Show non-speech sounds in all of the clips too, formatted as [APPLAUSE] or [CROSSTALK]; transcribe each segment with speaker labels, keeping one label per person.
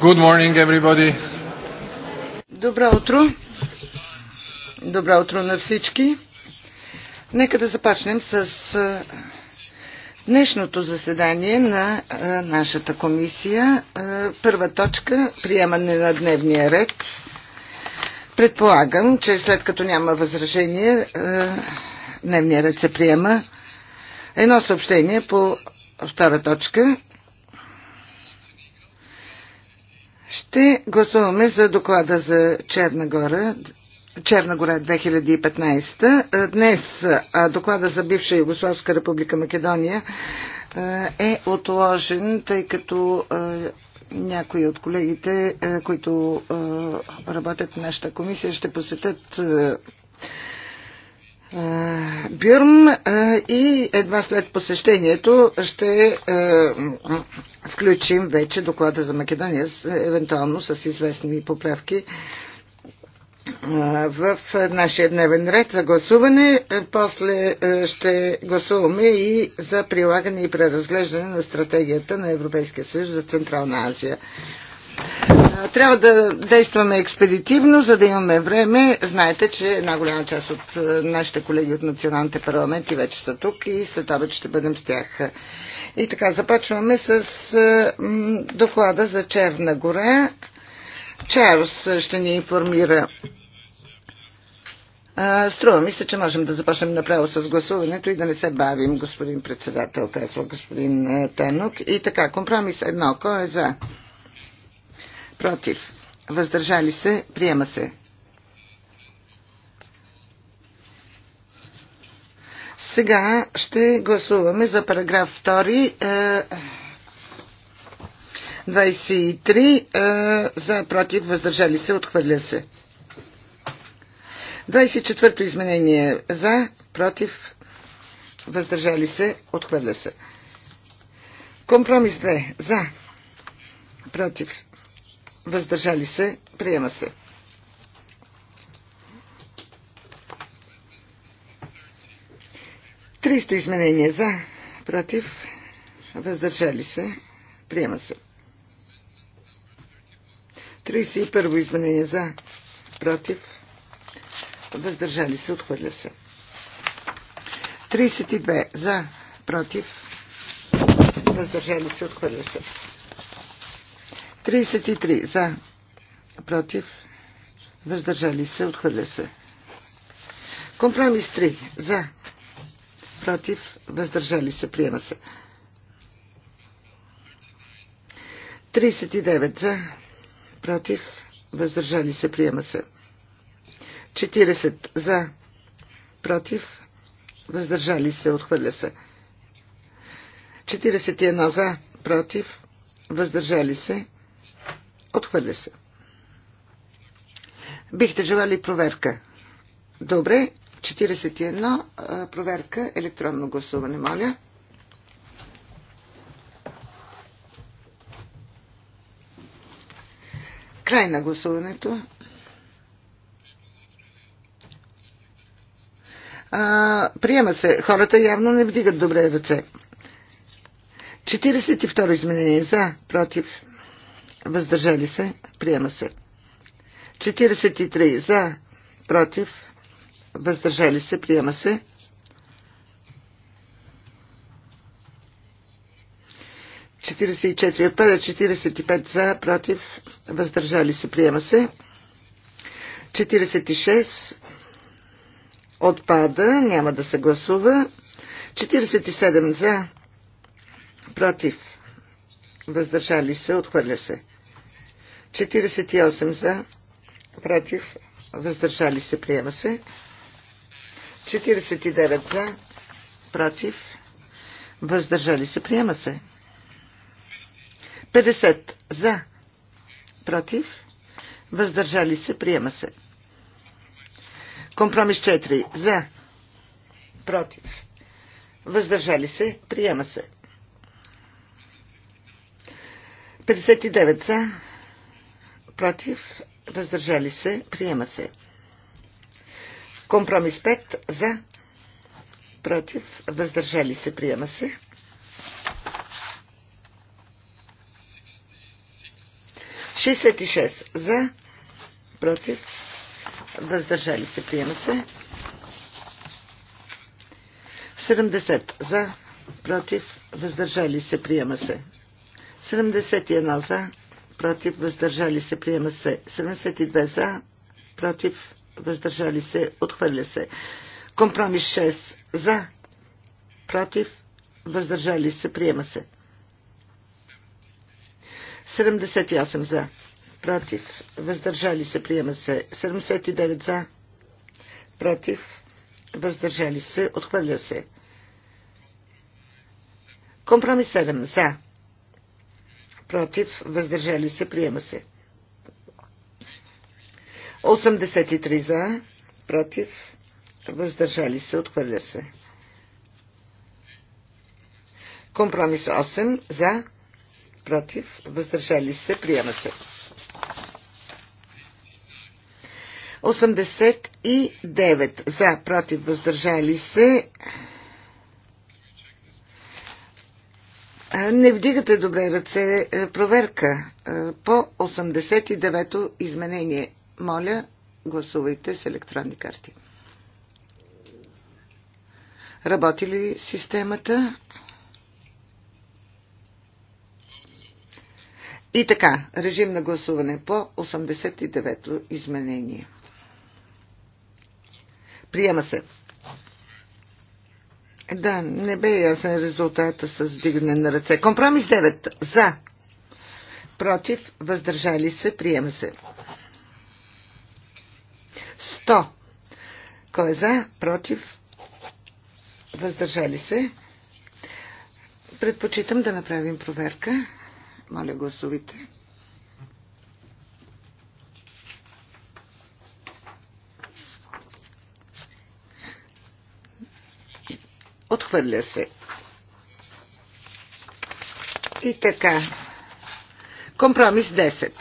Speaker 1: Good morning, everybody.
Speaker 2: Добро утро. Добро утро на всички. Нека да започнем с днешното заседание на нашата комисия. Първа точка – приемане на дневния ред. Предполагам, че след като няма възражение, дневния ред се приема. Едно съобщение по втора точка Ще гласуваме за доклада за Черна гора, Черна гора 2015. Е, днес е, доклада за бивша Югославска република Македония е, е отложен, тъй като някои от колегите, които работят в нашата комисия, ще посетят Бюрм и едва след посещението ще включим вече доклада за Македония, евентуално с известни поправки в нашия дневен ред за гласуване. После ще гласуваме и за прилагане и преразглеждане на стратегията на Европейския съюз за Централна Азия. Трябва да действаме експедитивно, за да имаме време. Знаете, че една голяма част от нашите колеги от националните парламенти вече са тук и след това ще бъдем с тях. И така, започваме с доклада за Черна горе. Чарлз ще ни информира. Струва ми се, че можем да започнем направо с гласуването и да не се бавим, господин председател, казва господин Тенок. И така, компромис едно. Кой е за? против, въздържали се, приема се. Сега ще гласуваме за параграф 2. 23 е, е, за против, въздържали се, отхвърля се. 24-то изменение за против, въздържали се, отхвърля се. Компромис 2 за против, въздържали се, приема се. Триста изменения за, против, въздържали се, приема се. 31 изменение за, против, въздържали се, отхвърля се. 32 за, против, въздържали се, отхвърля се. 33 за, против, въздържали се, отхвърля се. Компромис 3 за, против, въздържали се, приема се. 39 за, против, въздържали се, приема се. 40 за, против, въздържали се, отхвърля се. 41 за, против, въздържали се, Отхвърля се. Бихте желали проверка. Добре, 41 проверка, електронно гласуване, моля. Край на гласуването. А, приема се. Хората явно не вдигат добре ръце. 42 изменение за, против въздържали се, приема се. 43 за, против, въздържали се, приема се. 44 отпада. 45 за, против, въздържали се, приема се. 46 отпада, няма да се гласува. 47 за, против, въздържали се, отхвърля се. 48 за, против, въздържали се, приема се. 49 за, против, въздържали се, приема се. 50 за, против, въздържали се, приема се. Компромис 4 за, против, въздържали се, приема се. 59 за, против, въздържали се, приема се. Компромис 5 за, против, въздържали се, приема се. 66 за, против, въздържали се, приема се. 70 за, против, въздържали се, приема се. 71 за, против, въздържали се, приема се. 72 за, против, въздържали се, отхвърля се. Компромис 6 за, против, въздържали се, приема се. 78 за, против, въздържали се, приема се. 79 за, против, въздържали се, отхвърля се. Компромис 7 за, против, въздържали се, приема се. 83 за, против, въздържали се, отхвърля се. Компромис 8 за, против, въздържали се, приема се. 89 за, против, въздържали се, Не вдигате добре ръце. Е, проверка е, по 89-то изменение. Моля, гласувайте с електронни карти. Работи ли системата? И така, режим на гласуване по 89-то изменение. Приема се. Да, не бе ясен резултата с дигане на ръце. Компромис 9. За. Против. Въздържали се. Приема се. 100. Кой е за? Против. Въздържали се. Предпочитам да направим проверка. Моля, гласувайте. Отхвърля се. И така. Компромис 10.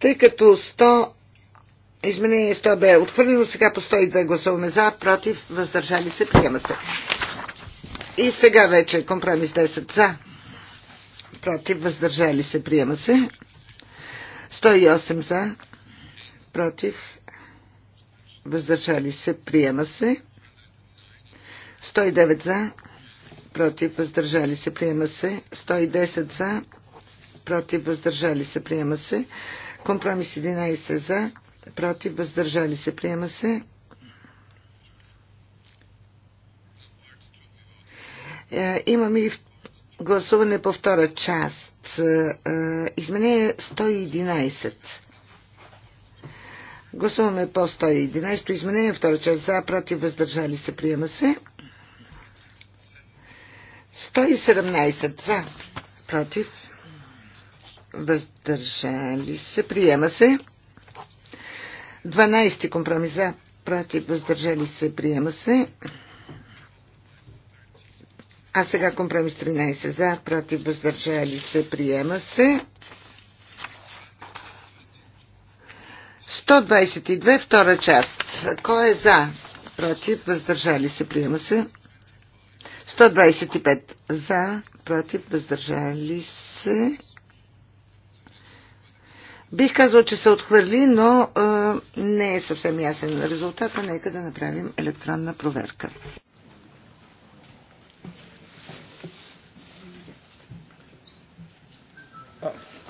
Speaker 2: Тъй като 100 Изменение 100 бе отхвърлено, сега по 102 гласуваме за, против, въздържали се, приема се. И сега вече компромис 10 за, против, въздържали се, приема се. 108 за, против, въздържали се, приема се. 109 за, против, въздържали се, приема се. 110 за, против, въздържали се, приема се. Компромис 11 за, против, въздържали се, приема се. Е, имаме и гласуване по втора част. Е, е, изменение 111. Гласуваме по 111. Изменение втора част за, против, въздържали се, приема се. 117 за, против, въздържали се, приема се. 12 компромис за, против, въздържали се, приема се. А сега компромис 13 за, против, въздържали се, приема се. 122, втора част. Кой е за? Против, въздържали се, приема се. 125 за, против, въздържали се. Бих казал, че се отхвърли, но е, не е съвсем ясен резултата. Нека да направим електронна проверка.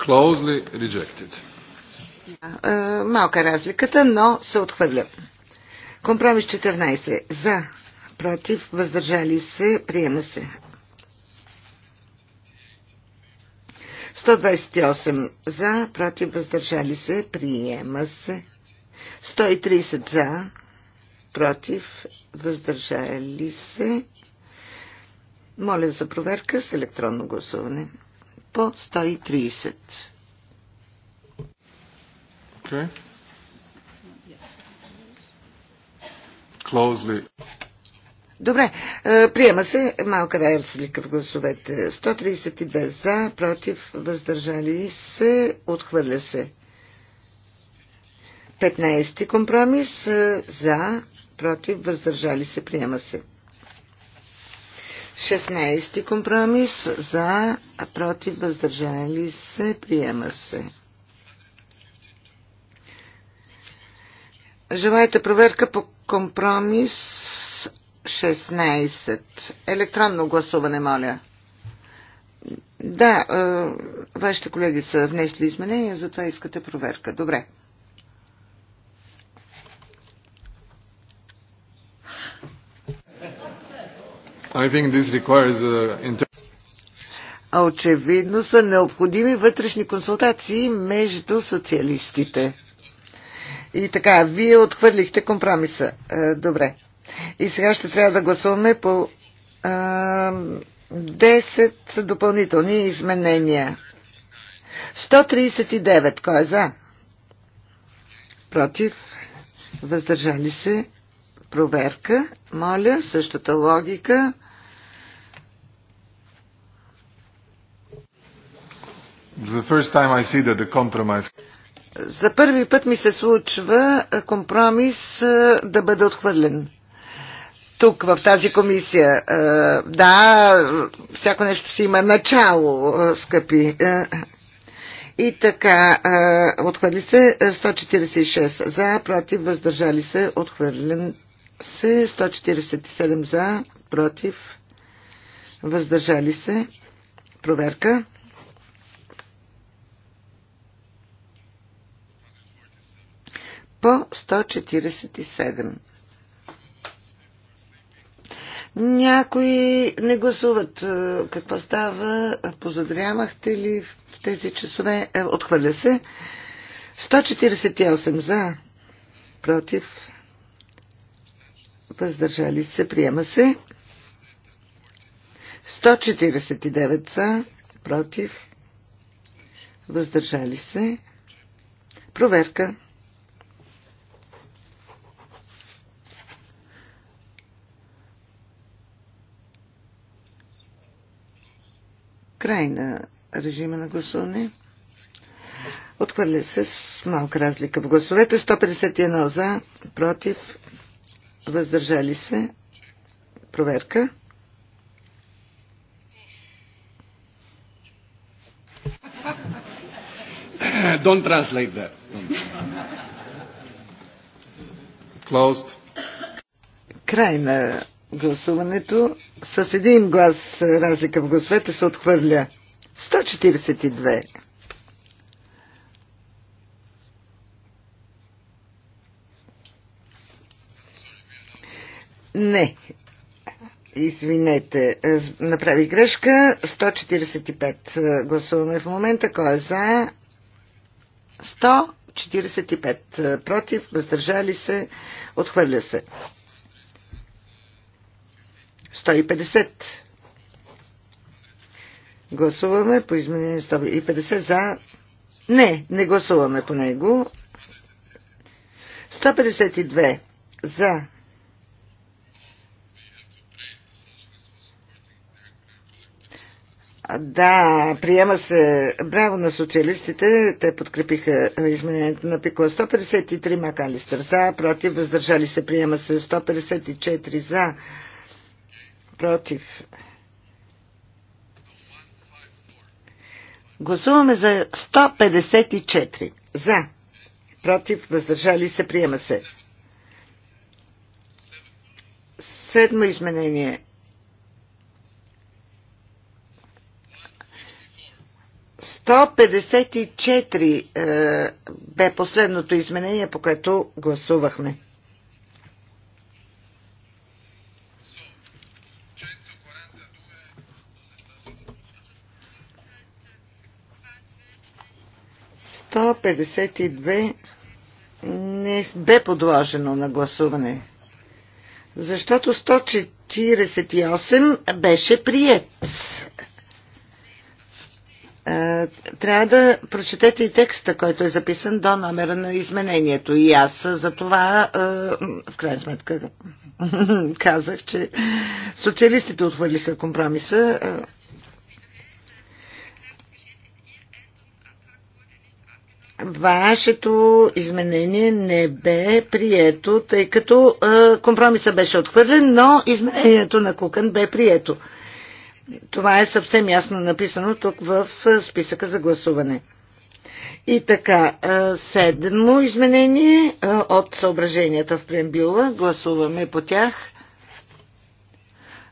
Speaker 1: Closely rejected.
Speaker 2: Малка е разликата, но се отхвърля. Компромис 14. За. Против. Въздържали се. Приема се. 128 за, против въздържали се, приема се. 130 за, против въздържали се. Моля за проверка с електронно гласуване по 130.
Speaker 1: Okay. Closely.
Speaker 2: Добре, е, приема се малка разлика в гласовете. 132 за, против, въздържали се, отхвърля се. 15 компромис е, за, против, въздържали се, приема се. 16 компромис за, против, въздържали се, приема се. Желаете проверка по компромис 16. Електронно гласуване, моля. Да, е, вашите колеги са внесли изменения, затова искате проверка. Добре. Uh, Очевидно са необходими вътрешни консултации между социалистите. И така, вие отхвърлихте компромиса. Е, добре. И сега ще трябва да гласуваме по а, 10 допълнителни изменения. 139. Кой е за? Против? Въздържали се? Проверка. Моля, същата логика. За първи път ми се случва е, компромис е, да бъде отхвърлен. Тук, в тази комисия. Е, да, всяко нещо си има начало, скъпи. И така, отхвърли се 146 за, против, въздържали се, отхвърлен се 147 за, против, въздържали се. Проверка. по 147. Някои не гласуват. Е, какво става? Позадрямахте ли в тези часове? Е, отхвърля се. 148 за. Против. Въздържали се. Приема се. 149 са. Против. Въздържали се. Проверка. Край на режима на гласуване. Отхвърля се с малка разлика в гласовете. 151 за, против, въздържали се. Проверка. Don't translate that. Closed. Край на гласуването с един глас разлика в гласовете се отхвърля. 142. Не. Извинете, направи грешка. 145 гласуваме в момента. Кой е за? 145 против, въздържали се, отхвърля се. 150. Гласуваме по изменение 150 за. Не, не гласуваме по него. 152 за. Да, приема се. Браво на социалистите. Те подкрепиха изменението на пикла. 153 Макалистър за, против, въздържали се, приема се 154 за против. Гласуваме за 154. За. Против. Въздържали се. Приема се. Седмо изменение. 154 е, бе последното изменение, по което гласувахме. 152 не бе подложено на гласуване, защото 148 беше прият. Трябва да прочетете и текста, който е записан до номера на изменението. И аз за това, в крайна сметка, [LAUGHS] казах, че социалистите отхвърлиха компромиса. Вашето изменение не бе прието, тъй като а, компромиса беше отхвърлен, но изменението на Кукън бе прието. Това е съвсем ясно написано тук в списъка за гласуване. И така, е, седмо изменение от съображенията в преамбюла. Гласуваме по тях.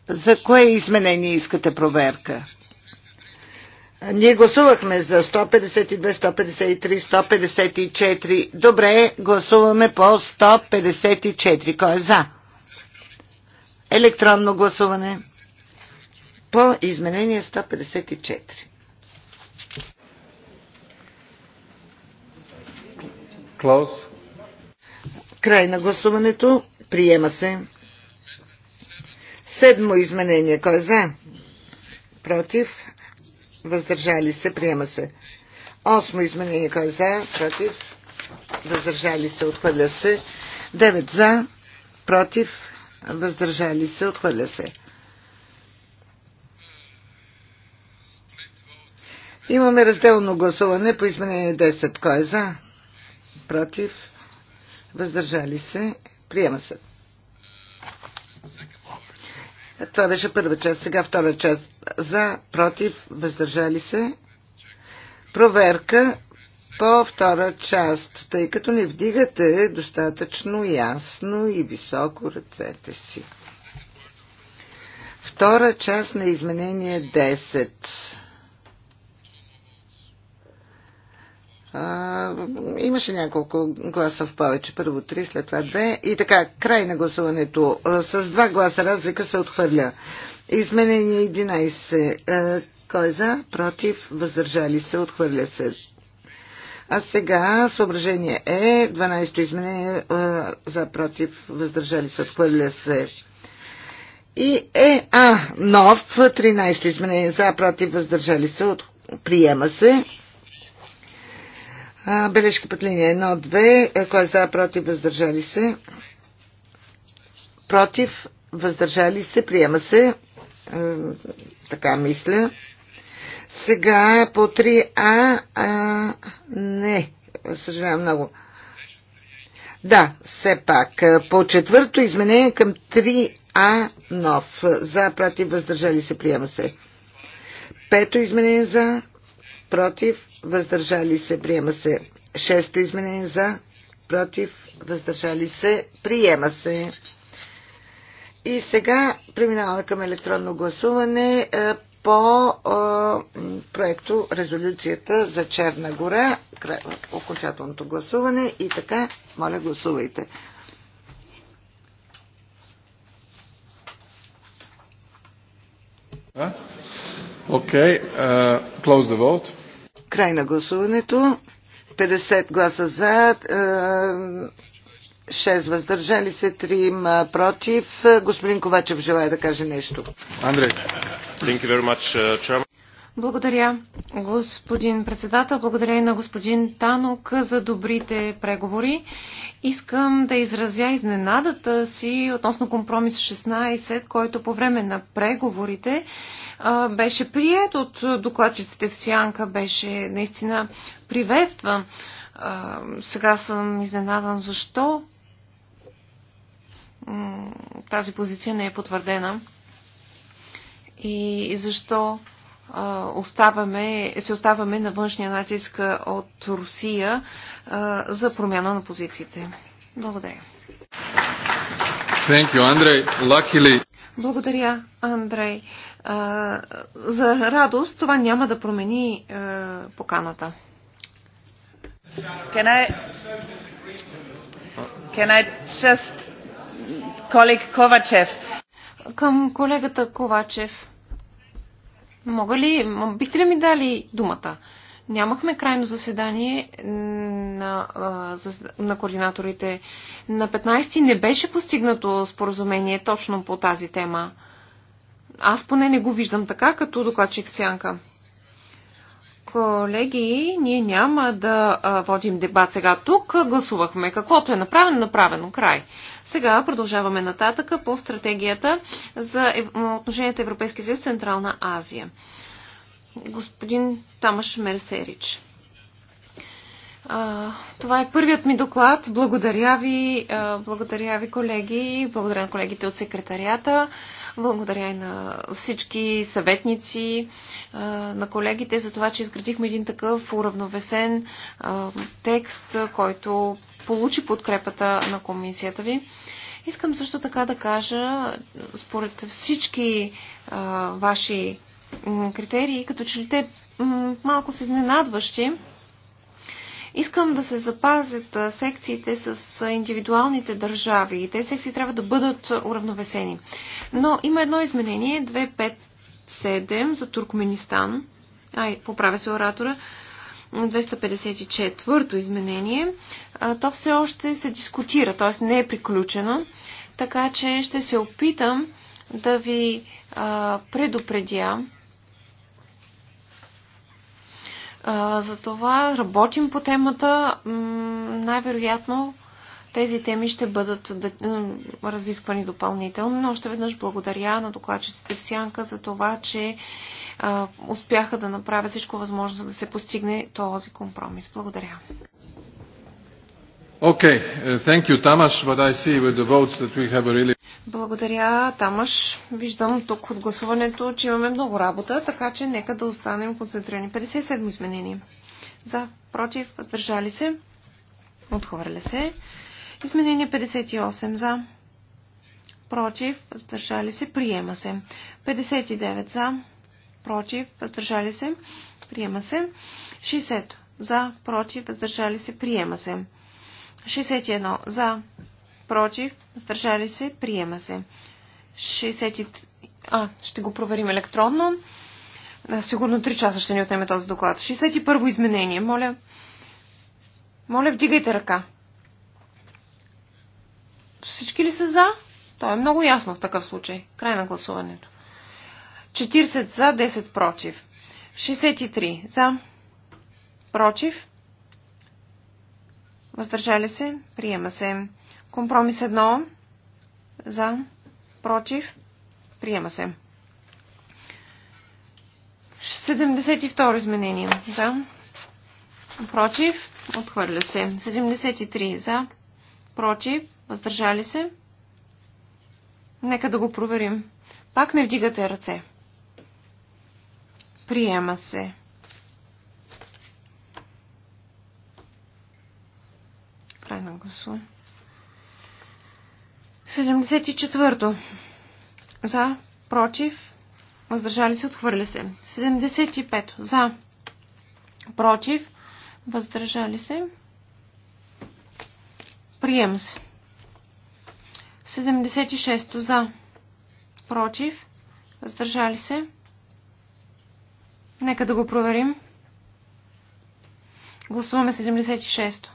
Speaker 2: За кое изменение искате проверка? Ние гласувахме за 152, 153, 154. Добре, гласуваме по 154. Кой е за? Електронно гласуване по изменение 154. Клаус. Край на гласуването. Приема се. Седмо изменение. Кой е за? Против? въздържали се, приема се. Осмо изменение, кой е за, против, въздържали се, отхвърля се. Девет за, против, въздържали се, отхвърля се. Имаме разделно гласуване по изменение 10. Кой е за? Против? Въздържали се? Приема се. Това беше първа част. Сега втора част. За, против, въздържали се. Проверка по втора част, тъй като не вдигате достатъчно ясно и високо ръцете си. Втора част на изменение 10. имаше няколко гласа в повече. Първо три, след това две. И така, край на гласуването. А, с два гласа разлика се отхвърля. Изменение 11. А, кой е за? Против? Въздържали се? Отхвърля се. А сега съображение е 12-то изменение а, за против, въздържали се, отхвърля се. И е А, нов, 13-то изменение за против, въздържали се, от, приема се. Бележки под линия 1-2. Е, кой е за, против, въздържали се? Против, въздържали се, приема се. Е, така мисля. Сега по 3А. А, не, съжалявам много. Да, все пак. По четвърто изменение към 3А нов. За, против, въздържали се, приема се. Пето изменение за, против, въздържали се, приема се. Шесто изменение за, против, въздържали се, приема се. И сега преминаваме към електронно гласуване е, по е, проекто резолюцията за Черна гора, окончателното гласуване и така, моля гласувайте. Okay, е?
Speaker 1: uh, close the vote.
Speaker 2: Край на гласуването. 50 гласа за, 6 е, въздържали се, 3 е, против. Е, господин Ковачев желая да каже нещо. Андрей. Thank you very much,
Speaker 3: благодаря, господин председател. Благодаря и на господин Танок за добрите преговори. Искам да изразя изненадата си относно компромис 16, който по време на преговорите беше прият от докладчиците в Сянка, беше наистина приветстван. сега съм изненадан защо тази позиция не е потвърдена и защо оставаме, се оставаме на външния натиск от Русия за промяна на позициите. Благодаря.
Speaker 1: Thank you, Andrei. Luckily...
Speaker 3: Благодаря, Андрей. За радост това няма да промени поканата. Can I, can I just... Към колегата Ковачев. Мога ли, бихте ли ми дали думата? Нямахме крайно заседание на, на координаторите. На 15 ти не беше постигнато споразумение точно по тази тема. Аз поне не го виждам така, като докладчик Сянка. Колеги, ние няма да водим дебат сега тук. Гласувахме. Каквото е направено, направено. Край. Сега продължаваме нататъка по стратегията за отношенията Европейски съюз Централна Азия. Господин Тамаш Мерсерич. А, това е първият ми доклад. Благодаря ви, а, благодаря ви колеги, благодаря на колегите от секретарията. Благодаря и на всички съветници, на колегите за това, че изградихме един такъв уравновесен текст, който получи подкрепата на комисията ви. Искам също така да кажа, според всички ваши критерии, като че ли те малко са изненадващи, Искам да се запазят секциите с индивидуалните държави и те секции трябва да бъдат уравновесени. Но има едно изменение, 257 за Туркменистан. Ай, поправя се оратора. 254-то изменение. То все още се дискутира, т.е. не е приключено. Така че ще се опитам да ви предупредя затова работим по темата. Най-вероятно тези теми ще бъдат разисквани допълнително. Но още веднъж благодаря на докладчиците в Сянка за това, че успяха да направят всичко възможно, за да се постигне този компромис. Благодаря.
Speaker 1: Okay, uh, thank you, Tamas, but I see with the votes that we have a really...
Speaker 3: Благодаря, Тамаш. Виждам тук от гласуването, че имаме много работа, така че нека да останем концентрирани. 57 изменение. За, против, въздържали се. Отхвърля се. Изменение 58 за. Против, въздържали се, приема се. 59 за. Против, въздържали се, приема се. 60 за. Против, въздържали се, приема се. 61 за. Против, Въздържали се. Приема се. 60... А, ще го проверим електронно. Да, сигурно 3 часа ще ни отнеме този доклад. 61-во изменение. Моля. Моля, вдигайте ръка. Всички ли са за? То е много ясно в такъв случай. Край на гласуването. 40 за, 10 против. 63 за, против. Въздържали се. Приема се. Компромис 1 за, против, приема се. 72 изменение за, против, отхвърля се. 73 за, против, въздържали се. Нека да го проверим. Пак не вдигате ръце. Приема се. Край на гласуване. 74. За, против, въздържали се, отхвърля се. 75. За, против, въздържали се, прием се. 76. За, против, въздържали се. Нека да го проверим. Гласуваме 76.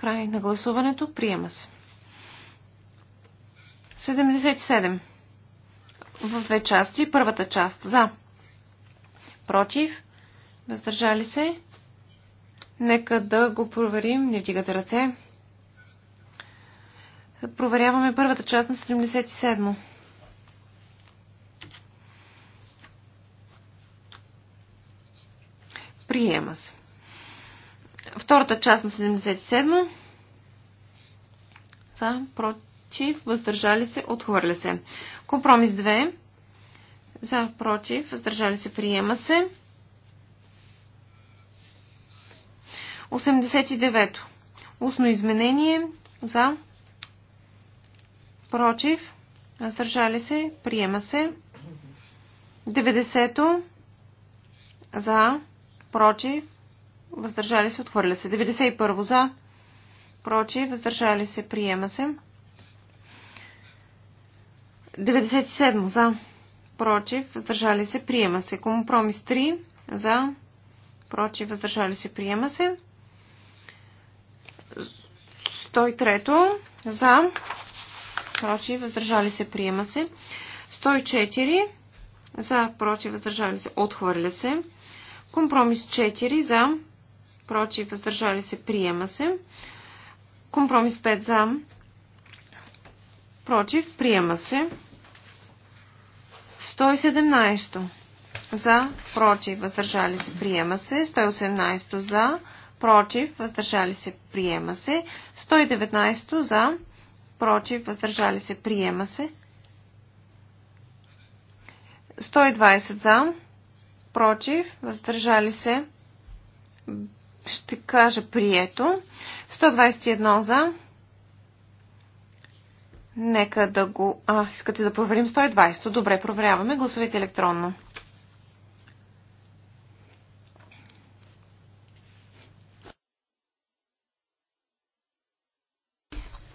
Speaker 3: Край на гласуването. Приема се. 77. В две части. Първата част. За. Против. Въздържали се. Нека да го проверим. Не вдигате ръце. Проверяваме първата част на 77. Приема се. Втората част на 77. За, против, въздържали се, отхвърля се. Компромис 2. За, против, въздържали се, приема се. 89. Устно изменение. За, против, въздържали се, приема се. 90. За, против, въздържали се, отхвърля се. 91 за, прочи, въздържали се, приема се. 97 за, против, въздържали се, приема се. Компромис 3 за, против, въздържали се, приема се. 103 за, против, въздържали се, приема се. 104 за, против, въздържали се, отхвърля се. Компромис 4 за, против, въздържали се, приема се. Компромис 5 за, против, приема се. 117 за, против, въздържали се, приема се. 118 за, против, въздържали се, приема се. 119 за, против, въздържали се, приема се. 120 за, против, въздържали се, ще кажа прието. 121 за. Нека да го... А, искате да проверим 120. Добре, проверяваме. Гласовете електронно.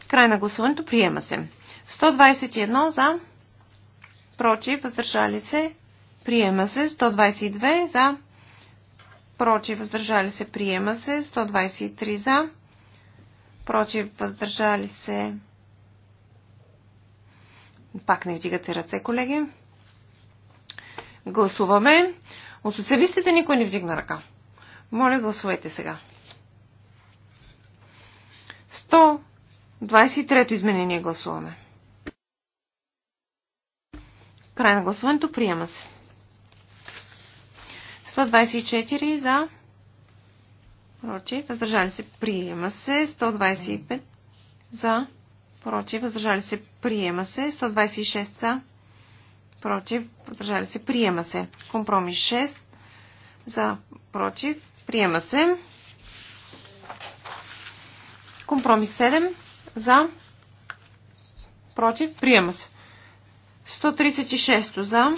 Speaker 3: Край на гласуването. Приема се. 121 за. Против. Въздържали се. Приема се. 122 за против, въздържали се, приема се. 123 за, против, въздържали се. Пак не вдигате ръце, колеги. Гласуваме. От социалистите никой не вдигна ръка. Моля, гласувайте сега. 123-то изменение гласуваме. Край на гласуването приема се. 124 за. Против. Въздържали се. Приема се. 125 за. Против. Въздържали се. Приема се. 126 за. Против. Въздържали се. Приема се. Компромис 6 за. Против. Приема се. Компромис 7 за. Против. Приема се. 136 за.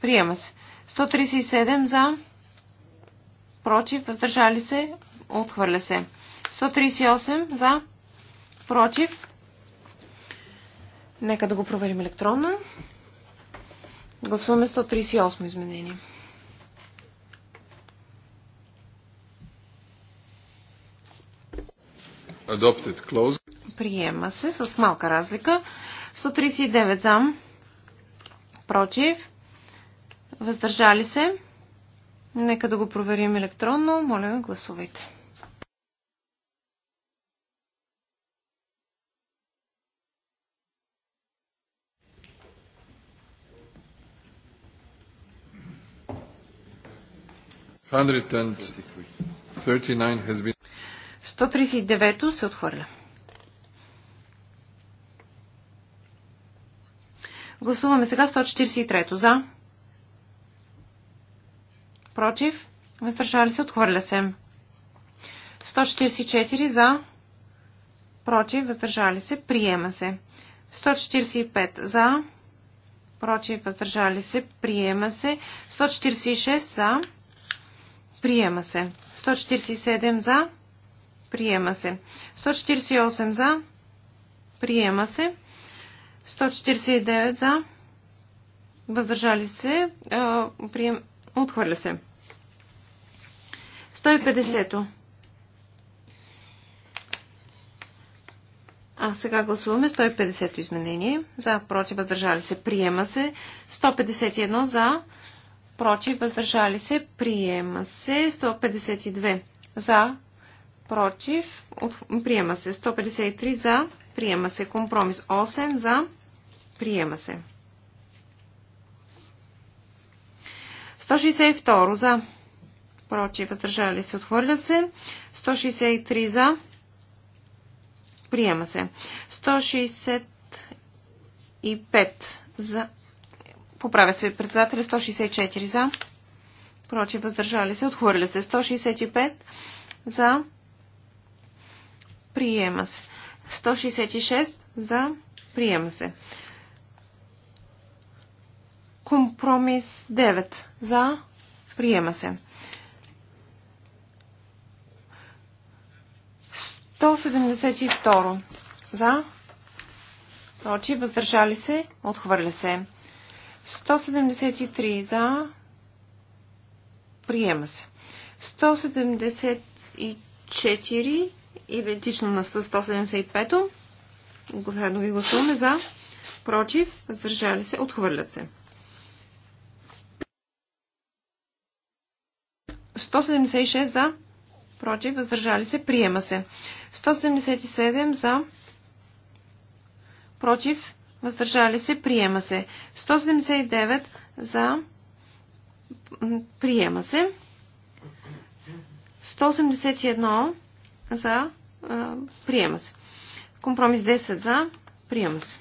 Speaker 3: Приема се. 137 за, против, въздържали се, отхвърля се. 138 за, против. Нека да го проверим електронно. Гласуваме 138 изменение.
Speaker 1: Adopted close.
Speaker 3: Приема се с малка разлика. 139 за, против. Въздържали се? Нека да го проверим електронно. Моля, гласувайте.
Speaker 1: Been...
Speaker 3: 139 се отхвърля. Гласуваме сега 143 за Против. Въздържали се. Отхвърля се. 144 за. Против. Въздържали се. Приема се. 145 за. Против. Въздържали се. Приема се. 146 за. Приема се. 147 за. Приема се. 148 за. Приема се. 149 за. Въздържали се. Е, прием... Отхвърля се. 150-то. А сега гласуваме 150-то изменение. За, против, въздържали се, приема се. 151 за, против, въздържали се, приема се. 152 за, против, приема се. 153 за, приема се. Компромис 8 за, приема се. 162 за. Против. Въздържали се. Отхвърля се. 163 за. Приема се. 165 за. Поправя се председателя. 164 за. Против. Въздържали се. Отхвърля се. 165 за. Приема се. 166 за. Приема се. Компромис 9. За. Приема се. 172. За. прочи, Въздържали се. Отхвърля се. 173. За. Приема се. 174. Идентично на 175. Заедно ги гласуваме за. Против. Въздържали се. Отхвърлят се. 176 за, против, въздържали се, приема се. 177 за, против, въздържали се, приема се. 179 за, приема се. 181 за, приема се. Компромис 10 за, приема се.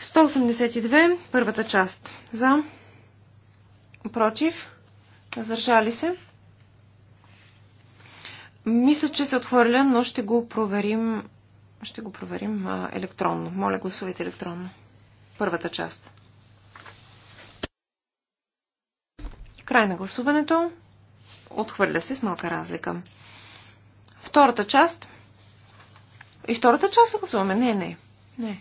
Speaker 3: 182, първата част за, Против? Въздържали се? Мисля, че се отхвърля, но ще го проверим, ще го проверим а, електронно. Моля, гласувайте електронно. Първата част. Край на гласуването. Отхвърля се с малка разлика. Втората част. И втората част гласуваме. Не, не.
Speaker 4: Не.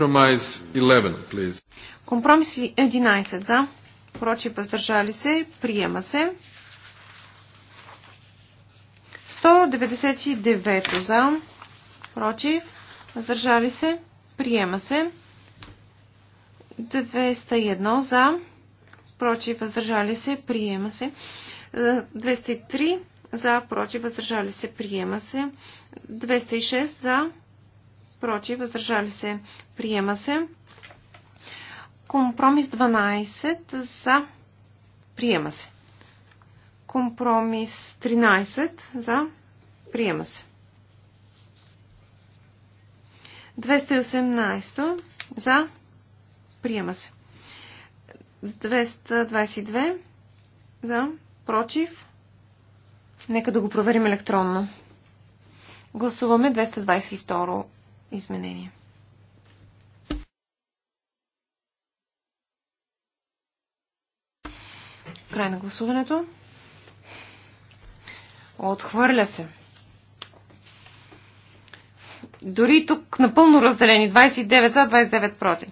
Speaker 1: 11, please.
Speaker 3: Компромис 11 за, прочи, въздържали се, приема се. 199 за, прочи, въздържали се, приема се. 201 за, против, въздържали се, приема се. 203 за, против, въздържали се, приема се. 206 за, против, въздържали се, приема се. Компромис 12 за, приема се. Компромис 13 за, приема се. 218 за, приема се. 222 за, против. Нека да го проверим електронно. Гласуваме 222 изменение. Край на гласуването. Отхвърля се. Дори тук напълно разделени. 29 за, 29 против.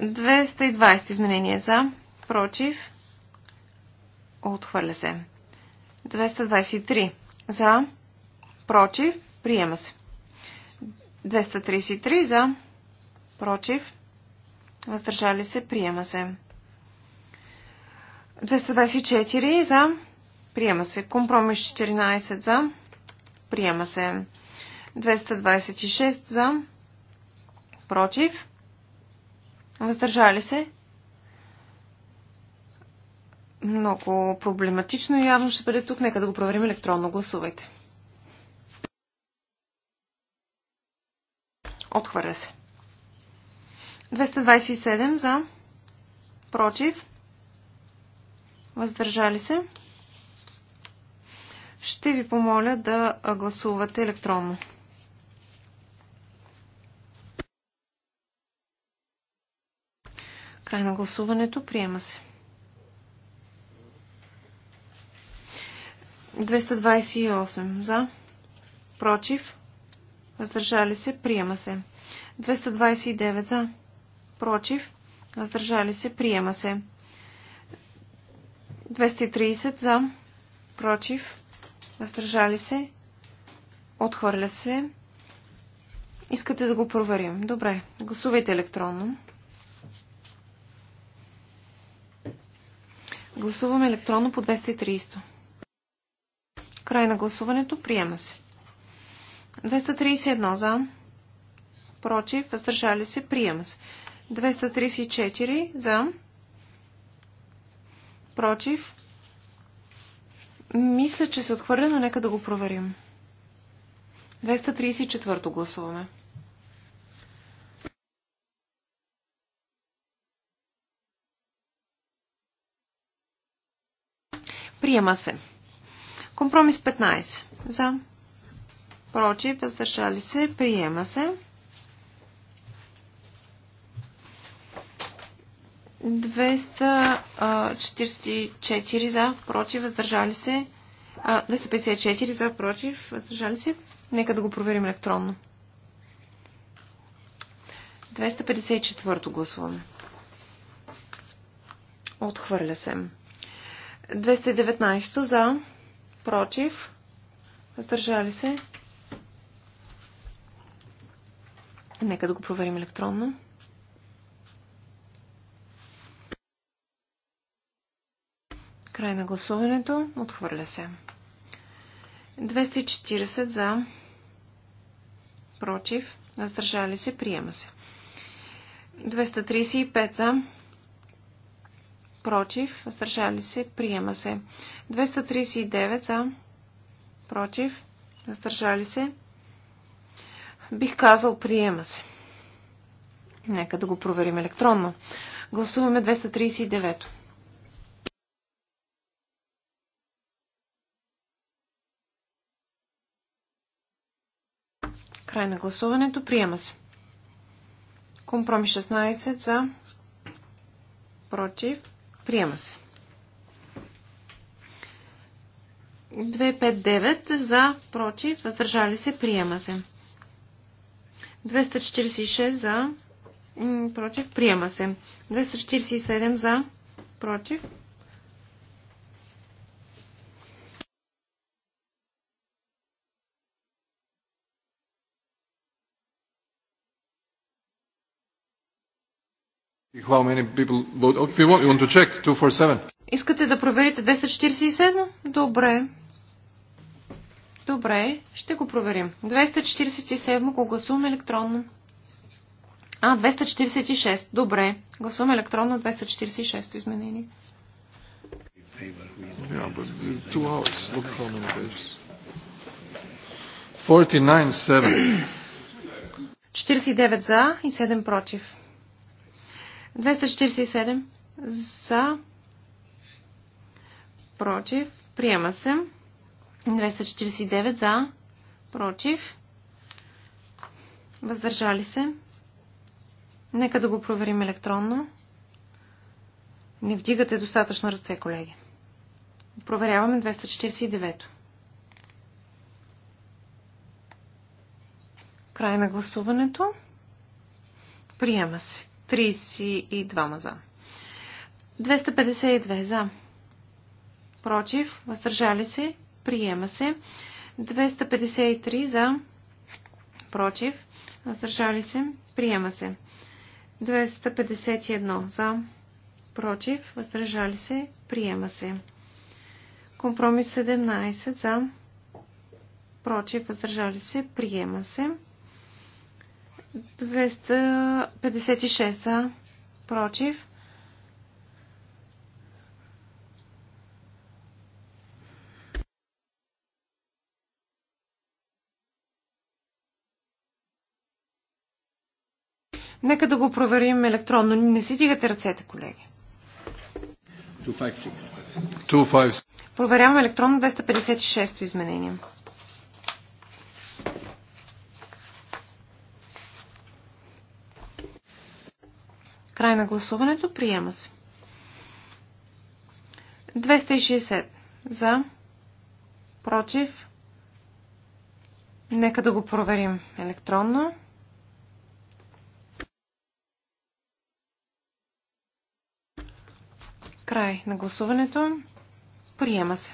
Speaker 3: 220 изменения за, против. Отхвърля се. 223 за, против. Приема се. 233 за, против, въздържали се, приема се. 224 за, приема се. Компромис 14 за, приема се. 226 за, против, въздържали се. Много проблематично явно ще бъде тук. Нека да го проверим електронно. Гласувайте. Отхвърля се. 227 за. Против. Въздържали се. Ще ви помоля да гласувате електронно. Край на гласуването. Приема се. 228 за. Против. Въздържали се. Приема се. 229 за. Против. Въздържали се. Приема се. 230 за. Против. Въздържали се. Отхвърля се. Искате да го проверим. Добре. Гласувайте електронно. Гласуваме електронно по 230. Край на гласуването. Приема се. 231 за. Против. Въздържали се. Приема се. 234 за. Против. Мисля, че се отхвърля, но нека да го проверим. 234 гласуваме. Приема се. Компромис 15. За против, въздържали се, приема се. 244 за, против, въздържали се. 254 за, против, въздържали се. Нека да го проверим електронно. 254 гласуваме. Отхвърля се. 219 за, против, въздържали се. Нека да го проверим електронно. Край на гласуването. Отхвърля се. 240 за. Против. Въздържали се. Приема се. 235 за. Против. Въздържали се. Приема се. 239 за. Против. Въздържали се. Бих казал, приема се. Нека да го проверим електронно. Гласуваме 239. Край на гласуването. Приема се. Компромис 16 за. Против. Приема се. 259 за. Против. Въздържали се. Приема се. 246 за, против, приема се. 247 за, против.
Speaker 1: How many people vote? If you want, you want to check 247.
Speaker 3: Искате да проверите 247? Добре. Добре, ще го проверим. 247 го гласуваме електронно. А, 246. Добре. Гласуваме електронно 246-то изменение.
Speaker 1: Yeah, 49-7.
Speaker 3: 49 за и 7 против. 247 за, против, приема се. 249 за, против, въздържали се. Нека да го проверим електронно. Не вдигате достатъчно ръце, колеги. Проверяваме 249. Край на гласуването. Приема се. 32 за. 252 за. Против. Въздържали се. Приема се. 253 за. Против. Въздържали се. Приема се. 251 за. Против. Въздържали се. Приема се. Компромис 17 за. Против. Въздържали се. Приема се. 256 за. Против. Нека да го проверим електронно. Не си дигате ръцете, колеги.
Speaker 1: 256.
Speaker 3: Проверявам електронно 256-то изменение. Край на гласуването. Приема се. 260 за. Против. Нека да го проверим електронно. Край на гласуването. Приема се.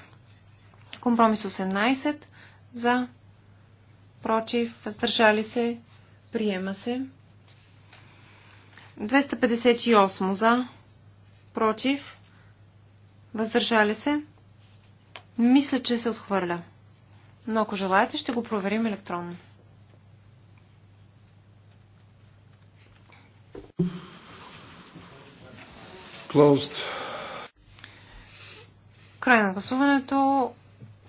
Speaker 3: Компромис 18 за, против, въздържали се, приема се. 258 за, против, въздържали се. Мисля, че се отхвърля. Но ако желаете, ще го проверим електронно.
Speaker 1: Closed.
Speaker 3: Край на гласуването.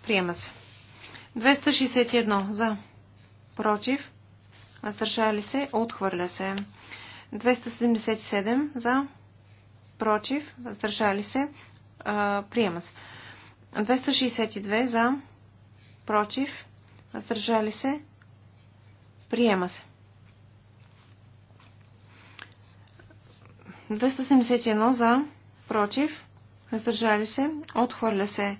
Speaker 3: Приема се. 261 за. Против. Въздържали се. Отхвърля се. 277 за. Против. Въздържали се. А, приема се. 262 за. Против. Въздържали се. Приема се. 271 за. Против. Въздържали се. Отхвърля се.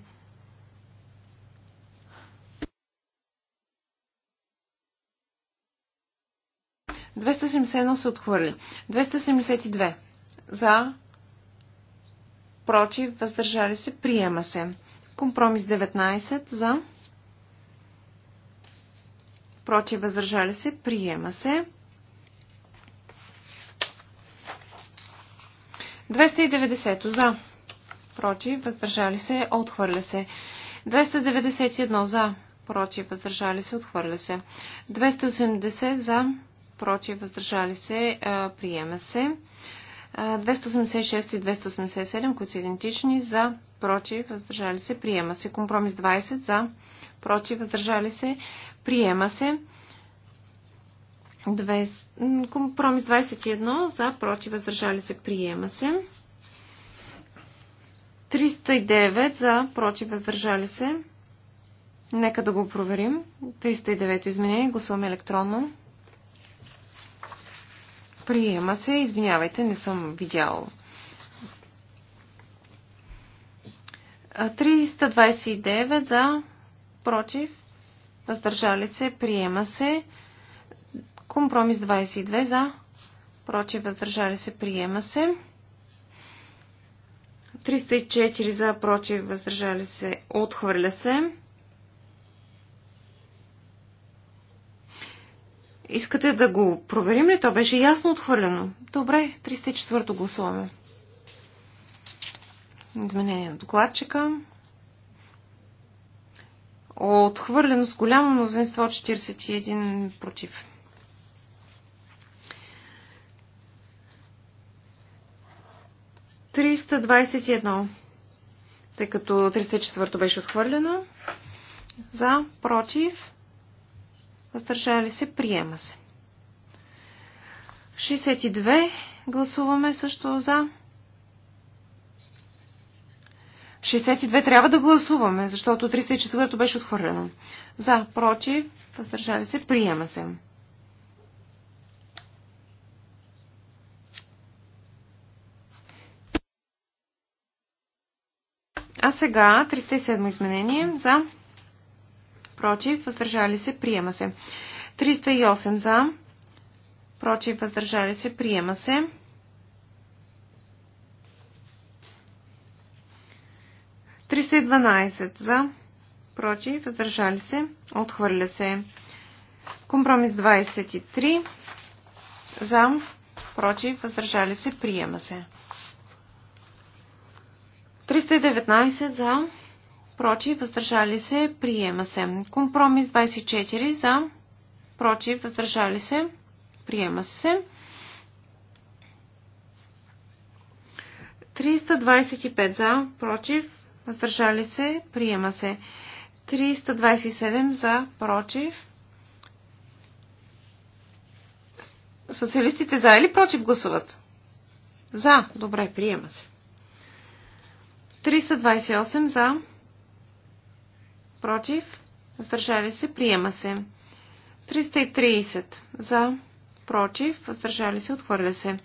Speaker 3: Двеста се отхвърли. 272. За. Против. Въздържали се. Приема се. Компромис 19. За. Против. Въздържали се. Приема се. 290 за против, въздържали се, отхвърля се. 291 за, против, въздържали се, отхвърля се. 280 за, против, въздържали се, приема се. 286 и 287, които са идентични, за, против, въздържали се, приема се. Компромис 20 за, против, въздържали се, приема се. 2... Компромис 21 за, против, въздържали се, приема се. 309 за, против, въздържали се. Нека да го проверим. 309 изменение. Гласуваме електронно. Приема се. Извинявайте, не съм видял. 329 за, против, въздържали се. Приема се. Компромис 22 за, против, въздържали се. Приема се. 304 за, против, въздържали се, отхвърля се. Искате да го проверим ли? То беше ясно отхвърлено. Добре, 304 гласуваме. Изменение на докладчика. Отхвърлено с голямо мнозинство 41 против. 321. Тъй като 304 беше отхвърлено. За, против, въздържали се, приема се. 62 гласуваме също за. 62 трябва да гласуваме, защото 304 беше отхвърлено. За, против, въздържали се, приема се. А сега 307 изменение за против, въздържали се, приема се. 308 за против, въздържали се, приема се. 312 за против, въздържали се, отхвърля се. Компромис 23 за против, въздържали се, приема се. 319 за, против, въздържали се, приема се. Компромис 24 за, против, въздържали се, приема се. 325 за, против, въздържали се, приема се. 327 за, против. Социалистите за или против гласуват? За, добре, приема се. 328 за. Против. Въздържали се. Приема се. 330 за. Против. Въздържали се. Отхвърля се.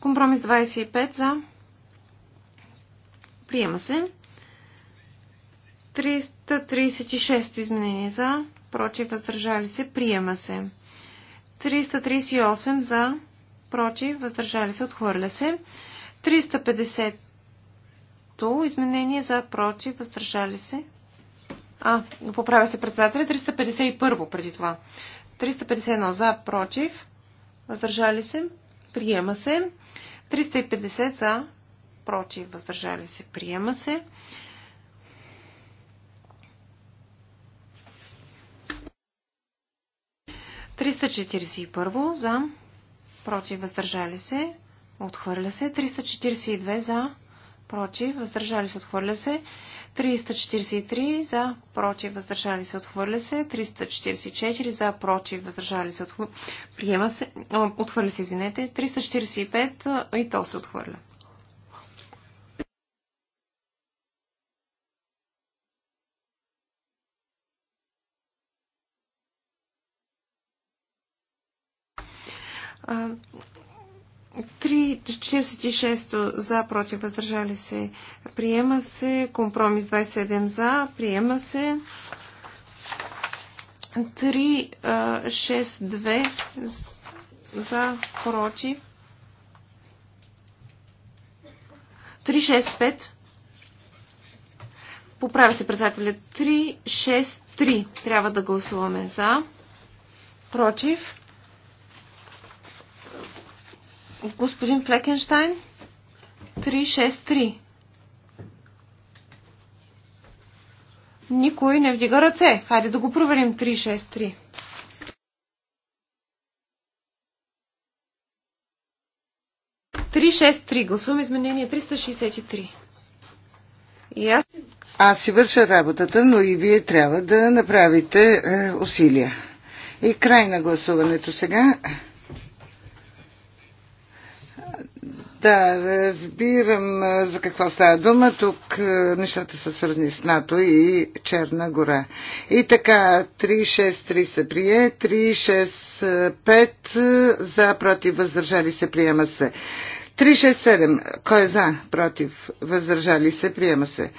Speaker 3: Компромис 25 за. Приема се. 336 изменение за. Против. Въздържали се. Приема се. 338 за. Против. Въздържали се. Отхвърля се. 350 Трето изменение за против, въздържали се. А, поправя се председателя. 351 преди това. 351 за против, въздържали се. Приема се. 350 за против, въздържали се. Приема се. Триста за против, въздържали се. Отхвърля се. 342 за против, въздържали се, отхвърля се. 343 за, против, въздържали се, отхвърля се. 344 за, против, въздържали се, отхвърля Приема се, отхвърля се, извинете. 345 и то се отхвърля. 46 за, против, въздържали се, приема се. Компромис 27 за, приема се. 362 за, против. 365. Поправя се председателя. 363. Трябва да гласуваме за. Против господин Флекенштайн 363. Никой не вдига ръце. Хайде да го проверим 363. Три, шест, три. Гласувам изменение 363.
Speaker 2: И аз... аз си върша работата, но и вие трябва да направите е, усилия. И край на гласуването сега. Да, разбирам за какво става дума. Тук нещата са свързани с НАТО и Черна гора. И така, 363 се прие, 365 за, против, въздържали се, приема се. 367, кой е за, против, въздържали се, приема се.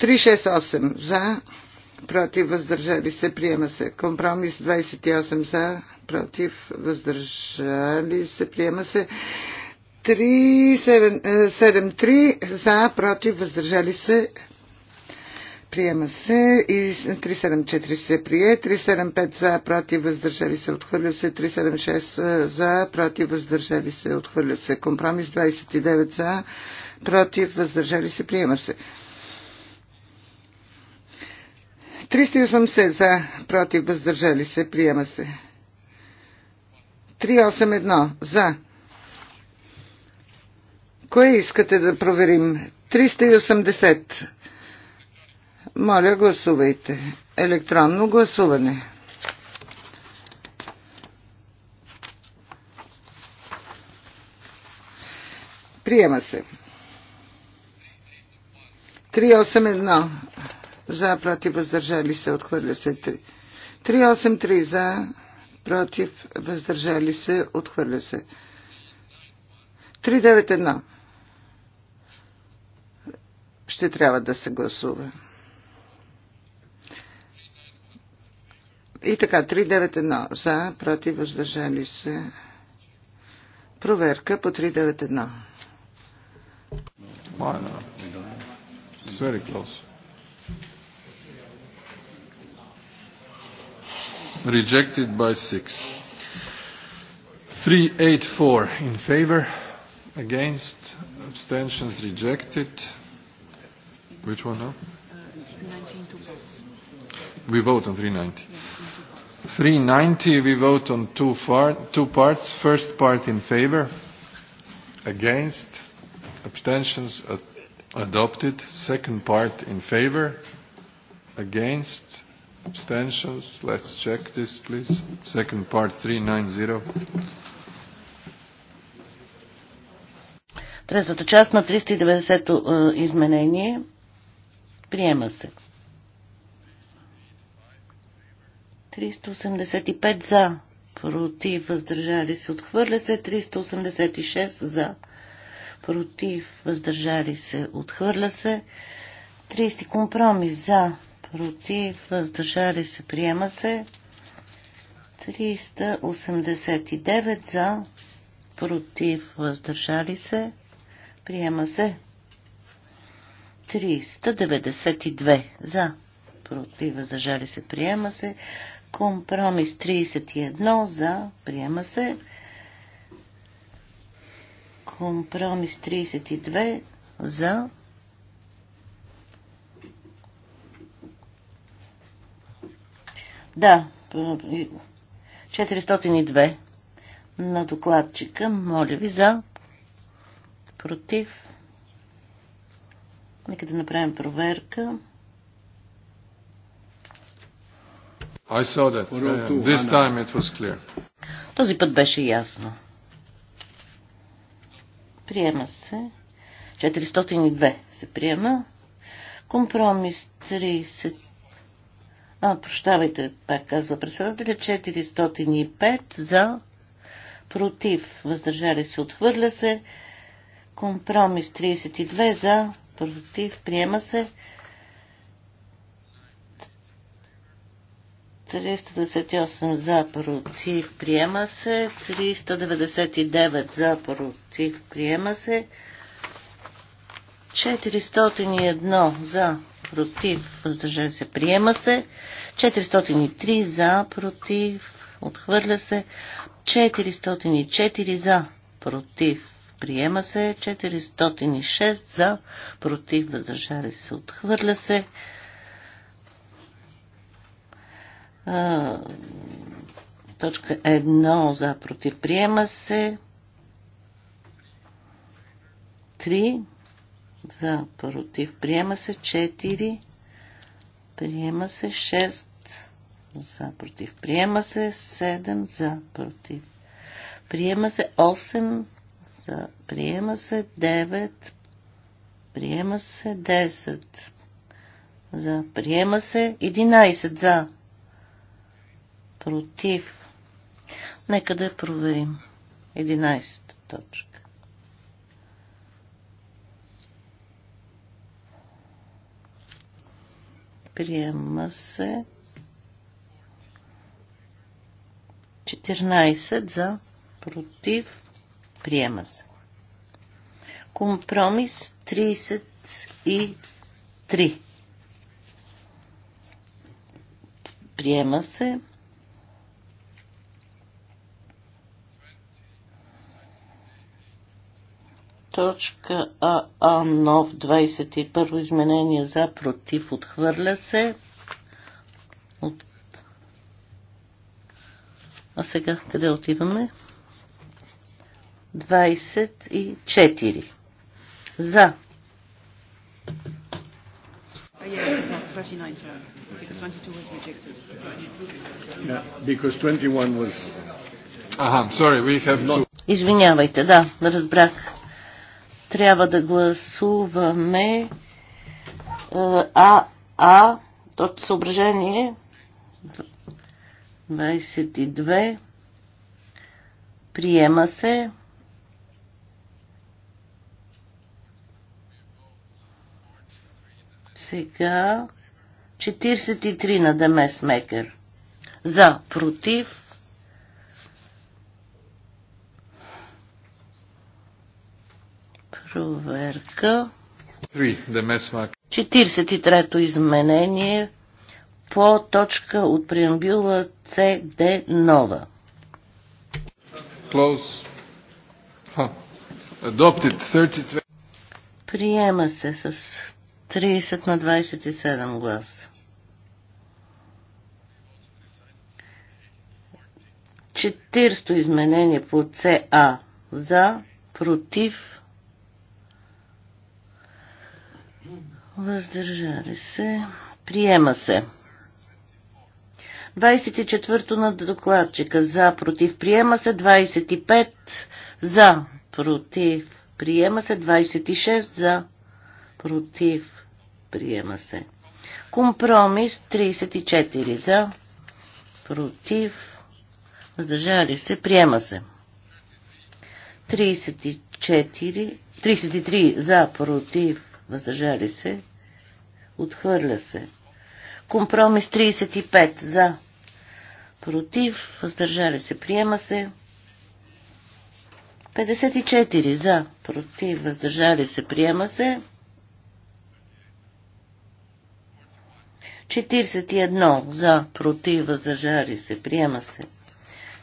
Speaker 2: 368 за, против, въздържали се, приема се. Компромис 28 за, против, въздържали се, приема се. 373 е, за, против, въздържали се, приема се. И 374 се прие, 375 за, против, въздържали се, отхвърля се. 376 е, за, против, въздържали се, отхвърля се. Компромис 29 за, против, въздържали се, приема се. 380 за, против, въздържали се, приема се. 381 за. Кое искате да проверим? 380. Моля, гласувайте. Електронно гласуване. Приема се. 381 за, против, въздържали се, отхвърля се 3. 383 за, против, въздържали се, отхвърля се. 391 ще трябва да се гласува. И така, 391 за, против, въздържали се. Проверка по 391. It's very close.
Speaker 1: Rejected by six. Three eight four in favor. Against. Abstentions rejected. Which one now? We vote on 390. 390 we vote on two, far, two parts. First part in favor. Against. Abstentions ad adopted. Second part in favor. Against Abstentions? Let's check this, please. Second part, 390.
Speaker 4: Третата част на 390-то е, изменение приема се. 385 за, против, въздържали се, отхвърля се, 386 за, против, въздържали се, отхвърля се, 30 компромис за, против, въздържали се, приема се. 389 за, против, въздържали се, приема се. 392 за, против, въздържали се, приема се. Компромис 31 за, приема се. Компромис 32 за, Да, 402 на докладчика. Моля ви за. Против. Нека да направим проверка.
Speaker 1: I saw that. Uh, this time it was clear.
Speaker 4: Този път беше ясно. Приема се. 402 се приема. Компромис 30 а, прощавайте, пак казва председателя, 405 за, против, въздържали се, отхвърля се. Компромис 32 за, против, приема се. 398 за против приема се, 399 за против приема се, 401 за против, въздържали се, приема се. 403 за, против, отхвърля се. 404 за, против, приема се. 406 за, против, въздържали се, отхвърля се. точка 1 за, против, приема се. 3 за против. Приема се 4. Приема се 6 за против. Приема се 7 за против. Приема се 8 за приема се 9. Приема се 10 за приема се 11 за против. Нека да проверим. 11 точка. Приема се. 14 за, против, приема се. Компромис 33. Приема се. Точка АА нов 21 изменение за против отхвърля се. От... А сега къде отиваме? 24. За.
Speaker 1: Oh,
Speaker 4: Извинявайте, да, разбрах трябва да гласуваме е, АА, то съображение 22. Приема се. Сега 43 на Демес Мекер. За, против, Проверка.
Speaker 1: 43-то
Speaker 4: изменение по точка от преамбюла CD нова. Close. Huh. Adopted Приема се с 30 на 27 гласа. 40 изменение по CA за, против, Въздържали се. Приема се. 24-то на докладчика. За, против, приема се. 25 за, против, приема се. 26 за, против, приема се. Компромис 34 за, против, въздържали се, приема се. 34, 33 за, против, въздържали се, отхвърля се. Компромис 35 за, против, въздържали се, приема се. 54 за, против, въздържали се, приема се. 41 за, против, въздържали се, приема се.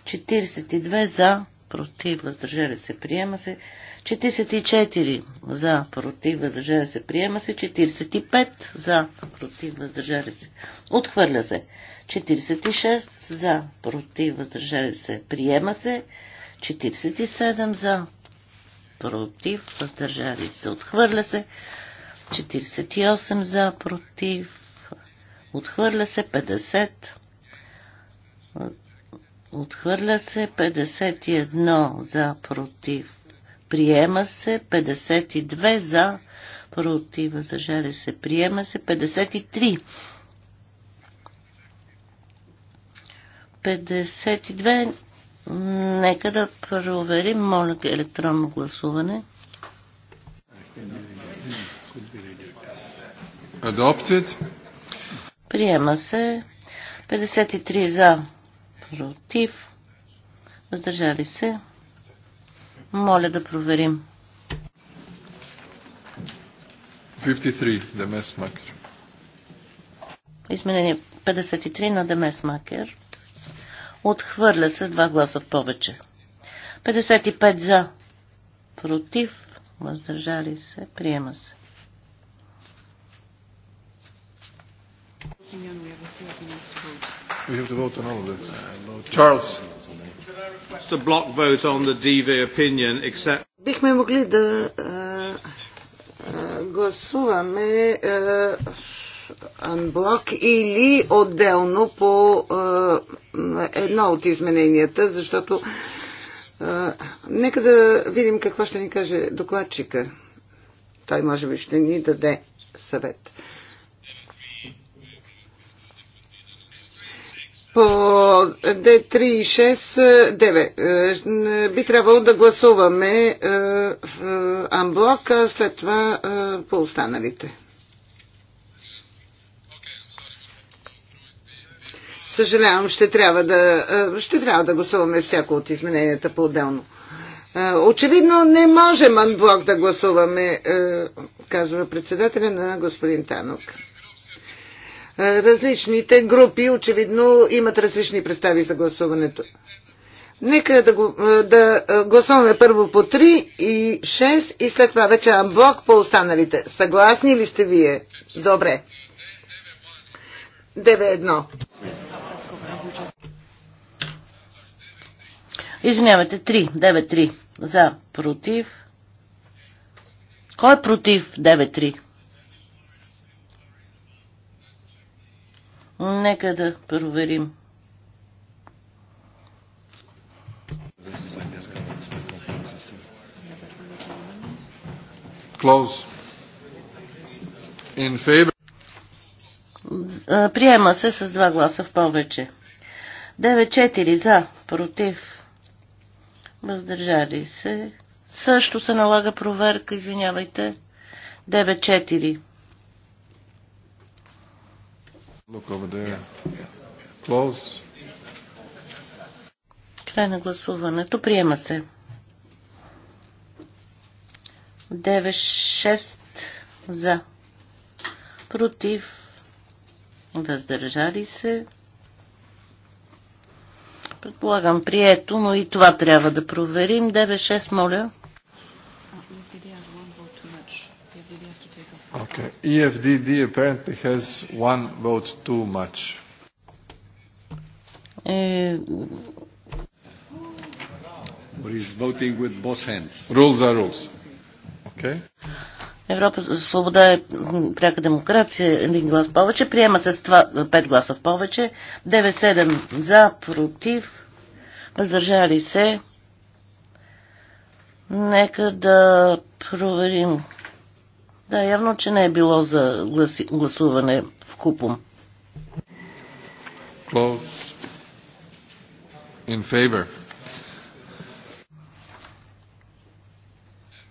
Speaker 4: 42 за, против, въздържали се, приема се. 44 за, против, въздържали се, приема се. 45 за, против, въздържали се, отхвърля се. 46 за, против, въздържали се, приема се. 47 за, против, въздържали се, отхвърля се. 48 за, против, отхвърля се. 50 отхвърля се. 51 за, против, Приема се 52 за, против, въздържали се. Приема се 53. 52. Нека да проверим, моля, електронно гласуване. Adopted. Приема се. 53 за, против, въздържали се. Моля да проверим.
Speaker 1: 53, Демес Макер.
Speaker 4: Изменение 53 на Демес Макер. Отхвърля се с два гласа в повече. 55 за. Против. Въздържали се. Приема се.
Speaker 1: Thank you. We have to vote on all of this. Charles. A block vote on the DV opinion, except...
Speaker 2: Бихме могли да гласуваме анблок или отделно по едно от измененията, защото нека да видим какво ще ни каже докладчика. Той може би ще ни даде съвет. по D3 и 6, 9. Е, би трябвало да гласуваме е, е, амблок, а след това по останалите. Съжалявам, ще трябва да, ще трябва да гласуваме всяко от измененията по-отделно. Очевидно не можем анблок да гласуваме, казва председателя на господин Танок. Различните групи очевидно имат различни представи за гласуването. Нека да, го, да гласуваме първо по 3 и 6 и след това вече блок по останалите. Съгласни ли сте вие? Добре. 9-1.
Speaker 4: Извинявайте, 3. 9-3. За, против. Кой е против 9-3? Нека да проверим.
Speaker 1: Close. In favor.
Speaker 4: Приема се с два гласа в повече. 9-4 за, против, въздържали се. Също се налага проверка, извинявайте. 9-4. Край на гласуването. Приема се. 9-6 за. Против. Въздържали се. Предполагам, прието, но и това трябва да проверим. 9-6, моля. E е, Европа за свобода е пряка демокрация, един глас повече. Приема се с това пет гласа в повече. 9-7 за, против, въздържали се. Нека да проверим да, явно, че не е било за гласи,
Speaker 1: гласуване в купом. Close. In favor.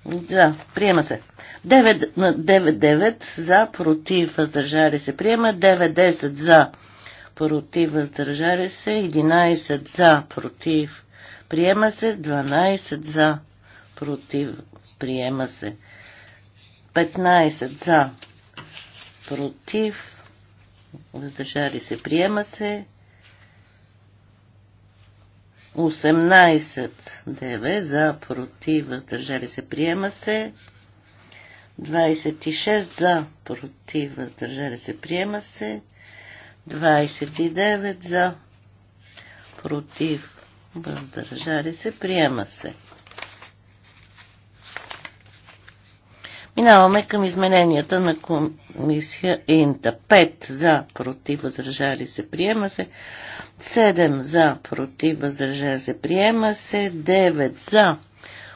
Speaker 4: Да, приема се. 9 на 9-9 за, против, въздържали се. Приема 9-10 за, против, въздържали се. 11 за, против. Приема се. 12 за, против. Приема се. 15 за, против, въздържали се, приема се. 18 9 за, против, въздържали се, приема се. 26 за, против, въздържали се, приема се. 29 за, против, въздържали се, приема се. Минаваме към измененията на комисия Инта. 5 за, против, въздържали се, приема се. 7 за, против, въздържали се, приема се. 9 за,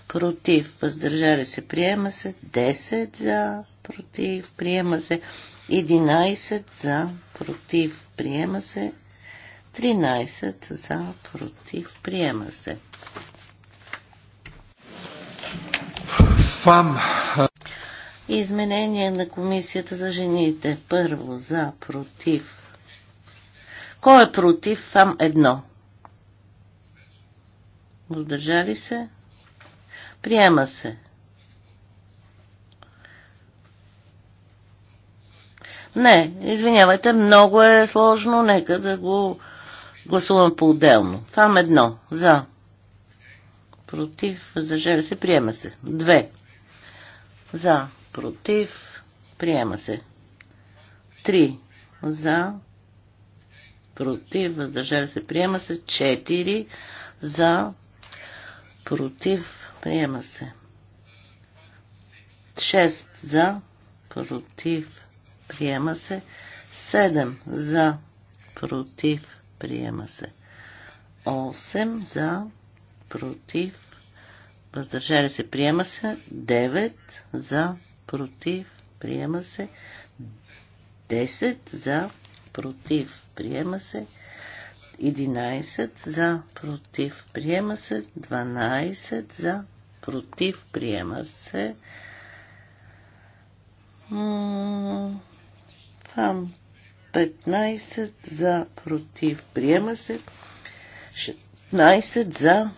Speaker 4: против, въздържали се, приема се. 10 за, против, приема се. 11 за, против, приема се. 13 за, против, приема се. Фам. Изменение на комисията за жените. Първо за против. Кой е против? Фам едно. Въздържали се? Приема се. Не, извинявайте, много е сложно, нека да го гласувам по-отделно. Фам едно. За. Против. Въздържали се. Приема се. Две. За против, приема се. 3 за, против, въздържали се, приема се. 4 за, против, приема се. 6 за, против, приема се. 7 за, против, приема се. 8 за, против, въздържали се, приема се. 9 за, против, приема се. 10 за, против, приема се. 11 за, против, приема се. 12 за, против, приема се.
Speaker 1: Фам
Speaker 4: 15 за, против, приема се. 16 за,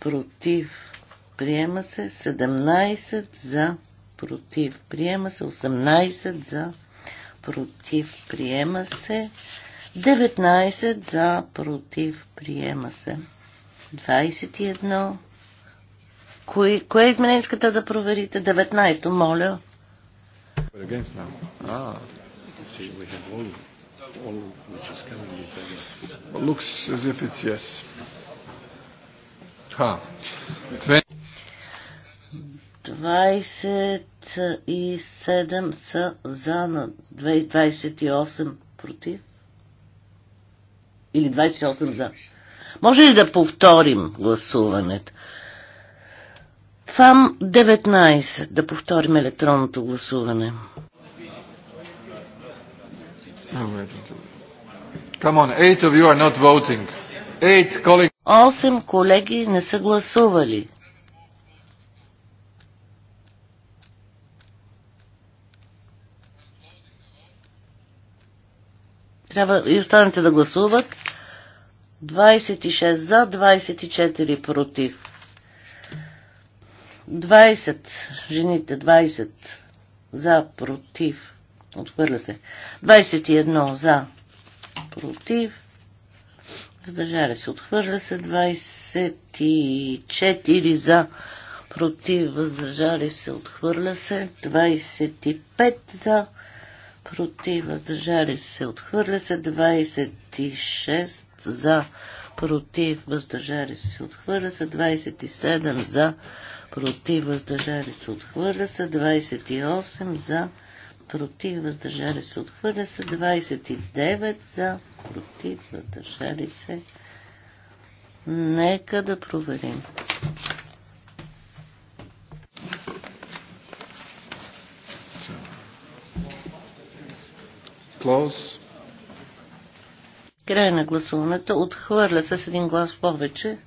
Speaker 4: против, приема се. 17 за, против, приема се. 18 за, против, приема се. 19 за, против, приема се. 21. Кое, кое е измененската да проверите? 19, моля.
Speaker 1: Ah. Looks as if it's yes. Ha.
Speaker 4: 27 са за на 28 против. Или 28 за. Може ли да повторим гласуването? ФАМ 19. Да повторим електронното гласуване.
Speaker 1: Come on, eight of you are not voting. Eight colleagues. Осем колеги не са гласували.
Speaker 4: трябва и останете да гласуват. 26 за, 24 против. 20, жените 20 за, против. Отхвърля се. 21 за, против. Въздържали се. Отхвърля се. 24 за, против. Въздържали се. Отхвърля се. 25 за, против, въздържали се, отхвърля се 26 за, против, въздържали се, отхвърля се 27 за, против, въздържали се, отхвърля се 28 за, против, въздържали се, отхвърля се 29 за, против, въздържали се. Нека да проверим. Close. Край на гласуването. Отхвърля с един глас повече.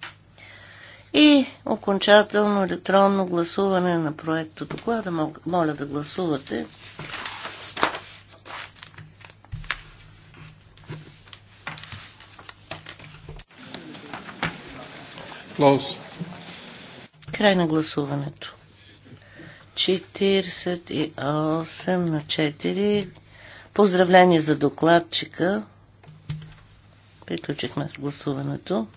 Speaker 4: И окончателно електронно гласуване на проекто доклада. Моля да гласувате. Close. Край на гласуването. 48 на 4. Поздравление за докладчика. Приключихме с гласуването.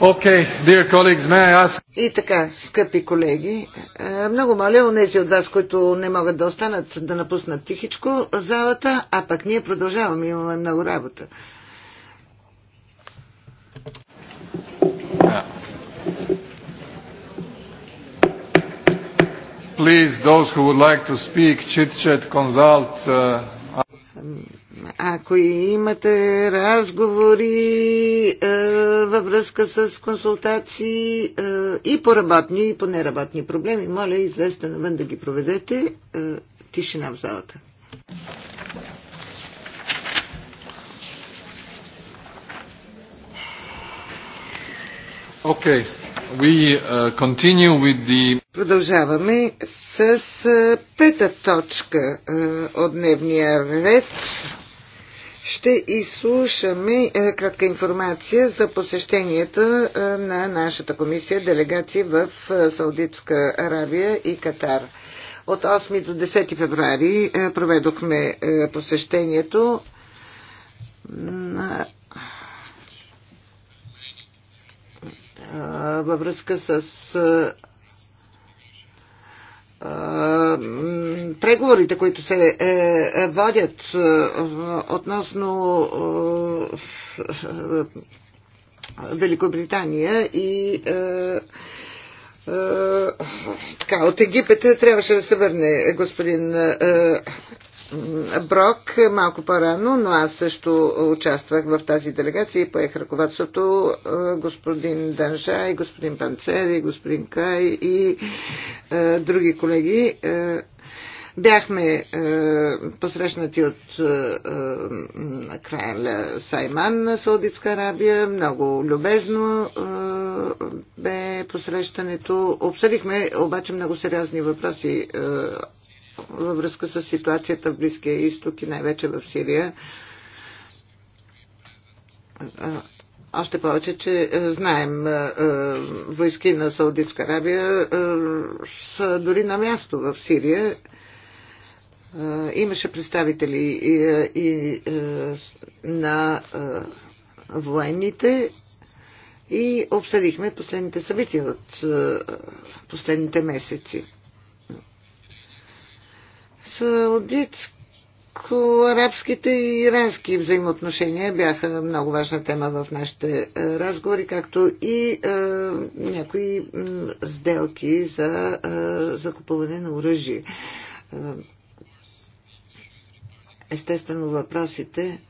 Speaker 1: Okay, dear colleagues, may I ask...
Speaker 2: И така, скъпи колеги, е, много моля у нези от вас, които не могат да останат, да напуснат тихичко залата, а пък ние продължаваме, имаме много работа.
Speaker 1: Please, those who would like to speak, chit-chat, consult,
Speaker 2: uh, ако имате разговори е, във връзка с консултации е, и по работни, и по неработни проблеми, моля, излезте навън да ги проведете. Е, тишина в залата.
Speaker 1: Okay. We, uh, continue with the...
Speaker 2: Продължаваме с е, пета точка uh, от дневния ред ще изслушаме е, кратка информация за посещенията е, на нашата комисия делегации в е, Саудитска Аравия и Катар. От 8 до 10 февруари проведохме посещението. на. във връзка с преговорите, които се е, е, водят е, относно Великобритания и така, от Египет трябваше да се върне господин Брок малко по-рано, но аз също участвах в тази делегация и поех ръководството е, господин Данжа и господин Панцер и господин Кай и е, други колеги. Е, бяхме е, посрещнати от е, е краля Сайман на Саудитска Арабия. Много любезно е, бе посрещането. Обсъдихме обаче много сериозни въпроси е, във връзка с ситуацията в Близкия изток и най-вече в Сирия. Още повече, че знаем, войски на Саудитска Арабия са дори на място в Сирия. Имаше представители и, и на военните и обсъдихме последните събития от последните месеци. Саудитско-арабските и ирански взаимоотношения бяха много важна тема в нашите е, разговори, както и е, някои сделки за е, закупуване на оръжие. Е, естествено, въпросите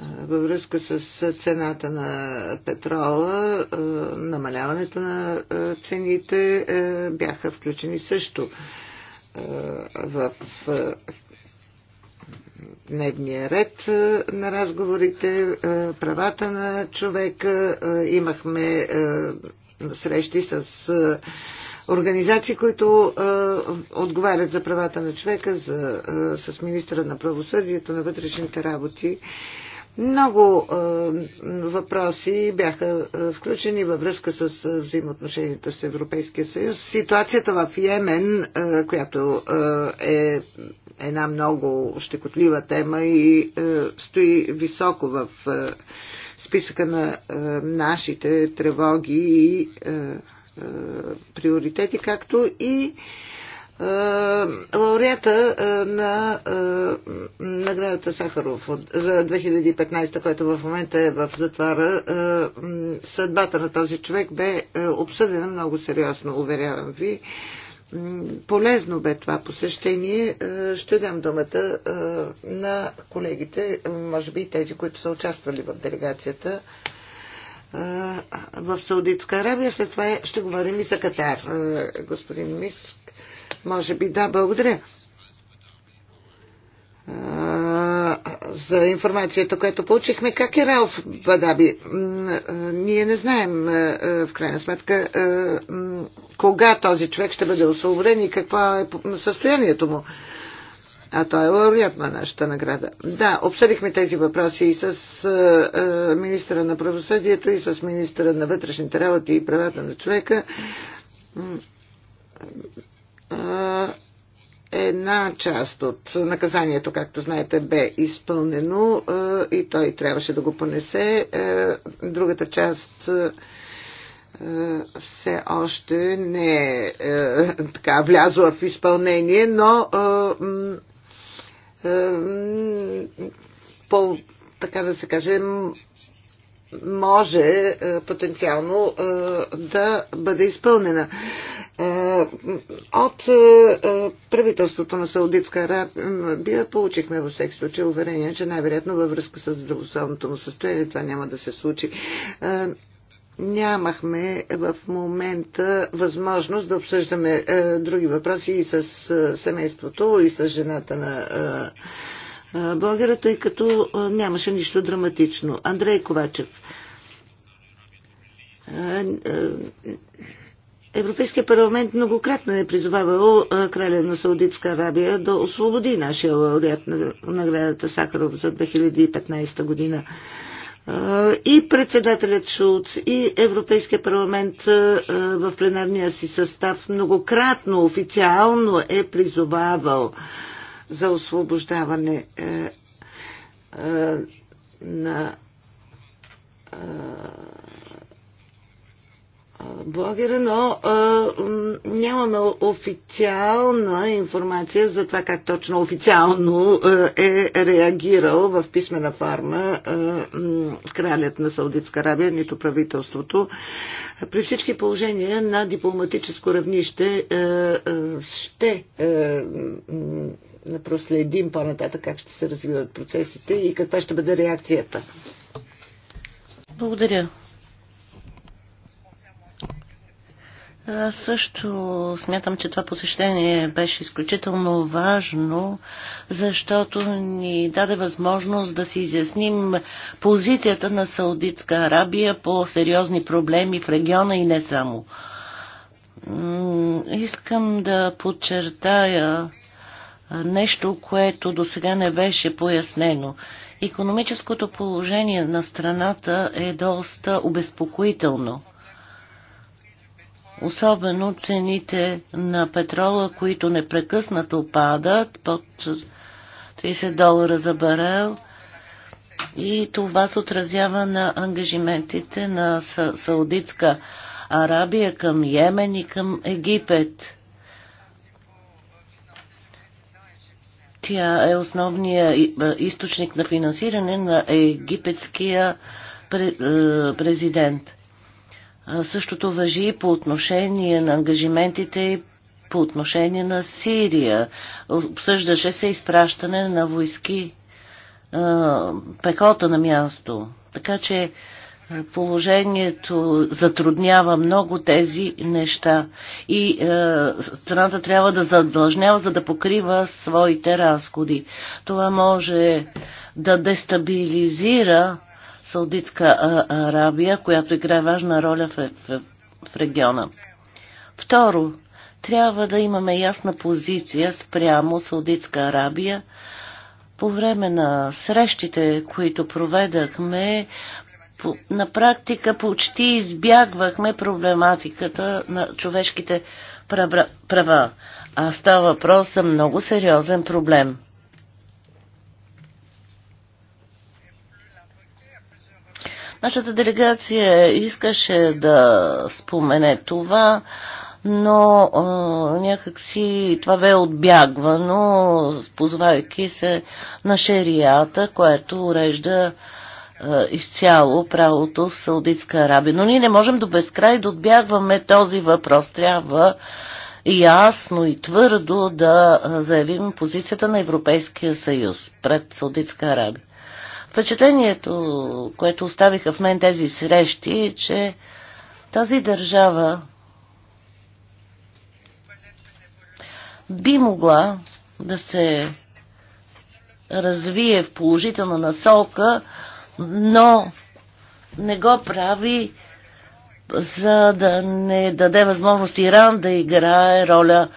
Speaker 2: във връзка с цената на петрола, намаляването на цените бяха включени също в дневния ред на разговорите, правата на човека. Имахме срещи с организации, които отговарят за правата на човека, за, с министра на правосъдието, на вътрешните работи. Много е, въпроси бяха е, включени във връзка с е, взаимоотношенията с Европейския съюз. Ситуацията в Йемен, е, която е, е една много щекотлива тема и е, стои високо в е, списъка на е, нашите тревоги и е, е, приоритети, както и е, е, лауреата е, на е, наградата Сахаров за 2015, който в момента е в затвора, съдбата на този човек бе обсъдена много сериозно, уверявам ви. Полезно бе това посещение. Ще дам думата на колегите, може би и тези, които са участвали в делегацията в Саудитска Арабия. След това ще говорим и за Катар, господин Миск. Може би да, благодаря за информацията, която получихме. Как е Ралф Бадаби? Ние не знаем в крайна сметка кога този човек ще бъде освободен и какво е състоянието му. А той е лауреат на нашата награда. Да, обсъдихме тези въпроси и с министра на правосъдието, и с министра на вътрешните работи и правата на човека една част от наказанието, както знаете, бе изпълнено и той трябваше да го понесе. Другата част все още не е така влязла в изпълнение, но по, така да се каже, може е, потенциално е, да бъде изпълнена. Е, от правителството на Саудитска Арабия получихме във всеки случай уверение, че най-вероятно във връзка с здравословното му състояние това няма да се случи нямахме в момента възможност да обсъждаме други въпроси и с семейството, и с жената на блогера, тъй като нямаше нищо драматично. Андрей Ковачев. Европейския парламент многократно е призовавал краля на Саудитска Арабия да освободи нашия лауреат на наградата Сахаров за 2015 година. И председателят Шулц, и Европейския парламент в пленарния си състав многократно официално е призовавал за освобождаване е, е, на е, блогера, но е, нямаме официална информация за това как точно официално е реагирал в писмена форма е, кралят на Саудитска Арабия, нито правителството. При всички положения на дипломатическо равнище е, е, ще Е, проследим по-нататък как ще се развиват процесите и каква ще бъде реакцията.
Speaker 4: Благодаря. Аз също смятам, че това посещение беше изключително важно, защото ни даде възможност да си изясним позицията на Саудитска Арабия по сериозни проблеми в региона и не само. Искам да подчертая нещо, което до сега не беше пояснено. Економическото положение на страната е доста обезпокоително. Особено цените на петрола, които непрекъснато падат под 30 долара за барел и това се отразява на ангажиментите на Саудитска Арабия към Йемен и към Египет. Тя е основният източник на финансиране на египетския президент. Същото въжи и по отношение на ангажиментите и по отношение на Сирия. Обсъждаше се изпращане на войски, пехота на място. Така че Положението затруднява много тези неща и е, страната трябва да задължнява, за да покрива своите разходи. Това може да дестабилизира Саудитска Арабия, която играе важна роля в, в, в региона. Второ, трябва да имаме ясна позиция спрямо Саудитска Арабия. По време на срещите, които проведахме, на практика почти избягвахме проблематиката на човешките права, а става въпрос за много сериозен проблем. Нашата делегация искаше да спомене това, но а, някакси това бе отбягвано, позвайки се на шерията, което урежда изцяло правото в Саудитска Арабия. Но ние не можем до безкрай да отбягваме този въпрос. Трябва ясно и твърдо да заявим позицията на Европейския съюз пред Саудитска Арабия. Впечатлението, което оставиха в мен тези срещи, е, че тази държава би могла да се развие в положителна насока, но не го прави за да не даде възможност Иран да играе роля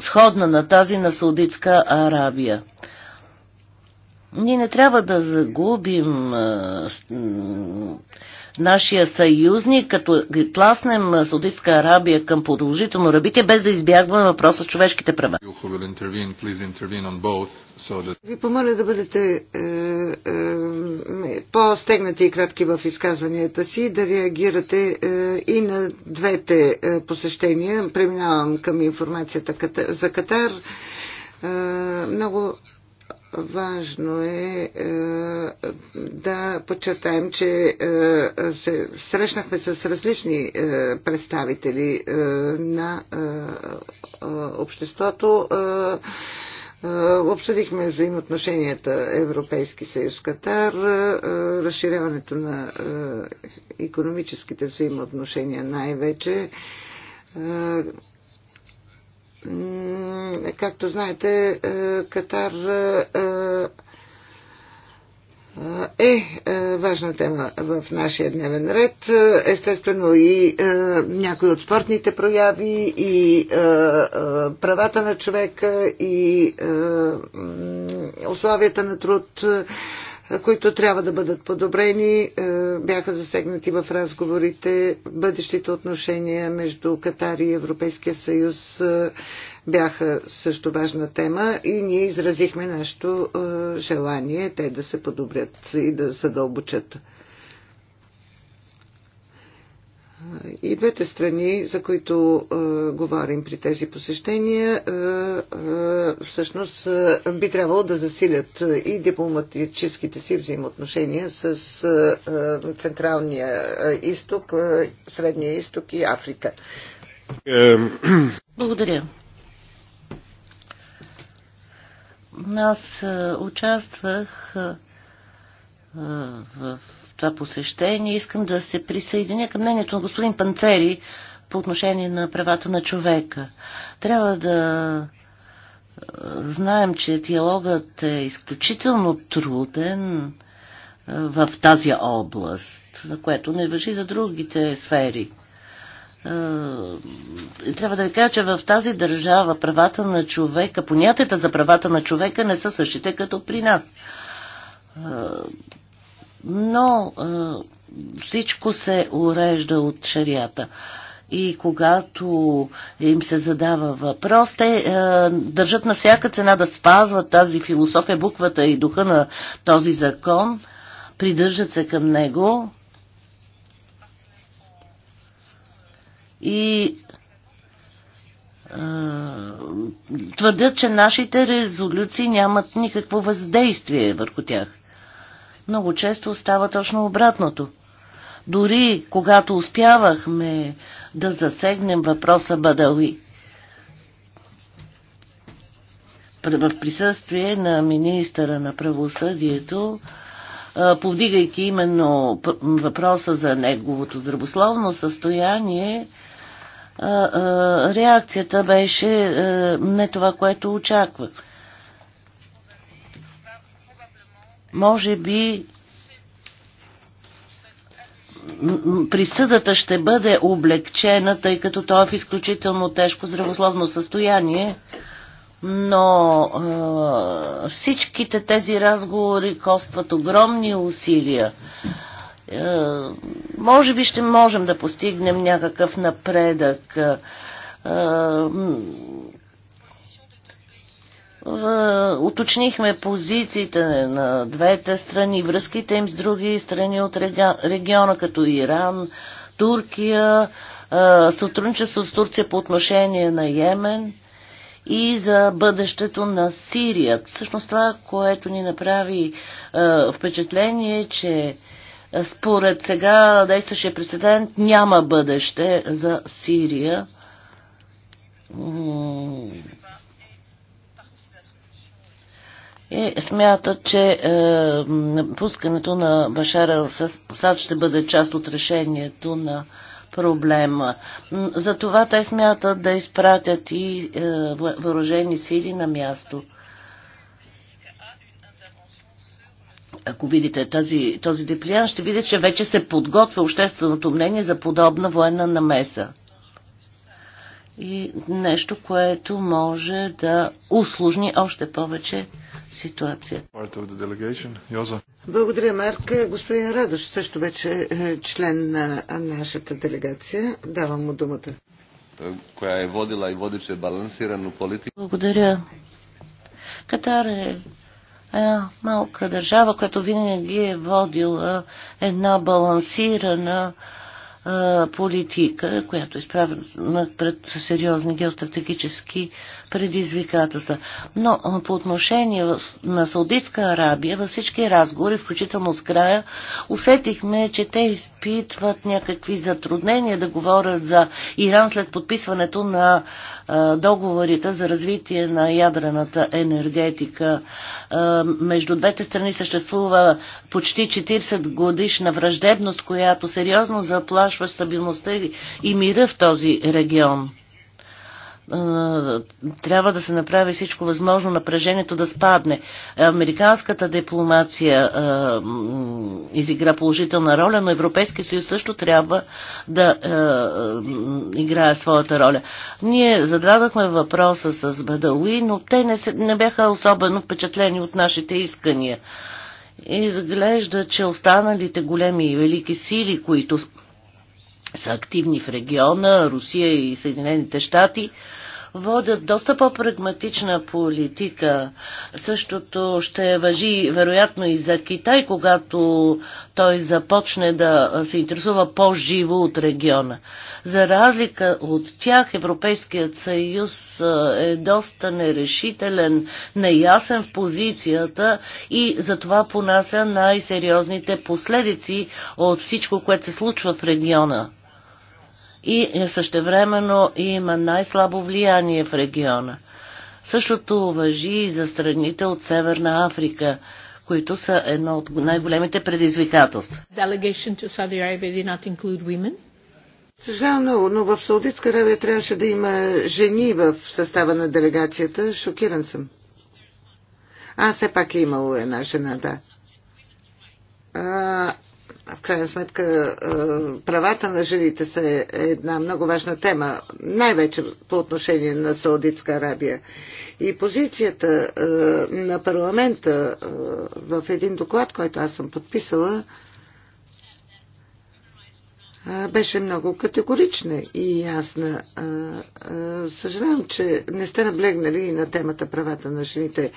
Speaker 4: сходна на тази на Саудитска Арабия. Ние не трябва да загубим нашия съюзник, като тласнем Саудитска Арабия към продължително ръбитие, без да избягваме въпроса с човешките права.
Speaker 2: Ви помоля да бъдете е, е, е по-стегнати и кратки в изказванията си, да реагирате е, и на двете е, посещения. Преминавам към информацията за Катар. Много важно е, да подчертаем, че се срещнахме с различни представители на обществото. Е, обсъдихме взаимоотношенията Европейски съюз Катар, е, разширяването на економическите взаимоотношения най-вече. Е, както знаете, Катар е, е важна тема в нашия дневен ред. Естествено и е, някои от спортните прояви, и е, правата на човека, и условията на труд които трябва да бъдат подобрени. Е, бяха засегнати в разговорите бъдещите отношения между Катар и Европейския съюз е, бяха също важна тема и ние изразихме нашето е, желание те да се подобрят и да се дълбочат. и двете страни, за които е, говорим при тези посещения, е, е, всъщност е, би трябвало да засилят и дипломатическите си взаимоотношения с е, Централния изток, е, Средния изток и Африка. Благодаря.
Speaker 4: Аз участвах в това посещение. Искам да се присъединя към мнението на господин Панцери по отношение на правата на човека. Трябва да е, знаем, че диалогът е изключително труден е, в тази област, за което не въжи за другите сфери. Е, трябва да ви кажа, че в тази държава правата на човека, понятията за правата на човека не са същите като при нас но е, всичко се урежда от шарията. И когато им се задава въпрос, те е, държат на всяка цена да спазват тази философия, буквата и духа на този закон, придържат се към него и е, твърдят, че нашите резолюции нямат никакво въздействие върху тях. Много често става точно обратното. Дори когато успявахме да засегнем въпроса бадали в присъствие на министъра на правосъдието, повдигайки именно въпроса за неговото здравословно състояние, реакцията беше не това, което очаквах. Може би присъдата ще бъде облегчена, тъй като той е в изключително тежко здравословно състояние, но е, всичките тези разговори костват огромни усилия. Е, може би ще можем да постигнем някакъв напредък. Е, уточнихме позициите на двете страни, връзките им с други страни от региона, като Иран, Туркия, е, сътрудничество с Турция по отношение на Йемен и за бъдещето на Сирия. Всъщност това, което ни направи е, впечатление, че според сега действащия прецедент няма бъдеще за Сирия и смятат, че е, пускането на Башара Сад ще бъде част от решението на проблема. Затова те смятат да изпратят и е, въоръжени сили на място. Ако видите тази, този деплиян, ще видите, че вече се подготвя общественото мнение за подобна военна намеса. И нещо, което може да услужни още повече
Speaker 1: ситуация.
Speaker 2: Благодаря, Марк. Господин Радош също вече е член на нашата делегация. Давам му думата.
Speaker 1: Коя е водила и водиче балансирано политика.
Speaker 2: Благодаря.
Speaker 4: Катар е една малка държава, която винаги е водила една балансирана политика, която е изправена пред сериозни геостратегически предизвикателства. Но по отношение на Саудитска Арабия, във всички разговори, включително с края, усетихме, че те изпитват някакви затруднения да говорят за Иран след подписването на договорите за развитие на ядрената енергетика. Между двете страни съществува почти 40 годишна враждебност, която сериозно заплашва стабилността и мира в този регион. Е, трябва да се направи всичко възможно напрежението да спадне. Американската дипломация е, изигра положителна роля, но Европейския съюз също трябва да е, играе своята роля. Ние зададахме въпроса с Бадауи, но те не, се, не бяха особено впечатлени от нашите искания. Изглежда, че останалите големи и велики сили, които са активни в региона, Русия и Съединените щати, водят доста по-прагматична политика. Същото ще въжи вероятно и за Китай, когато той започне да се интересува по-живо от региона. За разлика от тях, Европейският съюз е доста нерешителен, неясен в позицията и затова понася най-сериозните последици от всичко, което се случва в региона и същевременно има най-слабо влияние в региона. Същото въжи и за страните от Северна Африка, които са едно от най-големите предизвикателства.
Speaker 2: Съжалявам много, но в Саудитска Аравия трябваше да има жени в състава на делегацията. Шокиран съм. А, все пак е имало една жена, да. А, в крайна сметка е, правата на жените са една много важна тема, най-вече по отношение на Саудитска Арабия. И позицията е, на парламента е, в един доклад, който аз съм подписала, беше много категорична и ясна. Съжалявам, че не сте наблегнали и на темата правата на жените.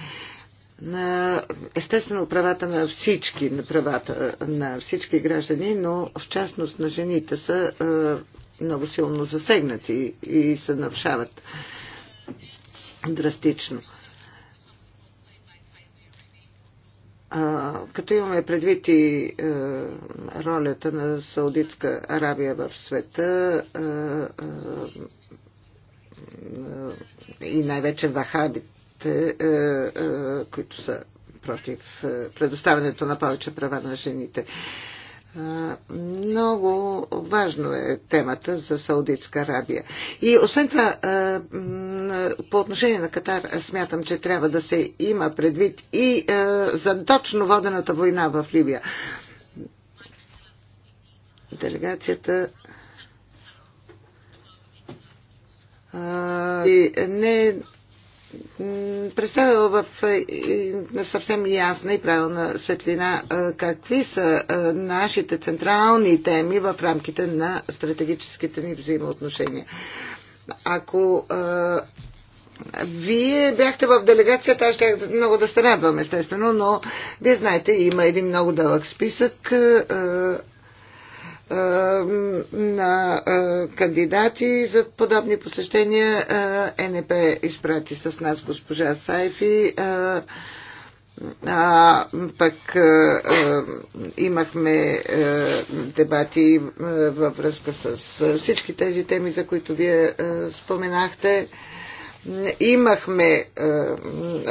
Speaker 2: На естествено правата на всички, на правата на всички граждани, но в частност на жените са много силно засегнати и се нарушават драстично. като имаме предвид и ролята на Саудитска Арабия в света и най-вече вахабите, партиите, е, е, които са против е, предоставянето на повече права на жените. Много важно е темата за Саудитска Арабия. И освен това, по отношение на Катар, смятам, че трябва да се има предвид и за точно водената война в Ливия. Делегацията и не представила в е, съвсем ясна и правилна светлина е, какви са е, нашите централни теми в рамките на стратегическите ни взаимоотношения. Ако вие бяхте в делегацията, аз ще много да се радвам, естествено, но вие знаете, има един много дълъг списък е, на е, кандидати за подобни посещения е, НП изпрати с нас госпожа Сайфи. А, пък а, имахме а, дебати а, във връзка с а, всички тези теми, за които вие а, споменахте. Имахме, а,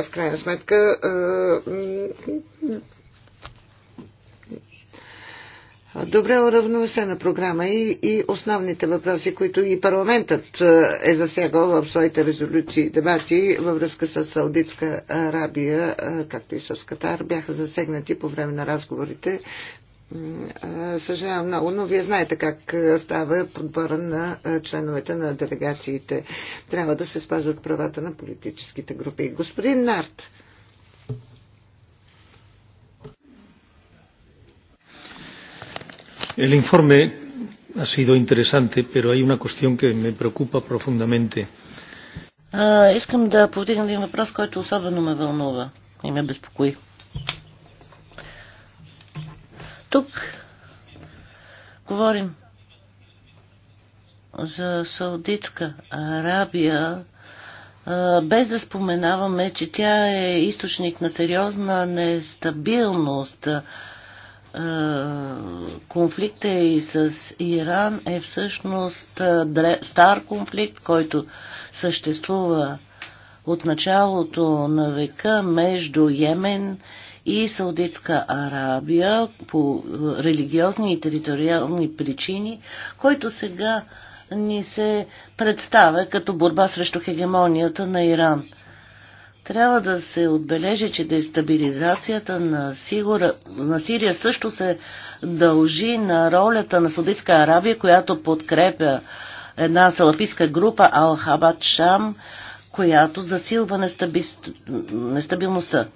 Speaker 2: в крайна сметка, а, добре уравновесена програма и, и основните въпроси, които и парламентът е, е засягал в своите резолюции и дебати във връзка с Саудитска Арабия, е, както и с Катар, бяха засегнати по време на разговорите. Е, съжалявам много, но вие знаете как става подбора на членовете на делегациите. Трябва да се спазват правата на политическите групи. Господин Нарт,
Speaker 1: El informe ha sido interesante, pero hay una cuestión que me preocupa profundamente.
Speaker 4: искам да повдигна един въпрос, който особено ме вълнува и ме безпокои. Тук говорим за Саудитска Арабия, без да споменаваме, че тя е източник на сериозна нестабилност конфликта и с Иран е всъщност стар конфликт, който съществува от началото на века между Йемен и Саудитска Арабия по религиозни и териториални причини, който сега ни се представя като борба срещу хегемонията на Иран – трябва да се отбележи, че дестабилизацията на, Сигура, на Сирия също се дължи на ролята на Саудитска Арабия, която подкрепя една салафистска група Ал-Хабад Шам, която засилва нестабист, нестабилността.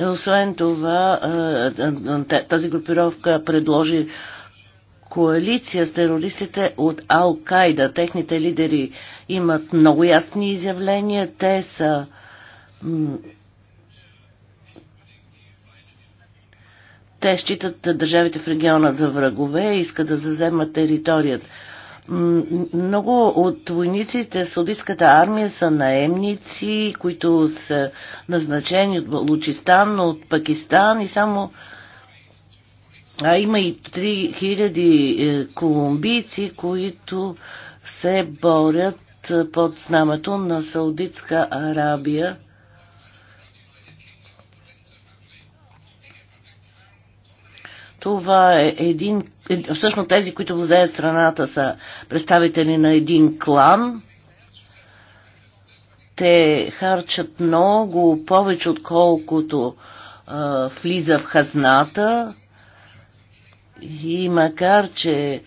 Speaker 4: Освен това, тази групировка предложи коалиция с терористите от Ал-Кайда. Техните лидери имат много ясни изявления. Те са те считат държавите в региона за врагове и искат да заземат територията. Много от войниците в Саудитската армия са наемници, които са назначени от Лучистан, от Пакистан и само а има и 3000 е, колумбийци, които се борят е, под знамето на Саудитска Арабия. Това е един... Е, всъщност тези, които владеят страната, са представители на един клан. Те харчат много повече, отколкото а, влиза в хазната и макар, че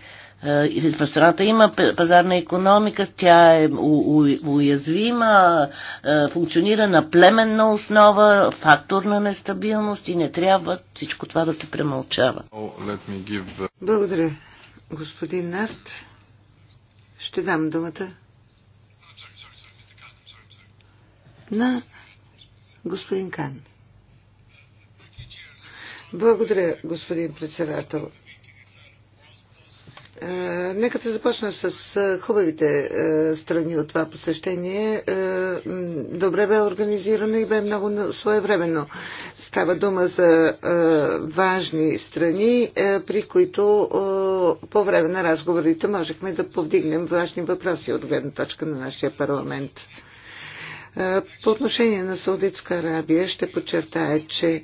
Speaker 4: в страната има пазарна економика, тя е уязвима, функционира на племенна основа, фактор на нестабилност и не трябва всичко това да се премълчава.
Speaker 2: Благодаря. Господин Нарт, ще дам думата на господин Кан. Благодаря, господин председател. Е, нека да започна с е, хубавите е, страни от това посещение. Добре бе организирано и бе много своевременно. Става дума за важни страни, при които по време на разговорите можехме да повдигнем важни въпроси от гледна точка на нашия парламент. По отношение на Саудитска Арабия ще подчертая, че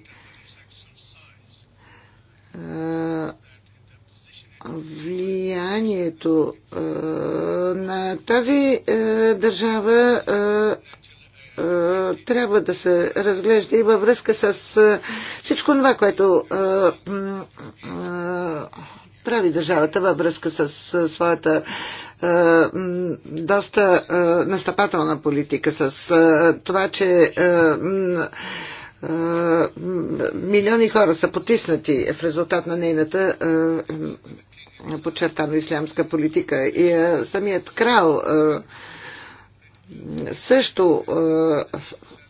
Speaker 2: влиянието а, на тази а, държава а, трябва да се разглежда и във връзка с всичко това, което прави държавата във връзка с своята доста настъпателна политика, с това, че милиони хора са потиснати в резултат на нейната подчертано ислямска политика. И е, самият крал е, също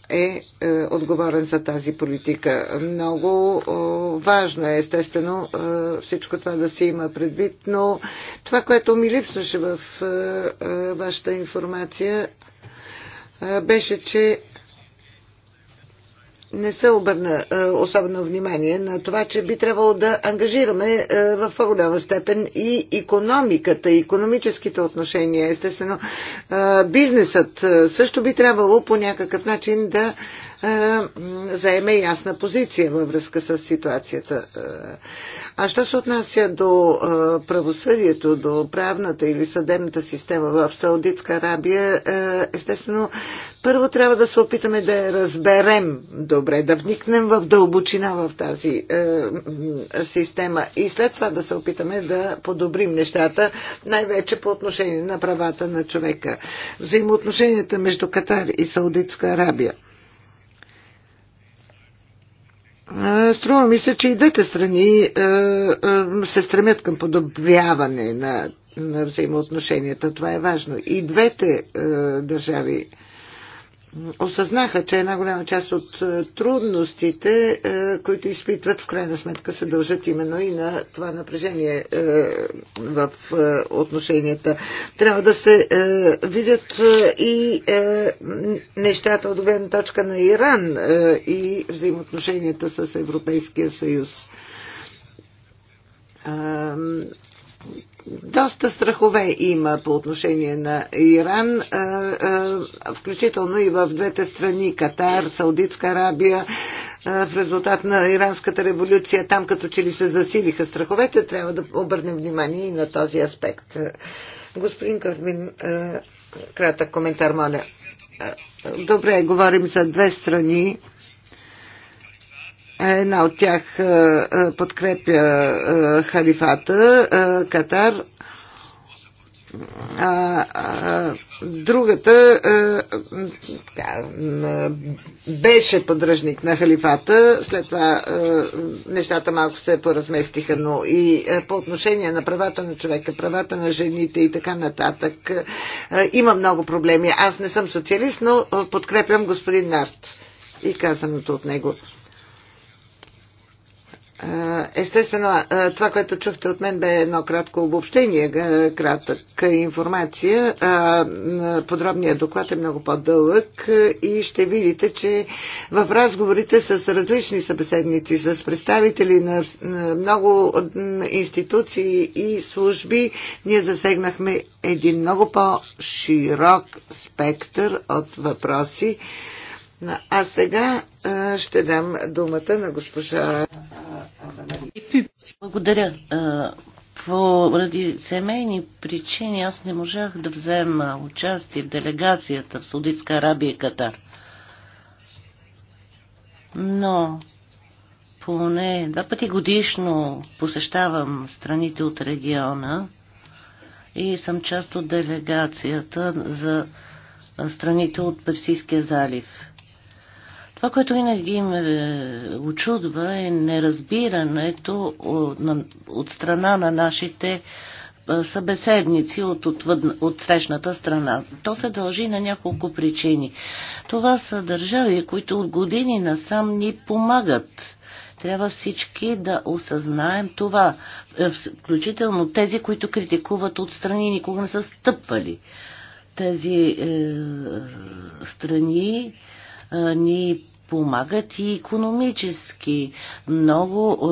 Speaker 2: е, е, отговорен за тази политика. Много важно е, естествено, всичко това да се има предвид, но това, което ми липсваше в вашата информация, беше, че не се обърна е, особено внимание на това, че би трябвало да ангажираме е, в по-голяма степен и економиката, и економическите отношения. Естествено, е, бизнесът също би трябвало по някакъв начин да е, заеме ясна позиция във връзка с ситуацията. Е, а що се отнася до е, правосъдието, до правната или съдебната система в Саудитска Арабия, естествено, първо трябва да се опитаме да я разберем добре, да вникнем в дълбочина в тази система и след това да се опитаме да подобрим нещата, най-вече по отношение на правата на човека. Взаимоотношенията между Катар и Саудитска Арабия. Струва ми се, че и двете страни се стремят към подобряване на, на взаимоотношенията. Това е важно. И двете държави осъзнаха, че една голяма част от е, трудностите, е, които изпитват, в крайна сметка се дължат именно и на това напрежение е, в отношенията. Трябва да се видят и нещата от гледна точка на Иран и взаимоотношенията с Европейския съюз доста страхове има по отношение на Иран, включително и в двете страни, Катар, Саудитска Арабия, в резултат на иранската революция, там като че ли се засилиха страховете, трябва да обърнем внимание и на този аспект. Господин Кърмин, кратък коментар, моля. Добре, говорим за две страни, Една от тях е, е, подкрепя е, халифата, Катар. А, а, другата а, беше подръжник на халифата, след това а, нещата малко се поразместиха, но и а, по отношение на правата на човека, правата на жените и така нататък а, има много проблеми. Аз не съм социалист, но подкрепям господин Нарт и казаното от него. Е, естествено, това, което чухте от мен, бе едно кратко обобщение, кратка информация. Подробният доклад е много по-дълъг и ще видите, че в разговорите с различни събеседници, с представители на много институции и служби, ние засегнахме един много по-широк спектър от въпроси. А сега ще дам думата на госпожа благодаря. Поради семейни причини аз
Speaker 4: не можах да взема участие в делегацията в Саудитска Арабия и Катар. Но поне два пъти годишно посещавам страните от региона и съм част от делегацията за страните от Персийския залив. Това, което винаги ме очудва е неразбирането от страна на нашите събеседници от, от, от срещната страна. То се дължи на няколко причини. Това са държави, които от години насам ни помагат. Трябва всички да осъзнаем това, е, включително тези, които критикуват от страни, никога не са стъпвали. Тези е, страни е, ни помагат и економически. Много е,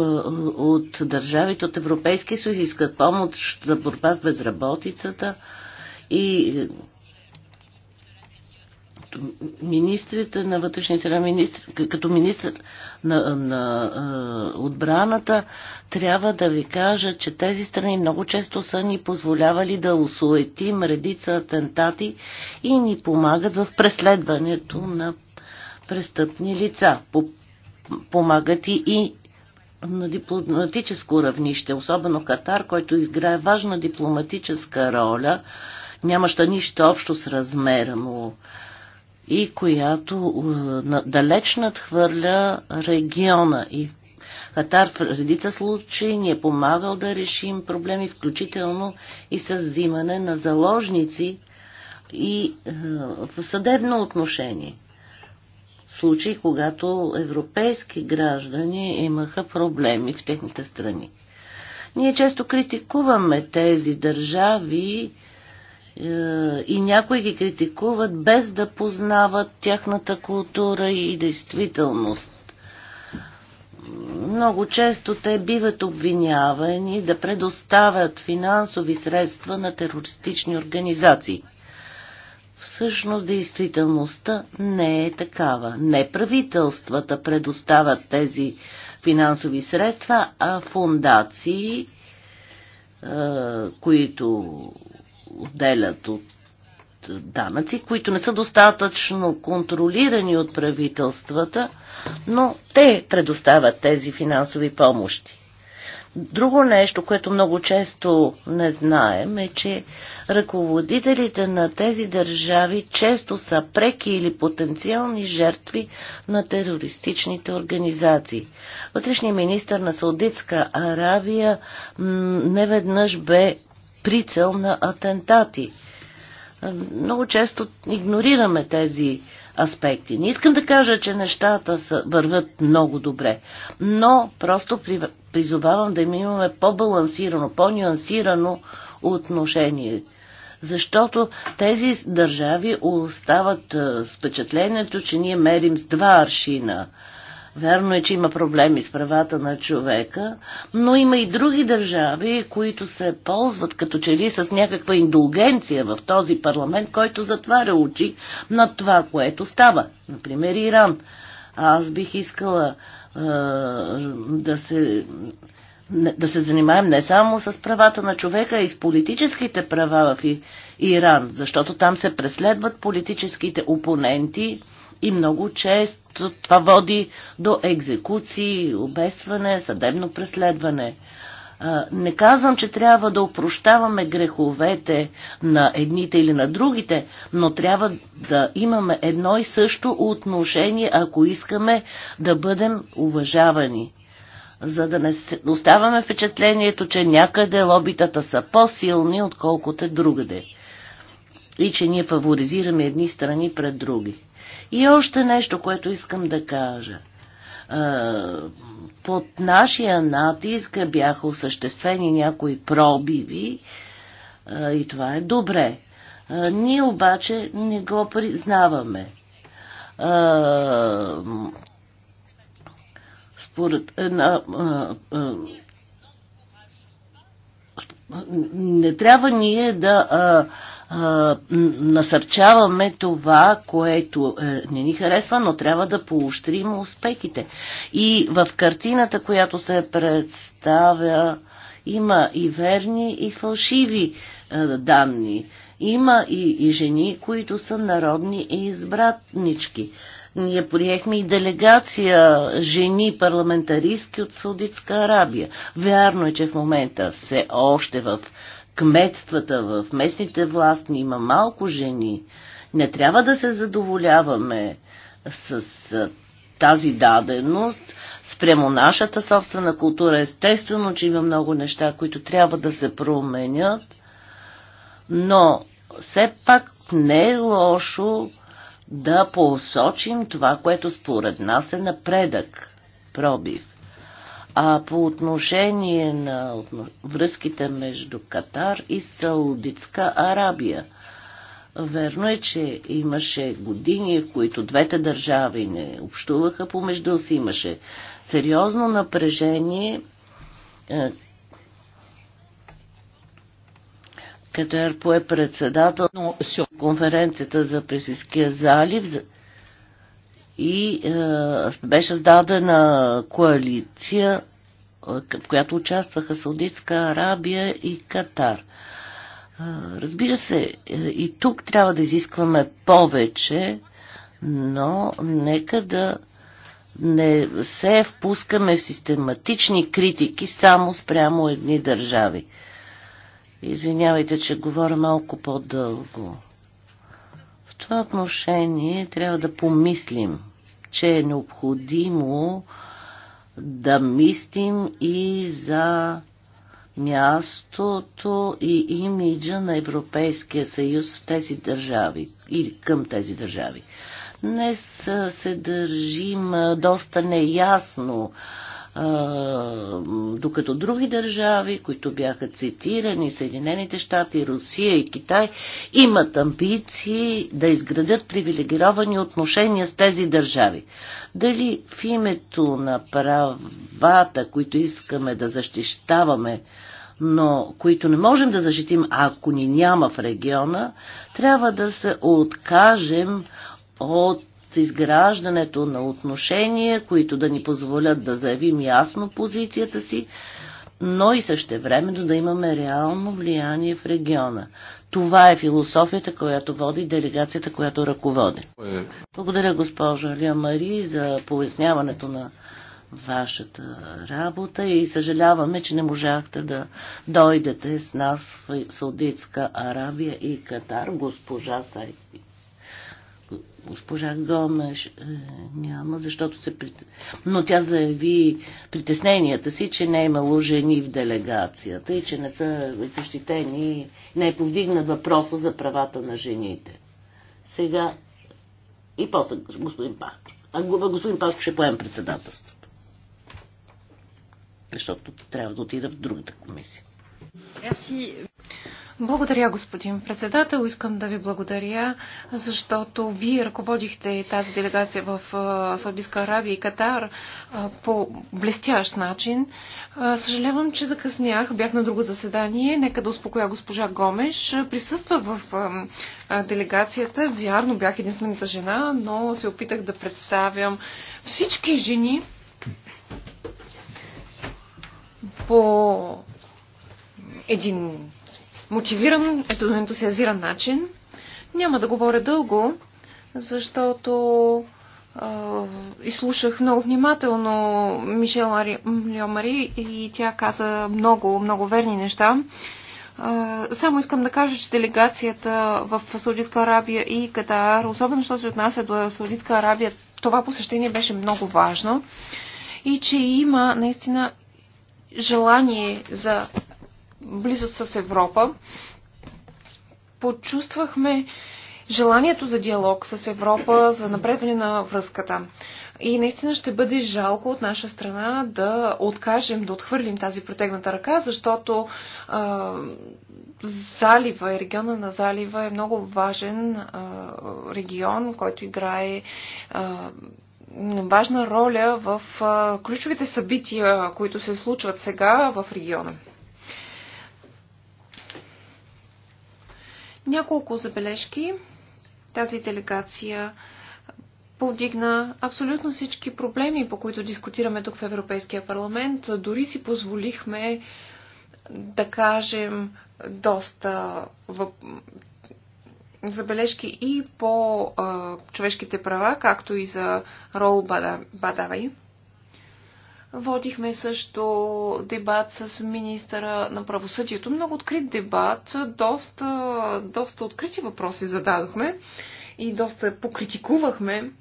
Speaker 4: от държавите от Европейския съюз искат помощ за борба с безработицата и е, министрите на вътрешните на министр, като министр на, на, на е, отбраната, трябва да ви кажа, че тези страни много често са ни позволявали да осуетим редица атентати и ни помагат в преследването на престъпни лица. Помагат и, и на дипломатическо равнище, особено Катар, който изграе важна дипломатическа роля, нямаща нищо общо с размера му и която е, далеч надхвърля региона и Катар в редица случаи ни е помагал да решим проблеми, включително и с взимане на заложници и е, в съдебно отношение случаи, когато европейски граждани имаха проблеми в техните страни. Ние често критикуваме тези държави е, и някои ги критикуват без да познават тяхната култура и действителност. Много често те биват обвинявани да предоставят финансови средства на терористични организации – Всъщност действителността не е такава. Не правителствата предоставят тези финансови средства, а фундации, е, които отделят от данъци, които не са достатъчно контролирани от правителствата, но те предоставят тези финансови помощи. Друго нещо, което много често не знаем, е, че ръководителите на тези държави често са преки или потенциални жертви на терористичните организации. Вътрешният министр на Саудитска Аравия неведнъж бе прицел на атентати. Много често игнорираме тези аспекти. Не искам да кажа, че нещата са, върват много добре, но просто при, призовавам да имаме по-балансирано, по-нюансирано отношение. Защото тези държави остават е, с впечатлението, че ние мерим с два аршина. Вярно е, че има проблеми с правата на човека, но има и други държави, които се ползват като че ли с някаква индулгенция в този парламент, който затваря очи на това, което става. Например, Иран. Аз бих искала да се да се занимаем не само с правата на човека, а и с политическите права в Иран, защото там се преследват политическите опоненти и много често това води до екзекуции, обесване, съдебно преследване. Не казвам, че трябва да опрощаваме греховете на едните или на другите, но трябва да имаме едно и също отношение, ако искаме да бъдем уважавани. За да не оставаме впечатлението, че някъде лобитата са по-силни, отколкото другаде. И че ние фаворизираме едни страни пред други. И още нещо, което искам да кажа – под нашия натиск бяха осъществени някои пробиви и това е добре. Ние обаче не го признаваме. Според, не трябва ние да насърчаваме това, което е, не ни харесва, но трябва да поощрим успехите. И в картината, която се представя, има и верни, и фалшиви е, данни. Има и, и жени, които са народни и избратнички. Ние приехме и делегация жени парламентаристки от Саудитска Арабия. Вярно е, че в момента все още в кметствата, в местните власти има малко жени. Не трябва да се задоволяваме с тази даденост спрямо нашата собствена култура. Естествено, че има много неща, които трябва да се променят, но все пак не е лошо да посочим това, което според нас е напредък, пробив. А по отношение на връзките между Катар и Саудитска Арабия, верно е, че имаше години, в които двете държави не общуваха помежду си, имаше сериозно напрежение. Е, Катар пое председател на конференцията за Пресиския залив и е, беше създадена коалиция, е, в която участваха Саудитска Арабия и Катар. Е, разбира се, е, и тук трябва да изискваме повече, но нека да не се впускаме в систематични критики само спрямо едни държави. Извинявайте, че говоря малко по-дълго. В това отношение трябва да помислим че е необходимо да мислим и за мястото и имиджа на Европейския съюз в тези държави или към тези държави. Днес се държим доста неясно докато други държави, които бяха цитирани, Съединените щати, Русия и Китай, имат амбиции да изградят привилегировани отношения с тези държави. Дали в името на правата, които искаме да защищаваме, но които не можем да защитим, ако ни няма в региона, трябва да се откажем от за изграждането на отношения, които да ни позволят да заявим ясно позицията си, но и същевременно да имаме реално влияние в региона. Това е философията, която води делегацията, която ръководи. Благодаря, госпожо Лия Мари, за поясняването на вашата работа и съжаляваме, че не можахте да дойдете с нас в Саудитска Арабия и Катар, госпожа Сайфи госпожа Гомеш е, няма, защото се... Но тя заяви притесненията си, че не е имало жени в делегацията и че не са защитени, не е повдигнат въпроса за правата на жените. Сега и после господин Пашко. А господин Пашко ще поем председателството. Защото трябва да отида в другата комисия.
Speaker 3: Merci. Благодаря, господин председател. Искам да ви благодаря, защото вие ръководихте тази делегация в Саудитска Арабия и Катар по блестящ начин. Съжалявам, че закъснях. Бях на друго заседание. Нека да успокоя госпожа Гомеш. Присъства в делегацията. Вярно, бях единствената жена, но се опитах да представям всички жени по един мотивиран, ето ентусиазиран начин. Няма да говоря дълго, защото изслушах много внимателно Мишел Мари, Мари и тя каза много, много верни неща. Само искам да кажа, че делегацията в Саудитска Арабия и Катар, особено що се отнася до Саудитска Арабия, това посещение беше много важно и че има наистина желание за близост с Европа, почувствахме желанието за диалог с Европа, за напредване на връзката. И наистина ще бъде жалко от наша страна да откажем, да отхвърлим тази протегната ръка, защото а, залива и региона на залива е много важен а, регион, който играе а, важна роля в а, ключовите събития, които се случват сега в региона. Няколко забележки. Тази делегация повдигна абсолютно всички проблеми, по които дискутираме тук в Европейския парламент. Дори си позволихме да кажем доста въп... забележки и по а, човешките права, както и за рол Бадавай. Водихме също дебат с министъра на правосъдието. Много открит дебат, доста, доста открити въпроси зададохме и доста покритикувахме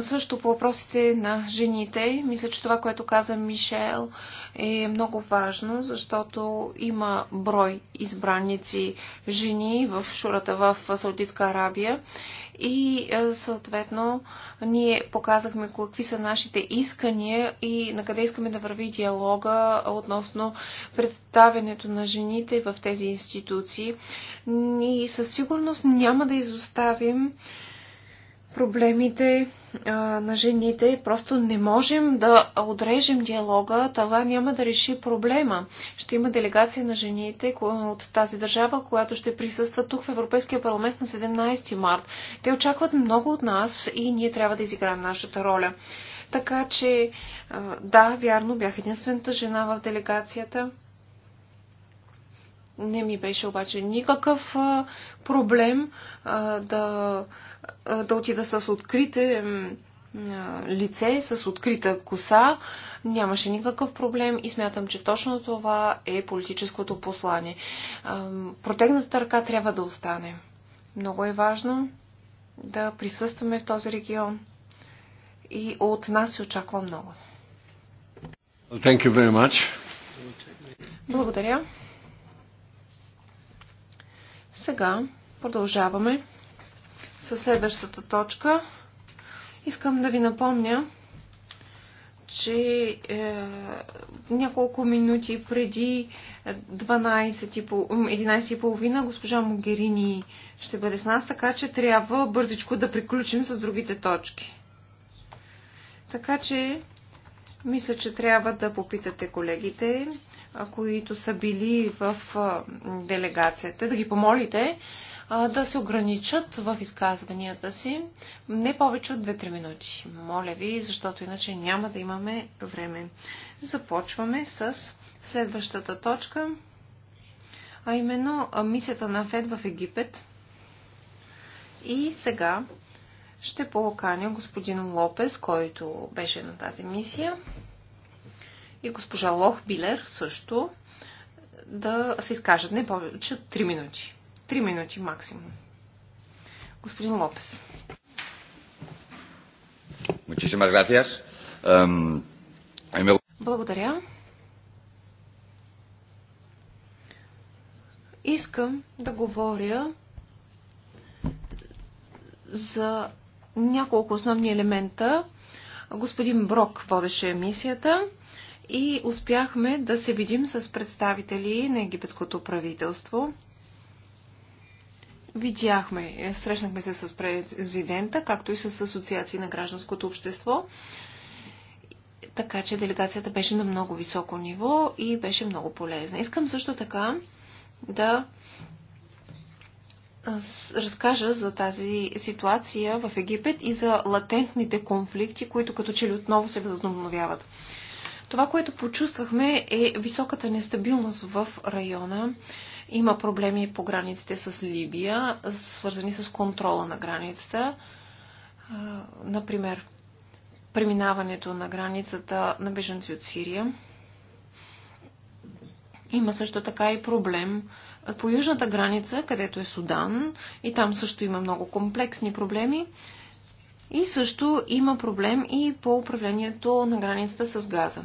Speaker 3: също по въпросите на жените, мисля, че това, което каза Мишел, е много важно, защото има брой избранници жени в шурата в Саудитска Арабия и е, съответно ние показахме какви са нашите искания и на къде искаме да върви диалога относно представянето на жените в тези институции. И със сигурност няма да изоставим проблемите а, на жените. Просто не можем да отрежем диалога. Това няма да реши проблема. Ще има делегация на жените от тази държава, която ще присъства тук в Европейския парламент на 17 март. Те очакват много от нас и ние трябва да изиграем нашата роля. Така че, да, вярно, бях единствената жена в делегацията. Не ми беше обаче никакъв проблем да, да отида с открите лице, с открита коса. Нямаше никакъв проблем и смятам, че точно това е политическото послание. Протегната ръка трябва да остане. Много е важно да присъстваме в този регион и от нас се очаква много.
Speaker 1: Thank you very much.
Speaker 3: Благодаря. Сега продължаваме с следващата точка. Искам да ви напомня, че е, няколко минути преди 11.30 госпожа Могерини ще бъде с нас, така че трябва бързичко да приключим с другите точки. Така че мисля, че трябва да попитате колегите, които са били в делегацията, да ги помолите да се ограничат в изказванията си не повече от 2-3 минути. Моля ви, защото иначе няма да имаме време. Започваме с следващата точка, а именно мисията на Фед в Египет. И сега ще поканя господин Лопес, който беше на тази мисия, и госпожа Лох Билер също да се изкажат не повече от 3 минути. 3 минути максимум. Господин Лопес. Благодаря. Искам да говоря за няколко основни елемента. Господин Брок водеше мисията и успяхме да се видим с представители на египетското правителство. Видяхме, срещнахме се с президента, както и с асоциации на гражданското общество. Така че делегацията беше на много високо ниво и беше много полезна. Искам също така да разкажа за тази ситуация в Египет и за латентните конфликти, които като че ли отново се възобновяват. Това, което почувствахме е високата нестабилност в района. Има проблеми по границите с Либия, свързани с контрола на границата. Например, преминаването на границата на беженци от Сирия – има също така и проблем по южната граница, където е Судан, и там също има много комплексни проблеми. И също има проблем и по управлението на границата с газа.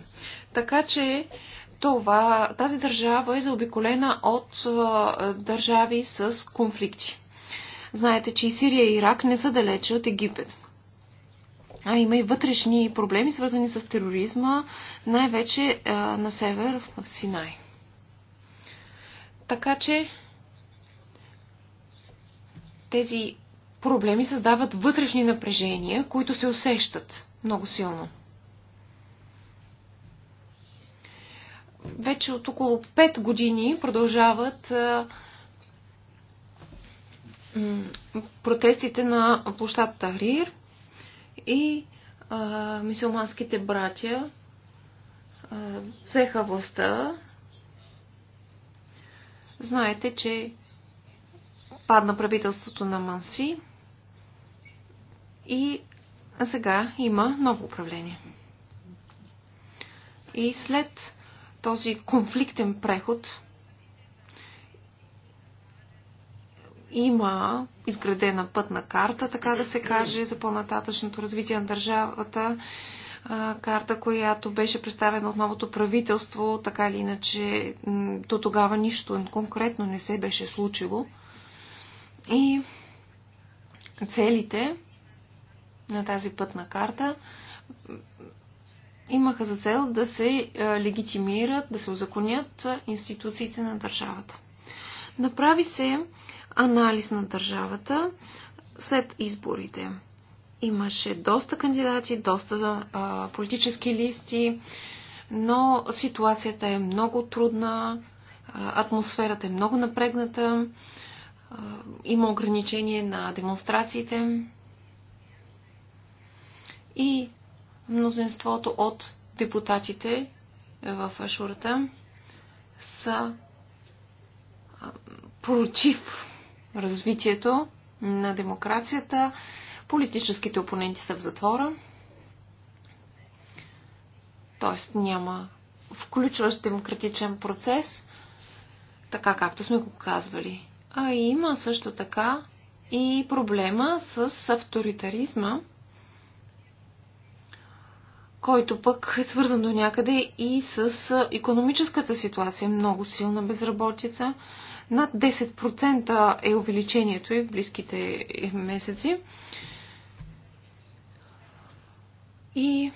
Speaker 3: Така че това, тази държава е заобиколена от а, държави с конфликти. Знаете, че и Сирия и Ирак не са далече от Египет. А има и вътрешни проблеми, свързани с тероризма, най-вече на север в Синай. Така че тези проблеми създават вътрешни напрежения, които се усещат много силно. Вече от около 5 години продължават протестите на площад Тахрир и мисулманските братя а, взеха властта Знаете, че падна правителството на Манси и сега има ново управление. И след този конфликтен преход има изградена пътна карта, така да се каже, за по-нататъчното развитие на държавата карта, която беше представена от новото правителство, така или иначе до тогава нищо конкретно не се беше случило. И целите на тази пътна карта имаха за цел да се легитимират, да се озаконят институциите на държавата. Направи се анализ на държавата след изборите. Имаше доста кандидати, доста а, политически листи, но ситуацията е много трудна, а, атмосферата е много напрегната, а, има ограничение на демонстрациите и мнозинството от депутатите е, в Ашурата са против развитието на демокрацията Политическите опоненти са в затвора, т.е. няма включващ демократичен процес, така както сме го казвали. А има също така и проблема с авторитаризма, който пък е свързан до някъде и с економическата ситуация. Много силна безработица. Над 10% е увеличението и в близките месеци. И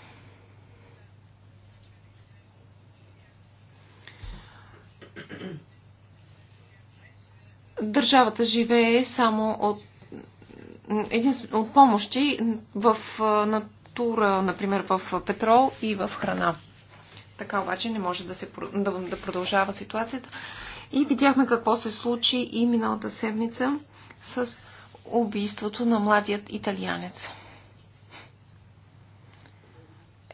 Speaker 3: държавата живее само от, един, от помощи в натура, например в петрол и в храна. Така обаче не може да, се, да, да продължава ситуацията. И видяхме какво се случи и миналата седмица с убийството на младият италианец.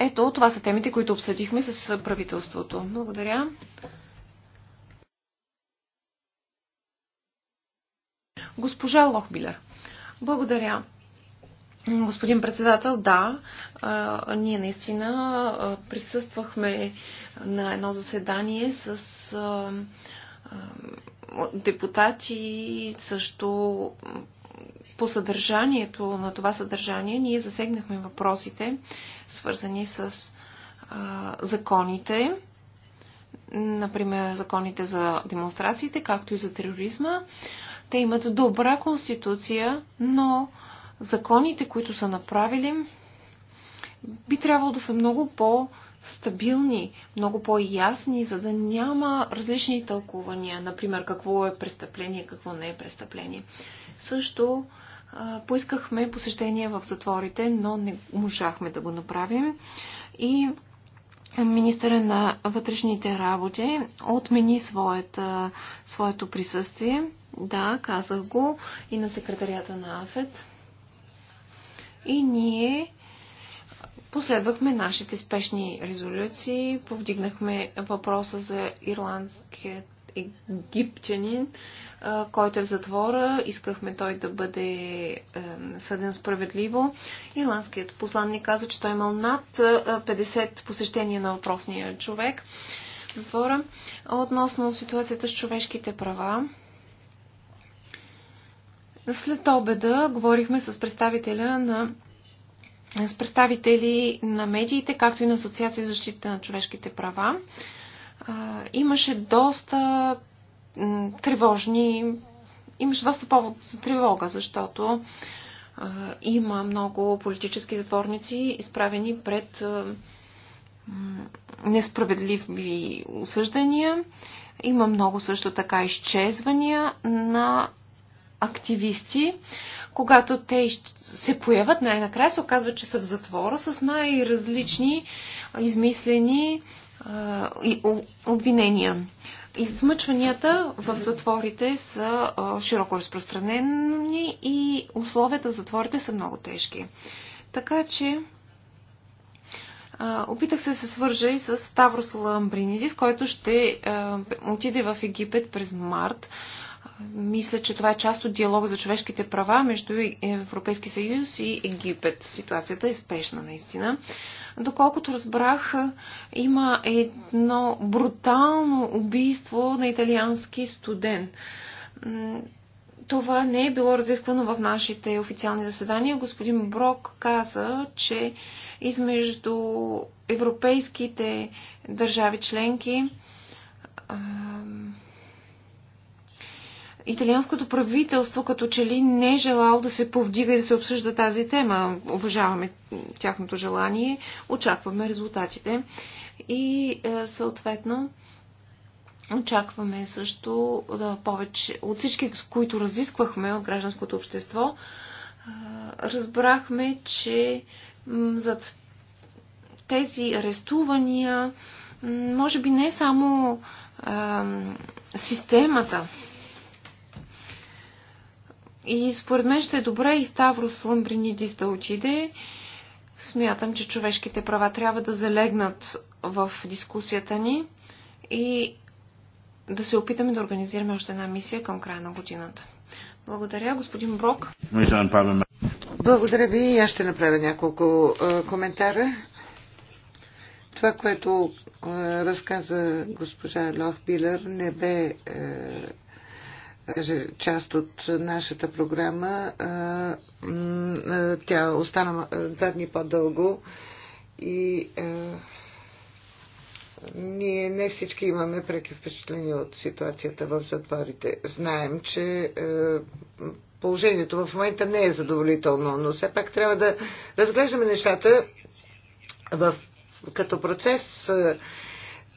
Speaker 3: Ето, това са темите, които обсъдихме с правителството. Благодаря. Госпожа Лохбилер. Благодаря. Господин председател, да, ние наистина присъствахме на едно заседание с депутати, също по съдържанието на това съдържание ние засегнахме въпросите, свързани с а, законите, например законите за демонстрациите, както и за тероризма. Те имат добра конституция, но законите, които са направили, би трябвало да са много по-стабилни, много по-ясни, за да няма различни тълкувания, например какво е престъпление, какво не е престъпление. Също поискахме посещение в затворите, но не можахме да го направим. И министъра на вътрешните работи отмени своята, своето присъствие. Да, казах го и на секретарията на АФЕД. И ние последвахме нашите спешни резолюции, повдигнахме въпроса за ирландският египтянин, който е в затвора. Искахме той да бъде съден справедливо. Ирландският посланник каза, че той е имал над 50 посещения на въпросния човек в затвора. Относно ситуацията с човешките права, след обеда говорихме с представителя на с представители на медиите, както и на Асоциация за защита на човешките права имаше доста тревожни. Имаше доста повод за тревога, защото а, има много политически затворници, изправени пред а, несправедливи осъждания. Има много също така изчезвания на активисти. Когато те се появят, най-накрая се оказва, че са в затвора с най-различни измислени и обвинения. Измъчванията в затворите са широко разпространени и условията в затворите са много тежки. Така че опитах се да се свържа и с Ставрос Ламбринидис, който ще отиде в Египет през март. Мисля, че това е част от диалога за човешките права между Европейски съюз и Египет. Ситуацията е спешна, наистина. Доколкото разбрах, има едно брутално убийство на италиански студент. Това не е било разисквано в нашите официални заседания. Господин Брок каза, че измежду европейските държави членки италианското правителство като че ли не е желало да се повдига и да се обсъжда тази тема. Уважаваме тяхното желание, очакваме резултатите и е, съответно очакваме също да е, повече от всички, с които разисквахме от гражданското общество, е, разбрахме, че зад тези арестувания може би не само системата и според мен ще е добре и Ставрос Ламбринидис да отиде. Смятам, че човешките права трябва да залегнат в дискусията ни и да се опитаме да организираме още една мисия към края на годината. Благодаря, господин Брок.
Speaker 2: Благодаря ви и аз ще направя няколко е, коментара. Това, което е, разказа госпожа Лох Билер, не бе е, каже, част от нашата програма. Тя остана два дни по-дълго и ние не всички имаме преки впечатления от ситуацията в затворите. Знаем, че положението в момента не е задоволително, но все пак трябва да разглеждаме нещата в, като процес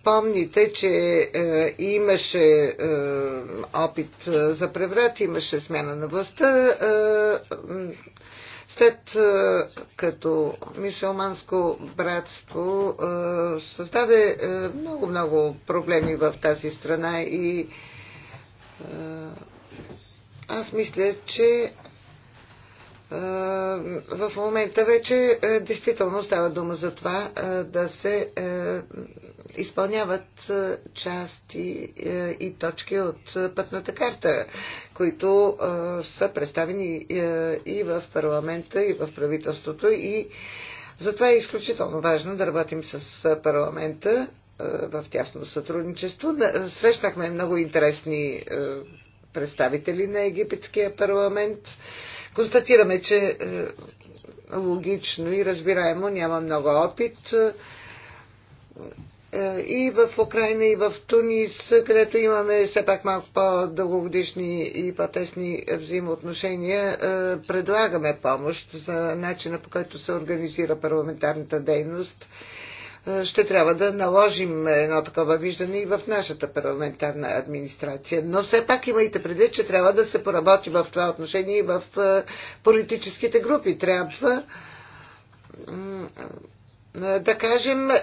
Speaker 2: помните, че е, имаше е, опит е, за преврат, имаше смяна на властта. Е, след е, като мисулманско братство е, създаде много-много е, проблеми в тази страна и е, аз мисля, че е, в момента вече е, действително става дума за това е, да се изпълняват части и точки от пътната карта, които са представени и в парламента, и в правителството. И затова е изключително важно да работим с парламента в тясно сътрудничество. Срещнахме много интересни представители на египетския парламент Констатираме, че е, логично и разбираемо няма много опит е, и в Украина, и в Тунис, където имаме все пак малко по-дългогодишни и по-тесни взаимоотношения, е, предлагаме помощ за начина по който се организира парламентарната дейност ще трябва да наложим едно такова виждане и в нашата парламентарна администрация. Но все пак имайте предвид, че трябва да се поработи в това отношение и в е, политическите групи. Трябва е, да кажем, е,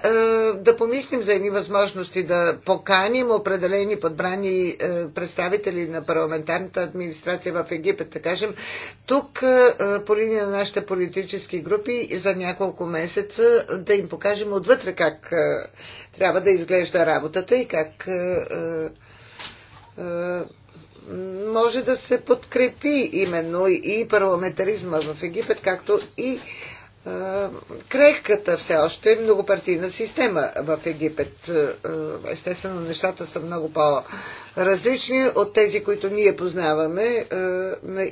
Speaker 2: да помислим за едни възможности да поканим определени подбрани е, представители на парламентарната администрация в Египет, да кажем, тук по линия на нашите политически групи за няколко месеца да им покажем отвътре как трябва да изглежда работата и как може да се подкрепи именно и парламентаризма в Египет, както и крехката все още е многопартийна система в Египет. Естествено, нещата са много по-различни от тези, които ние познаваме.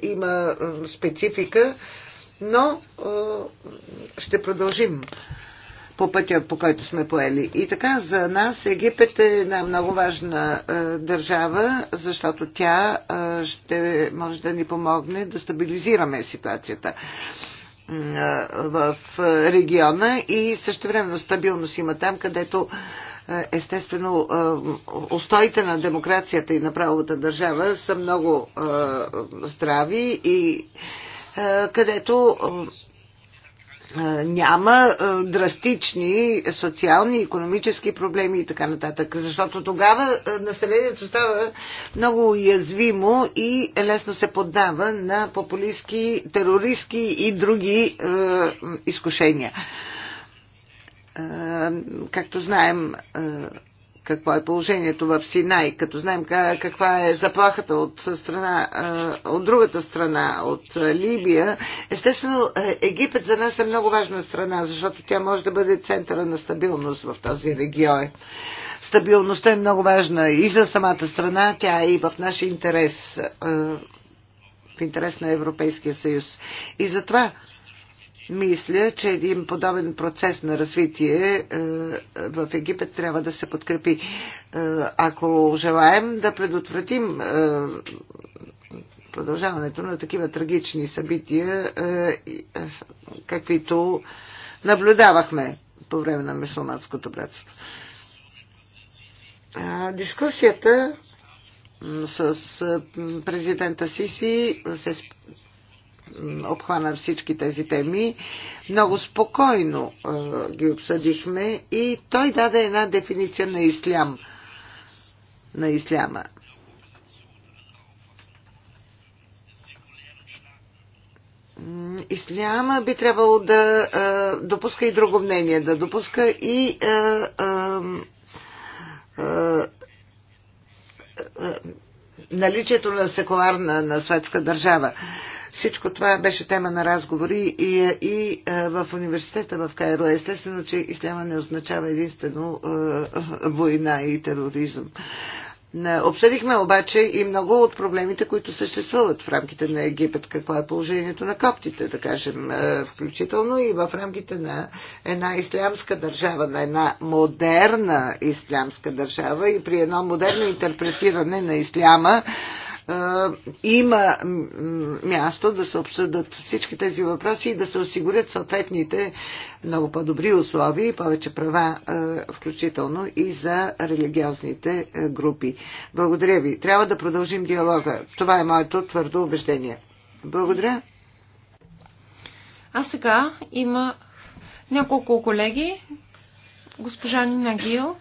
Speaker 2: Има специфика, но ще продължим по пътя, по който сме поели. И така, за нас Египет е една много важна държава, защото тя ще може да ни помогне да стабилизираме ситуацията в региона и същевременно стабилност има там, където е, естествено е, устоите на демокрацията и на правовата държава са много е, здрави и където няма драстични социални, економически проблеми и така нататък. Защото тогава населението става много уязвимо и лесно се поддава на популистски, терористски и други изкушения. както знаем, какво е положението в Синай, като знаем каква е заплахата от, страна, от другата страна, от Либия. Естествено, е, Египет за нас е много важна страна, защото тя може да бъде центъра на стабилност в този регион. Стабилността е много важна и за самата страна, тя е и в нашия интерес, в интерес на Европейския съюз. И затова мисля, че един подобен процес на развитие е, в Египет трябва да се подкрепи. Е, ако желаем да предотвратим е, продължаването на такива трагични събития, каквито наблюдавахме по време на мусулманското братство. Дискусията с президента Сиси се обхвана всички тези теми. Много спокойно е, ги обсъдихме и той даде една дефиниция на ислям. На исляма. Исляма би трябвало да а, е, допуска и друго мнение, да допуска и а, а, а, наличието на секуларна, на светска държава. А, всичко това беше тема на разговори и, и е, в университета в Кайро. Естествено, че исляма не означава единствено е, [LAUGHS] война и тероризъм. Обсъдихме обаче и много от проблемите, които съществуват в рамките на Египет. Какво е положението на коптите, да кажем, е, включително и в рамките на една ислямска държава, на една модерна ислямска държава и при едно модерно интерпретиране на исляма е, има място да се обсъдат всички тези въпроси и да се осигурят съответните много по-добри условия и повече права, е, включително и за религиозните е, групи. Благодаря ви. Трябва да продължим диалога. Това е моето твърдо убеждение. Благодаря.
Speaker 3: А сега има няколко колеги. Госпожа Нагил,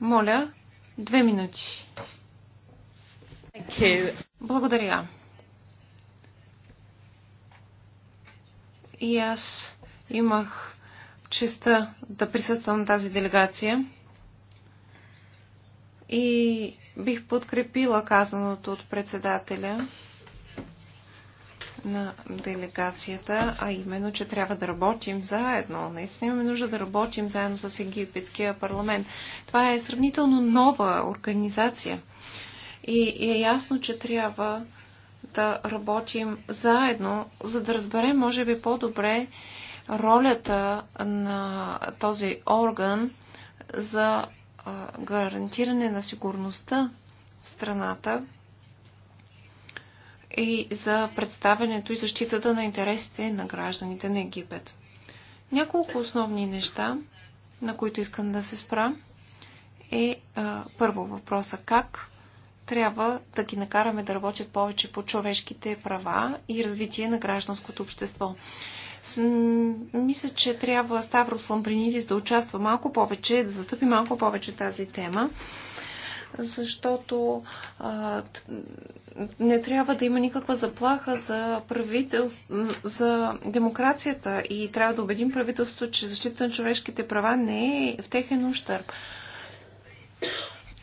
Speaker 3: моля, две минути. Благодаря. И аз имах честа да присъствам на тази делегация и бих подкрепила казаното от председателя на делегацията, а именно, че трябва да работим заедно. Наистина имаме нужда да работим заедно с Египетския парламент. Това е сравнително нова организация. И е ясно, че трябва да работим заедно, за да разберем, може би, по-добре ролята на този орган за гарантиране на сигурността в страната и за представянето и защитата на интересите на гражданите на Египет. Няколко основни неща, на които искам да се спра, е а, първо въпроса как трябва да ги накараме да работят повече по човешките права и развитие на гражданското общество. С, мисля, че трябва Ставрос Ламбринидис да участва малко повече, да застъпи малко повече тази тема, защото а, не трябва да има никаква заплаха за, за демокрацията и трябва да убедим правителството, че защита на човешките права не е в техен ущърб.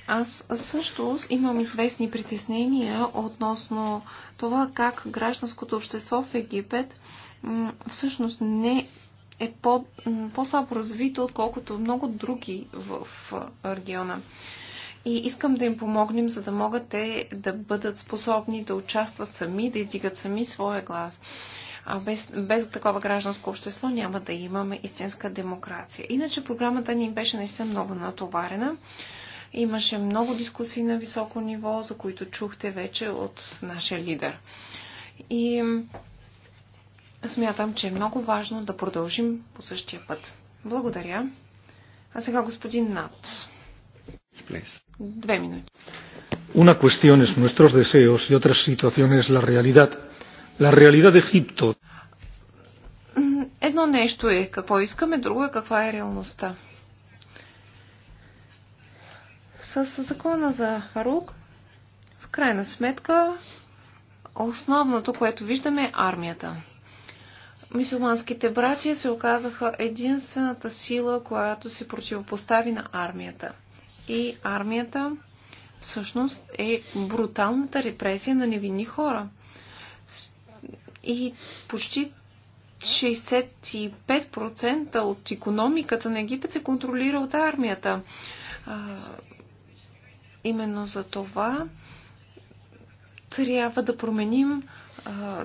Speaker 3: Аз също имам известни притеснения относно това как гражданското общество в Египет всъщност не е по, по-слабо развито, отколкото много други в региона. И искам да им помогнем, за да могат те да бъдат способни да участват сами, да издигат сами своя глас. А без, без такова гражданско общество няма да имаме истинска демокрация. Иначе програмата ни беше наистина много натоварена. Имаше много дискусии на високо ниво, за които чухте вече от нашия лидер. И смятам, че е много важно да продължим по същия път. Благодаря. А сега господин Нат. Две минути.
Speaker 1: Una cuestión es nuestros deseos y otra situación es la realidad. La realidad de Egipto.
Speaker 3: Едно нещо е какво искаме, друго е каква е реалността. С закона за Харук, в крайна сметка, основното, което виждаме е армията. Мисулманските братия се оказаха единствената сила, която се противопостави на армията. И армията всъщност е бруталната репресия на невинни хора. И почти 65% от економиката на Египет се контролира от армията. Именно за това трябва да променим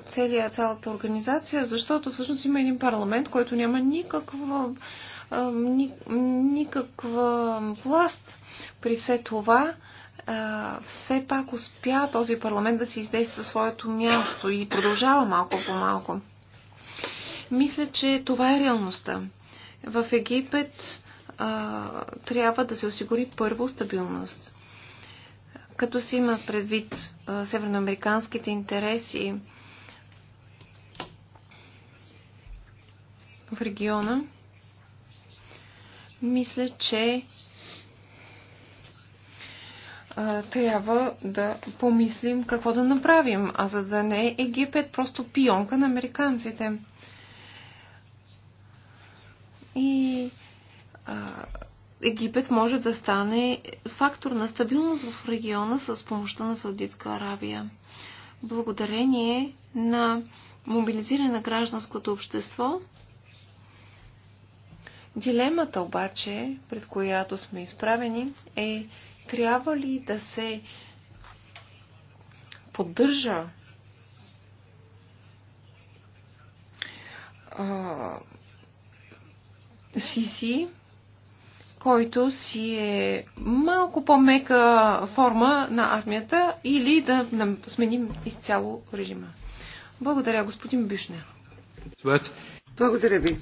Speaker 3: целия, цялата организация, защото всъщност има един парламент, който няма никаква, никаква власт. При все това, все пак успя този парламент да си издейства своето място и продължава малко по малко. Мисля, че това е реалността. В Египет а, трябва да се осигури първо стабилност. Като се има предвид северноамериканските интереси в региона, мисля, че а, трябва да помислим какво да направим, а за да не е Египет просто пионка на американците. И а, Египет може да стане фактор на стабилност в региона с помощта на Саудитска Аравия. Благодарение на мобилизиране на гражданското общество, дилемата обаче, пред която сме изправени, е трябва ли да се поддържа а, Сиси, който си е малко по-мека форма на армията или да сменим изцяло режима. Благодаря, господин Бишнер.
Speaker 2: Благодаря ви.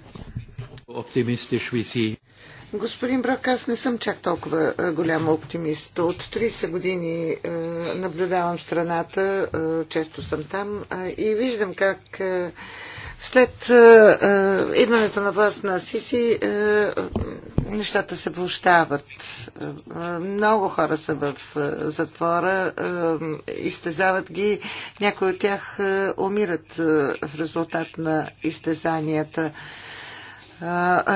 Speaker 2: Господин Брак, аз не съм чак толкова е, голям оптимист. От 30 години е, наблюдавам страната, е, често съм там и виждам как след е, е, идването на власт на Сиси, е, нещата се влощават. Е, много хора са в е, затвора, изтезават ги, някои от тях умират в резултат на изтезанията.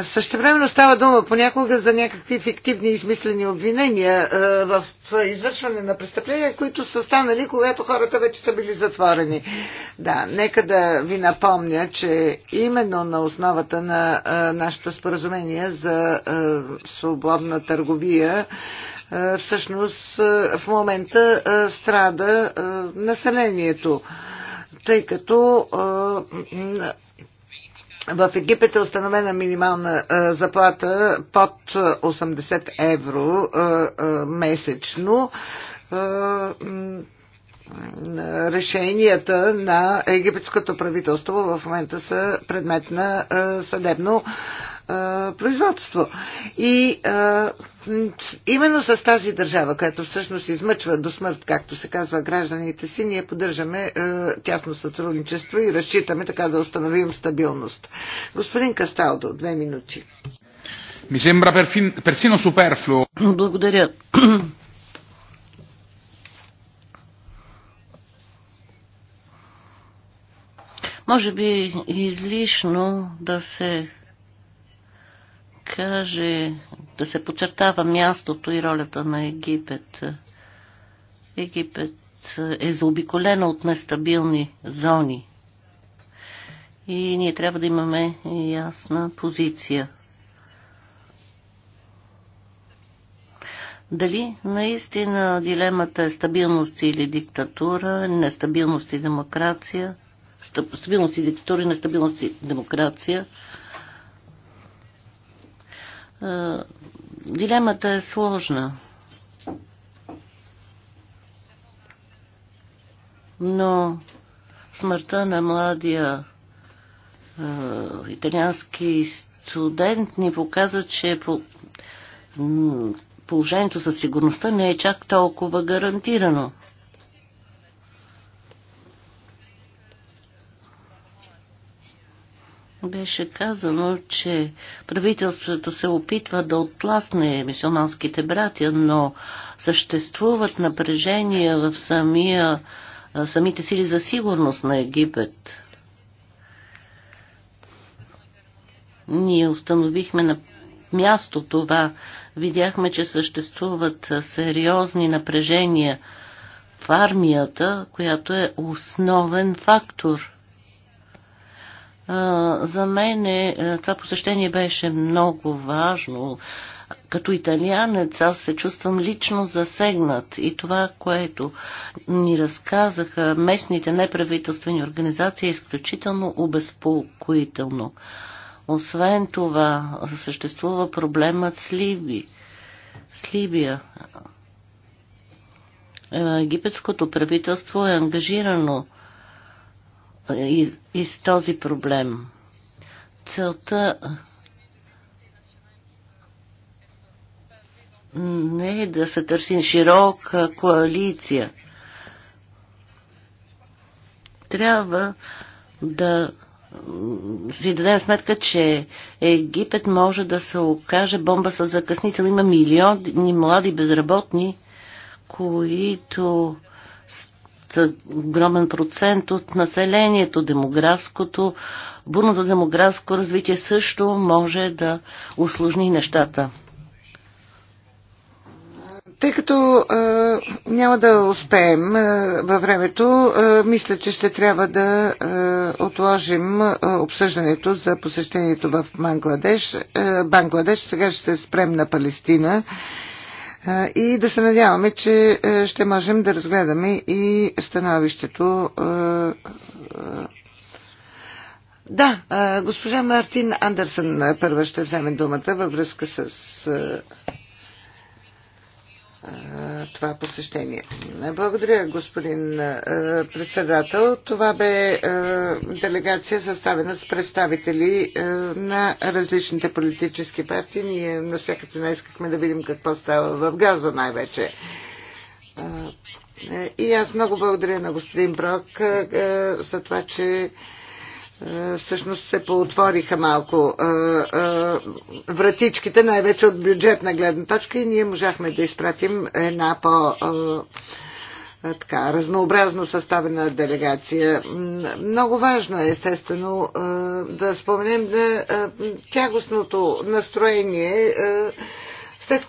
Speaker 2: Също времено става дума понякога за някакви фиктивни измислени обвинения в извършване на престъпления, които са станали, когато хората вече са били затворени. Да, нека да ви напомня, че именно на основата на нашето споразумение за свободна търговия всъщност в момента страда населението тъй като в Египет е установена минимална а, е, заплата под 80 е, евро а, е, а, месечно. А, решенията на египетското правителство в момента са предмет на съдебно производство. И именно с тази държава, която всъщност измъчва до смърт, както се казва, гражданите си, ние поддържаме тясно сътрудничество и разчитаме така да установим стабилност. Господин Касталдо, две минути.
Speaker 1: Ми сембра персино persino
Speaker 2: Благодаря.
Speaker 4: Може би излишно да се каже, да се подчертава мястото и ролята на Египет. Египет е заобиколена от нестабилни зони. И ние трябва да имаме ясна позиция. Дали наистина дилемата е стабилност или диктатура, нестабилност и демокрация, стабилност и диктатура и нестабилност и демокрация – Дилемата е сложна. Но смъртта на младия е, италиански студент ни показва, че по, положението със сигурността не е чак толкова гарантирано. беше казано, че правителството се опитва да отласне мисулманските братя, но съществуват напрежения в самия, самите сили за сигурност на Египет. Ние установихме на място това. Видяхме, че съществуват сериозни напрежения в армията, която е основен фактор – за мен е, това посещение беше много важно. Като италианец аз се чувствам лично засегнат и това, което ни разказаха местните неправителствени организации е изключително обезпокоително. Освен това, съществува проблемът с Либи. С Либия. Египетското правителство е ангажирано и, и с този проблем. Целта не е да се търси широка коалиция. Трябва да си дадем сметка, че Египет може да се окаже бомба с закъснител. Има милиони млади безработни, които огромен процент от населението, демографското, бурното демографско развитие също може да усложни нещата.
Speaker 2: Тъй като е, няма да успеем е, във времето, е, мисля, че ще трябва да е, отложим е, обсъждането за посещението в Бангладеш. Е, Бангладеш. Сега ще се спрем на Палестина. И да се надяваме, че е, ще можем да разгледаме и становището. Е, е. Да, госпожа Мартин Андерсън първа ще вземе думата във връзка с това посещение. Благодаря, господин председател. Това бе делегация съставена с представители на различните политически партии. Ние на всяка цена искахме да видим какво става в Газа най-вече. Е, и аз много благодаря на господин Брок за това, че е, всъщност се поотвориха малко е, е, вратичките, най-вече от бюджетна гледна точка и ние можахме да изпратим една по така, разнообразно съставена делегация. Много важно е, естествено, да споменем тягостното настроение след,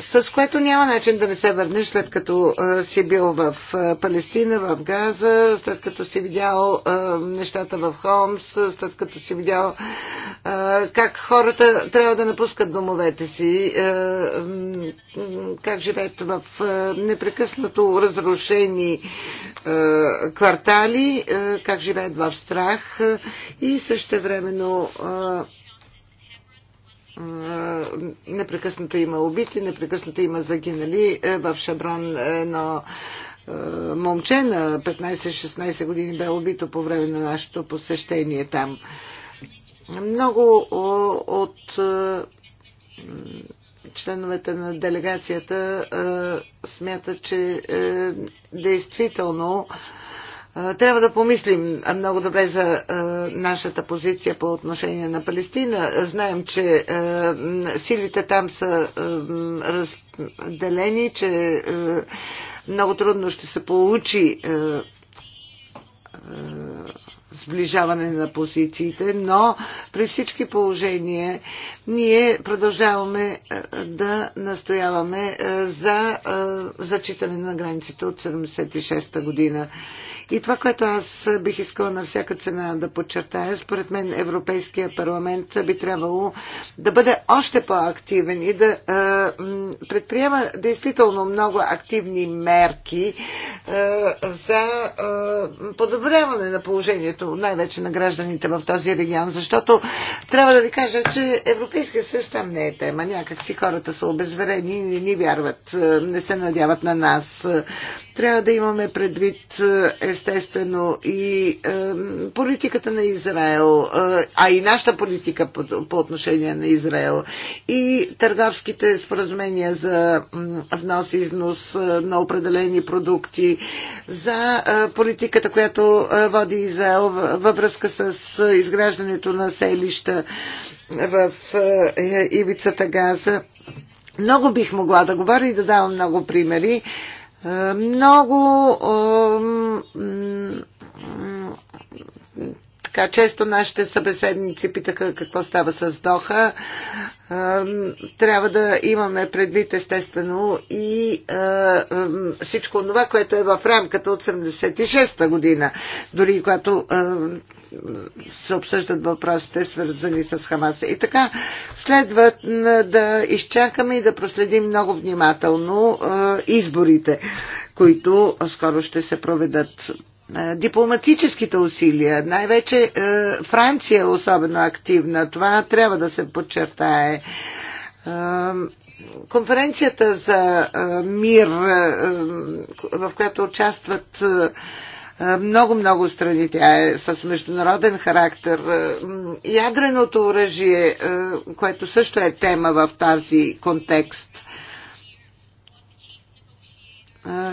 Speaker 2: с което няма начин да не се върнеш, след като а, си бил в а, Палестина, в Газа, след като си видял а, нещата в Холмс, след като си видял а, как хората трябва да напускат домовете си, а, как живеят в а, непрекъснато разрушени а, квартали, а, как живеят в страх а, и също времено непрекъснато има убити, непрекъснато има загинали е, в Шаброн едно е, момче на 15-16 години бе убито по време на нашето посещение там. Много от е, членовете на делегацията смятат, че действително трябва да помислим много добре за нашата позиция по отношение на Палестина. Знаем, че силите там са разделени, че много трудно ще се получи сближаване на позициите, но при всички положения ние продължаваме е, да настояваме е, за е, зачитане на границите от 76-та година. И това, което аз бих искала на всяка цена да подчертая, според мен Европейския парламент би трябвало да бъде още по-активен и да предприема действително много активни мерки за подобряване на положението здравето, най-вече на гражданите в този регион, защото трябва да ви кажа, че Европейския съюз там не е тема. Някакси хората са обезверени, не ни вярват, не се надяват на нас. Трябва да имаме предвид естествено и политиката на Израел, е, а и нашата политика по отношение на Израел и търговските споразумения за внос-износ е, на определени продукти, за е, политиката, която води Израел във връзка с изграждането на селища в ивицата Газа. Много бих могла да говоря и да давам много примери много така, често нашите събеседници питаха какво става с Доха. Трябва да имаме предвид естествено и всичко това, което е в рамката от 76-та година. Дори когато се обсъждат въпросите, свързани с Хамаса. И така, следва да изчакаме и да проследим много внимателно изборите, които скоро ще се проведат. Е, дипломатическите усилия, най-вече е, Франция е особено активна. Това трябва да се подчертае. Е, конференцията за мир, в която участват много-много страни. Тя е с международен характер. Ядреното оръжие, което също е тема в тази контекст.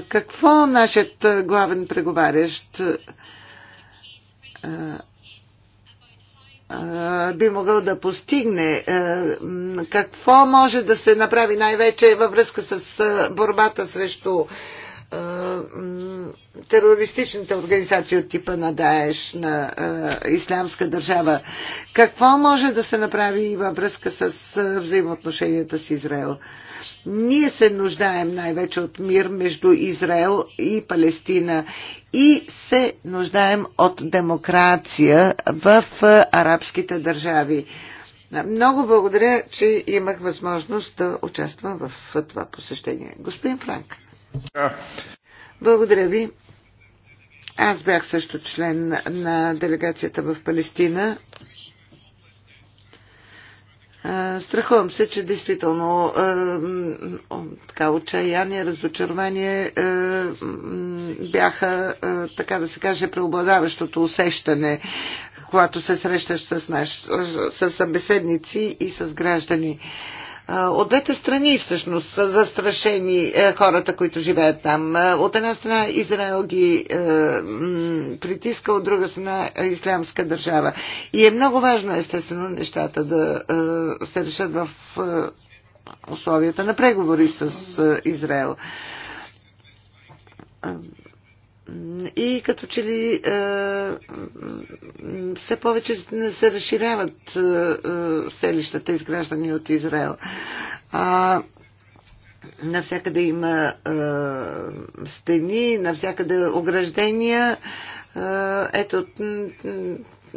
Speaker 2: Какво нашият главен преговарящ би могъл да постигне? Какво може да се направи най-вече във връзка с борбата срещу терористичните организации от типа на Даеш, на Исламска Ислямска държава. Какво може да се направи и във връзка с взаимоотношенията с Израел? Ние се нуждаем най-вече от мир между Израел и Палестина и се нуждаем от демокрация в арабските държави. Много благодаря, че имах възможност да участвам в това посещение. Господин Франк. Благодаря ви. Аз бях също член на делегацията в Палестина. Страхувам се, че действително така, отчаяние, разочарование бяха, така да се каже, преобладаващото усещане, когато се срещаш с, наш, с събеседници и с граждани. От двете страни всъщност са застрашени е, хората, които живеят там. От една страна Израел ги е, притиска, от друга страна е, Ислямска държава. И е много важно, естествено, нещата да е, се решат в е, условията на преговори с е, Израел. И като че ли е, все повече се разширяват е, е, селищата, изграждани от Израел. А, навсякъде има е, стени, навсякъде ограждения. Е, ето,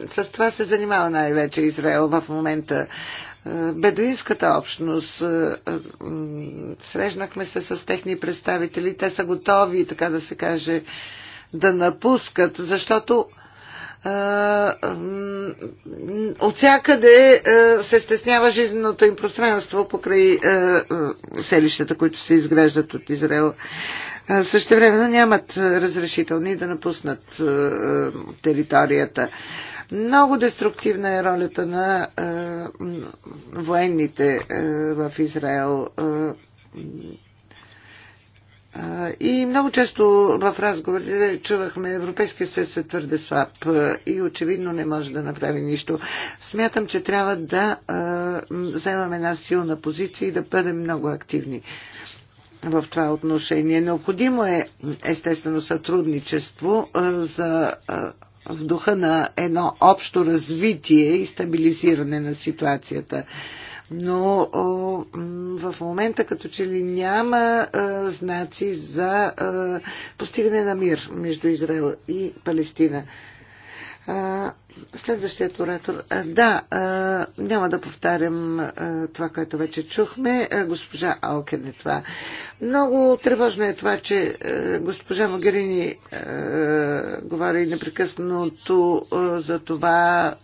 Speaker 2: с това се занимава най-вече Израел в момента. Е, бедуинската общност. Е, е, Срежнахме се с техни представители. Те са готови, така да се каже, да напускат, защото от всякъде се стеснява жизненото им пространство покрай селищата, които се изграждат от Израел. Също време нямат разрешителни да напуснат територията. Много деструктивна е ролята на е, военните е, в Израел. Е, и много често в разговорите чувахме Европейския съюз е твърде слаб и очевидно не може да направи нищо. Смятам, че трябва да вземаме една силна позиция и да бъдем много активни в това отношение. Необходимо е естествено сътрудничество за в духа на едно общо развитие и стабилизиране на ситуацията. Но в момента като че ли няма знаци за постигане на мир между Израел и Палестина. Следващият оратор. Да, няма да повтарям това, което вече чухме. Госпожа Алкен е това. Много тревожно е това, че госпожа Могерини говори непрекъснато за това,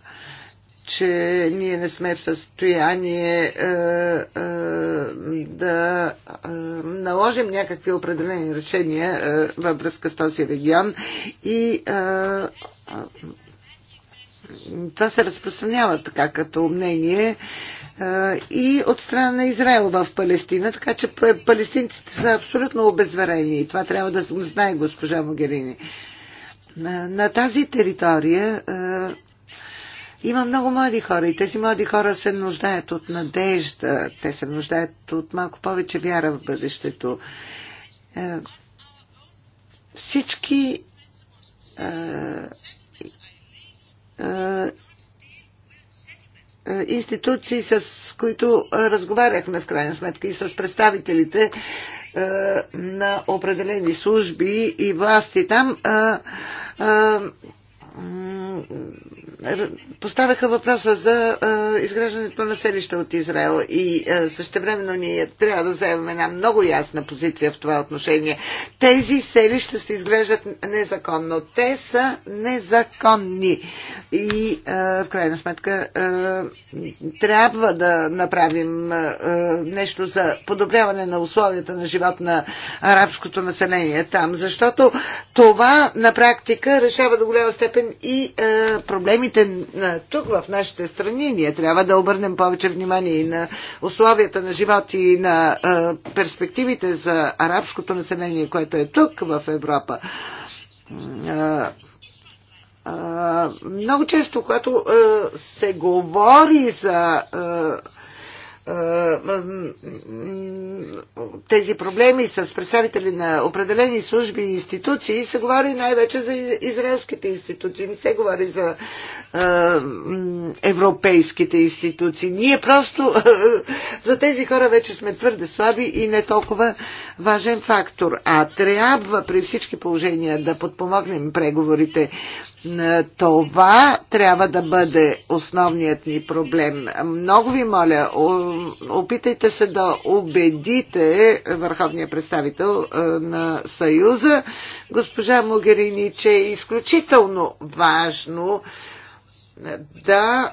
Speaker 2: че ние не сме в състояние да наложим някакви определени решения във връзка с този регион и това се разпространява така като мнение е, и от страна на Израел в Палестина, така че палестинците са абсолютно обезверени и това трябва да знае госпожа Могерини. На тази територия е, има много млади хора и тези млади хора се нуждаят от надежда, те се нуждаят от малко повече вяра в бъдещето. Е, всички институции, с които разговаряхме в крайна сметка и с представителите на определени служби и власти там поставяха въпроса за изграждането на селища от Израел и същевременно ние трябва да заемем една много ясна позиция в това отношение. Тези селища се изграждат незаконно. Те са незаконни. И в крайна сметка трябва да направим нещо за подобряване на условията на живот на арабското население там, защото това на практика решава до голяма степен важен и е, проблемите на, тук в нашите страни. Ние трябва да обърнем повече внимание и на условията на живот и на е, перспективите за арабското население, което е тук в Европа. Е, е, много често, когато е, се говори за е, тези проблеми с представители на определени служби и институции се говори най-вече за израелските институции, не се говори за европейските институции. Ние просто [LAUGHS] за тези хора вече сме твърде слаби и не толкова важен фактор. А трябва при всички положения да подпомогнем преговорите това трябва да бъде основният ни проблем. Много ви моля, опитайте се да убедите върховния представител е, на Съюза, госпожа Могерини, че е изключително важно е, да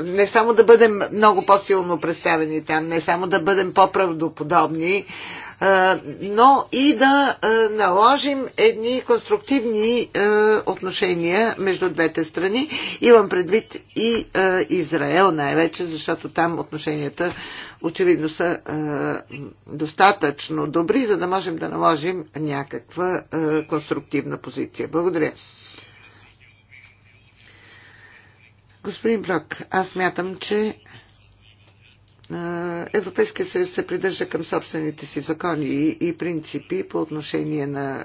Speaker 2: е, не само да бъдем много по-силно представени там, не само да бъдем по-правдоподобни, но и да наложим едни конструктивни отношения между двете страни. Имам предвид и Израел най-вече, защото там отношенията очевидно са достатъчно добри, за да можем да наложим някаква конструктивна позиция. Благодаря. Господин Брок, аз мятам, че Европейския съюз се придържа към собствените си закони и принципи по отношение на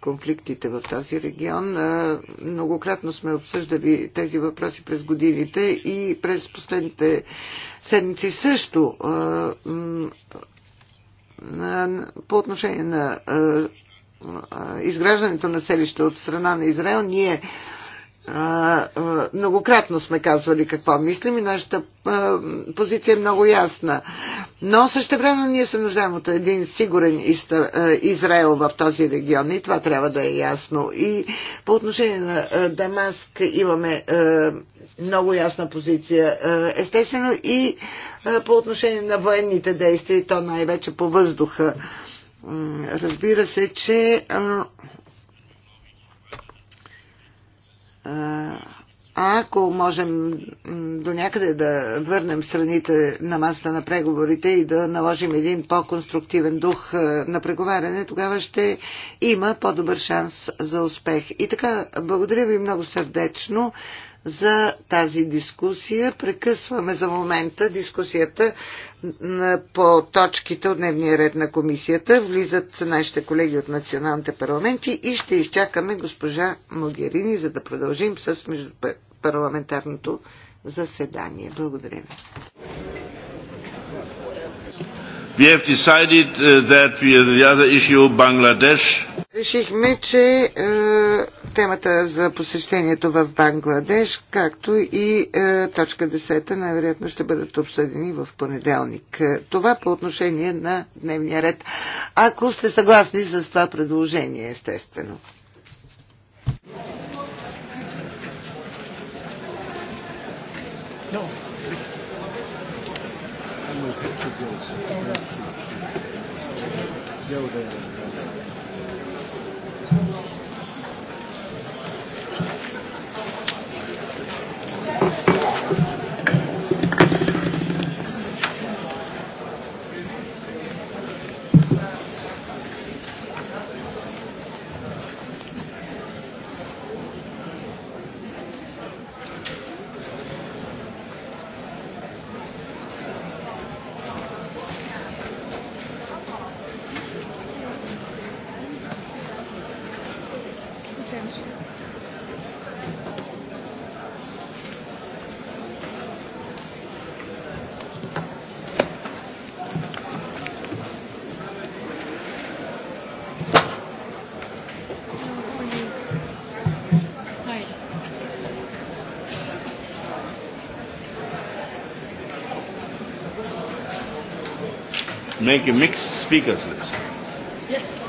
Speaker 2: конфликтите в този регион. Многократно сме обсъждали тези въпроси през годините и през последните седмици също по отношение на изграждането на селища от страна на Израел, ние многократно сме казвали какво мислим и нашата позиция е много ясна. Но също време ние се нуждаем от един сигурен Израел в този регион и това трябва да е ясно. И по отношение на Дамаск имаме много ясна позиция. Естествено и по отношение на военните действия, то най-вече по въздуха. Разбира се, че ако можем до някъде да върнем страните на масата на преговорите и да наложим един по-конструктивен дух е, на преговаряне, тогава ще има по-добър шанс за успех. И така, благодаря ви много сърдечно за тази дискусия. Прекъсваме за момента дискусията по точките от дневния ред на комисията. Влизат нашите колеги от националните парламенти и ще изчакаме госпожа Могерини, за да продължим с междупарламентарното заседание. Благодаря ви.
Speaker 4: We have decided uh, that we, the other issue, Bangladesh.
Speaker 2: Решихме, че е, темата за посещението в Бангладеш, както и е, точка 10, най-вероятно ще бъдат обсъдени в понеделник. Е, това по отношение на дневния ред. Ако сте съгласни с това предложение, естествено.
Speaker 1: No. Дякую.
Speaker 2: make a mixed speakers list.
Speaker 1: Yes.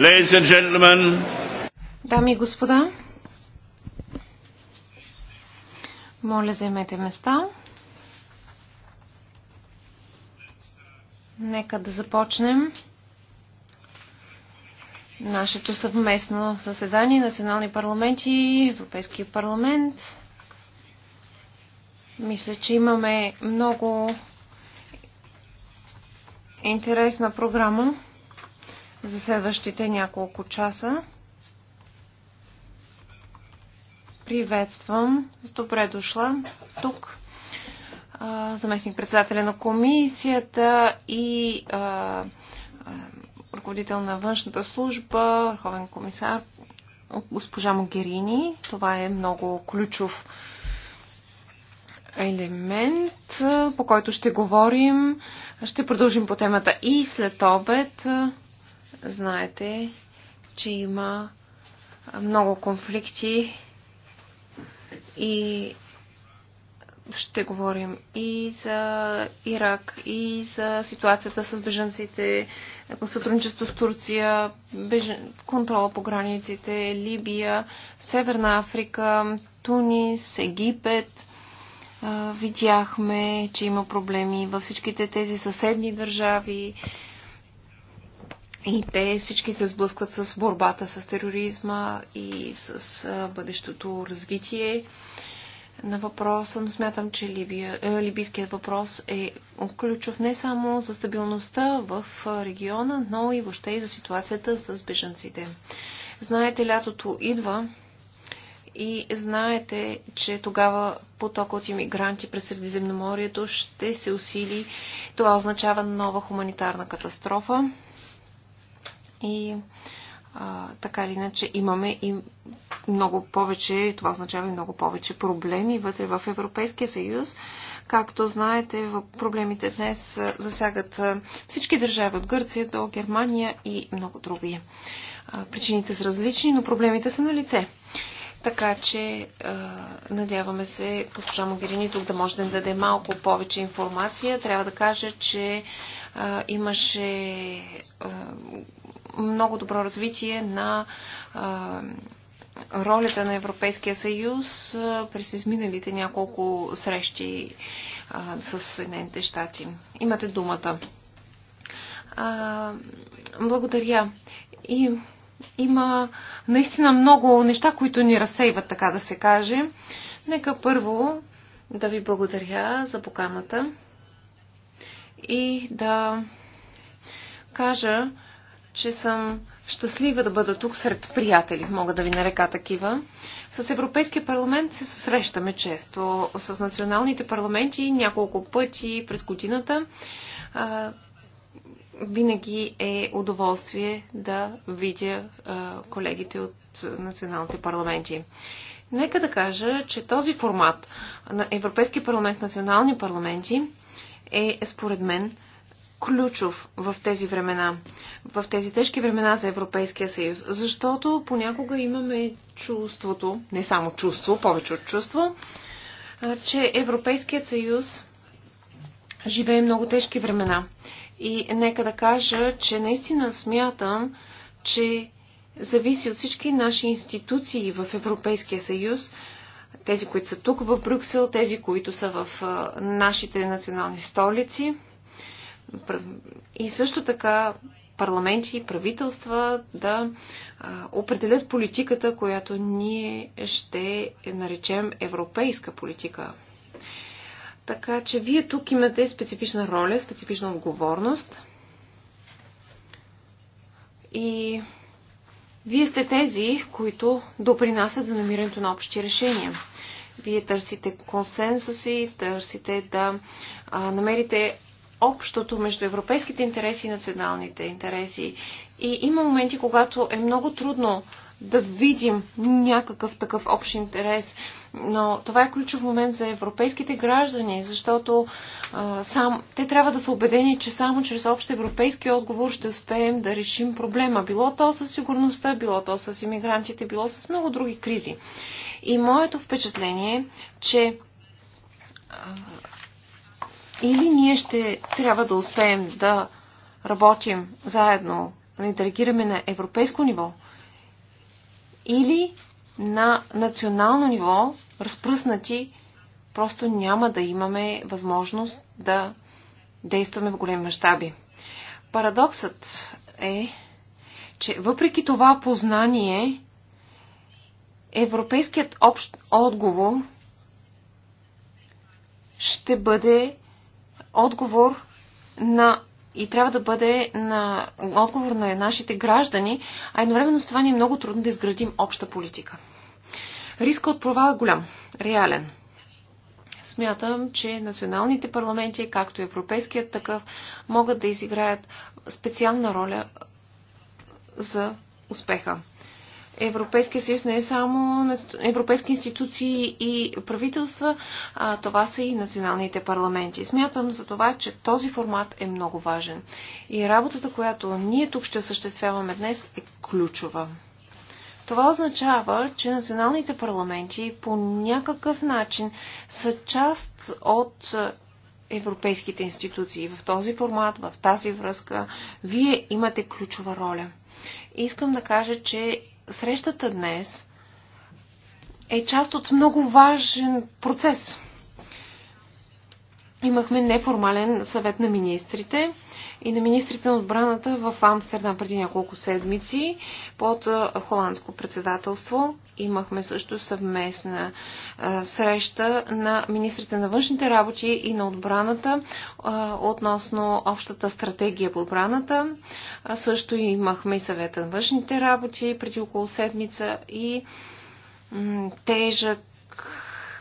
Speaker 4: Ladies and gentlemen.
Speaker 3: Дами и господа, моля заемете места. Нека да започнем нашето съвместно заседание Национални парламенти и Европейския парламент. Мисля, че имаме много интересна програма за следващите няколко часа. Приветствам с добре дошла тук заместник председателя на комисията и а, а, ръководител на външната служба, върховен комисар госпожа Могерини. Това е много ключов елемент, по който ще говорим. Ще продължим по темата и след обед знаете, че има много конфликти и ще говорим и за Ирак, и за ситуацията с беженците, сътрудничество с Турция, бежен... контрола по границите, Либия, Северна Африка, Тунис, Египет. Видяхме, че има проблеми във всичките тези съседни държави и те всички се сблъскват с борбата с тероризма и с бъдещото развитие на въпроса, но смятам, че Либия, е, либийският въпрос е ключов не само за стабилността в региона, но и въобще и за ситуацията с бежанците. Знаете, лятото идва и знаете, че тогава поток от иммигранти през Средиземноморието ще се усили. Това означава нова хуманитарна катастрофа и а, така или иначе имаме и много повече, това означава и много повече проблеми вътре в Европейския съюз. Както знаете, проблемите днес засягат всички държави от Гърция до Германия и много други. Причините са различни, но проблемите са на лице. Така че надяваме се госпожа Могерини тук да може да даде малко повече информация. Трябва да кажа, че а, имаше а, много добро развитие на а, ролята на Европейския съюз през изминалите няколко срещи с Съединените щати. Имате думата. благодаря. И има наистина много неща, които ни разсейват, така да се каже. Нека първо да ви благодаря за поканата и да кажа, че съм щастлива да бъда тук сред приятели, мога да ви нарека такива. С Европейския парламент се срещаме често, с националните парламенти няколко пъти през годината. А, винаги е удоволствие да видя а, колегите от националните парламенти. Нека да кажа, че този формат на Европейски парламент, национални парламенти е, според мен, ключов в тези времена, в тези тежки времена за Европейския съюз, защото понякога имаме чувството, не само чувство, повече от чувство, че Европейският съюз живее много тежки времена. И нека да кажа, че наистина смятам, че зависи от всички наши институции в Европейския съюз тези, които са тук в Брюксел, тези, които са в нашите национални столици. И също така парламенти и правителства да определят политиката, която ние ще наречем европейска политика. Така че вие тук имате специфична роля, специфична отговорност. И вие сте тези, които допринасят за намирането на общи решения. Вие търсите консенсуси, търсите да а, намерите общото между европейските интереси и националните интереси. И има моменти, когато е много трудно да видим някакъв такъв общ интерес. Но това е ключов момент за европейските граждани, защото а, сам, те трябва да са убедени, че само чрез общ европейски отговор ще успеем да решим проблема. Било то с сигурността, било то с иммигрантите, било с много други кризи. И моето впечатление е, че а, или ние ще трябва да успеем да работим заедно, да интерагираме на европейско ниво, или на национално ниво, разпръснати, просто няма да имаме възможност да действаме в големи мащаби. Парадоксът е, че въпреки това познание, европейският общ отговор ще бъде отговор на и трябва да бъде на отговор на нашите граждани, а едновременно с това ни е много трудно да изградим обща политика. Риска от провал е голям, реален. Смятам, че националните парламенти, както и европейският такъв, могат да изиграят специална роля за успеха. Европейския съюз не е само европейски институции и правителства, а това са и националните парламенти. Смятам за това, че този формат е много важен. И работата, която ние тук ще осъществяваме днес, е ключова. Това означава, че националните парламенти по някакъв начин са част от европейските институции. В този формат, в тази връзка, вие имате ключова роля. Искам да кажа, че срещата днес е част от много важен процес. Имахме неформален съвет на министрите и на министрите на отбраната в Амстердам преди няколко седмици под холандско председателство. Имахме също съвместна среща на министрите на външните работи и на отбраната относно общата стратегия по отбраната. също имахме и съвета на външните работи преди около седмица и тежък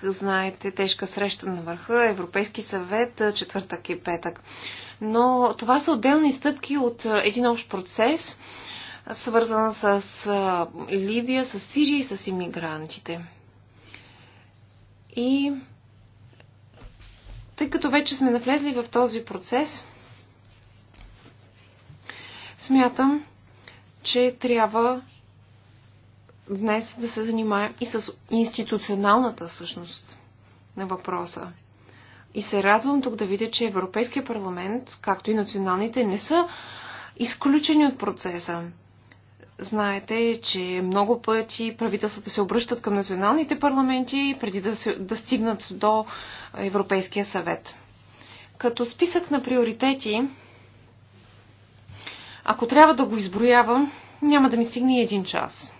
Speaker 3: знаете, тежка среща на върха, Европейски съвет, четвъртък и петък но това са отделни стъпки от един общ процес, свързан с Ливия, с Сирия и с иммигрантите. И тъй като вече сме навлезли в този процес, смятам, че трябва днес да се занимаем и с институционалната същност на въпроса. И се радвам тук да видя, че Европейския парламент, както и националните, не са изключени от процеса. Знаете, че много пъти правителствата се обръщат към националните парламенти преди да, се, да стигнат до Европейския съвет. Като списък на приоритети, ако трябва да го изброявам, няма да ми стигне един час.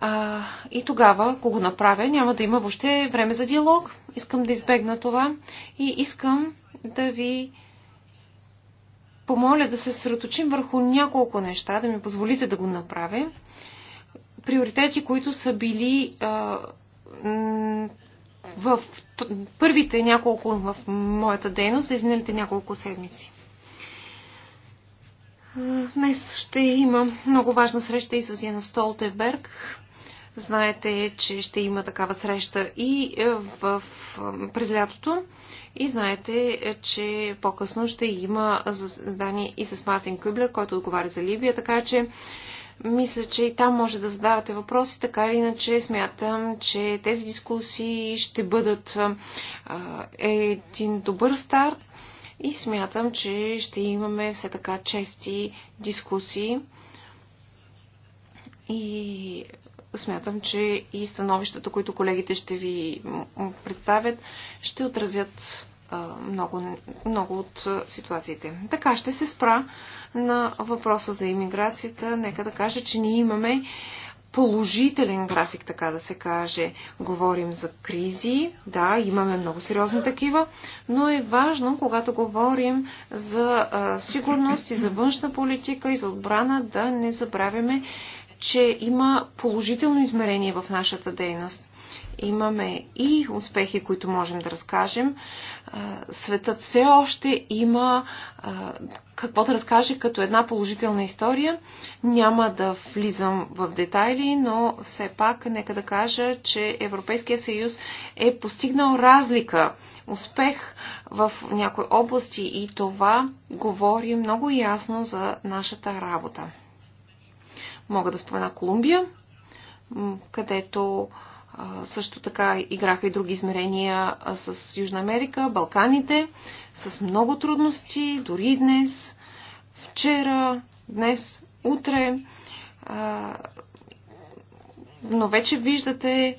Speaker 3: А, и тогава, ако го направя, няма да има въобще време за диалог. Искам да избегна това и искам да ви помоля да се съсредоточим върху няколко неща, да ми позволите да го направя. Приоритети, които са били а, в първите няколко в моята дейност, за изминалите няколко седмици. Днес ще има много важна среща и с Яна Столтенберг, Знаете, че ще има такава среща и е, в, в, през лятото. И знаете, е, че по-късно ще има заседание и с Мартин Кюблер, който отговаря за Либия. Така че мисля, че и там може да задавате въпроси. Така или иначе смятам, че тези дискусии ще бъдат а, е, един добър старт. И смятам, че ще имаме все така чести дискусии. И смятам, че и становищата, които колегите ще ви представят, ще отразят много, много от ситуациите. Така, ще се спра на въпроса за иммиграцията. Нека да кажа, че ние имаме положителен график, така да се каже. Говорим за кризи, да, имаме много сериозни такива, но е важно, когато говорим за а, сигурност и за външна политика и за отбрана, да не забравяме че има положително измерение в нашата дейност. Имаме и успехи, които можем да разкажем. Светът все още има какво да разкаже като една положителна история. Няма да влизам в детайли, но все пак нека да кажа, че Европейския съюз е постигнал разлика, успех в някои области и това говори много ясно за нашата работа. Мога да спомена Колумбия, където също така играха и други измерения с Южна Америка, Балканите, с много трудности, дори и днес, вчера, днес, утре. Но вече виждате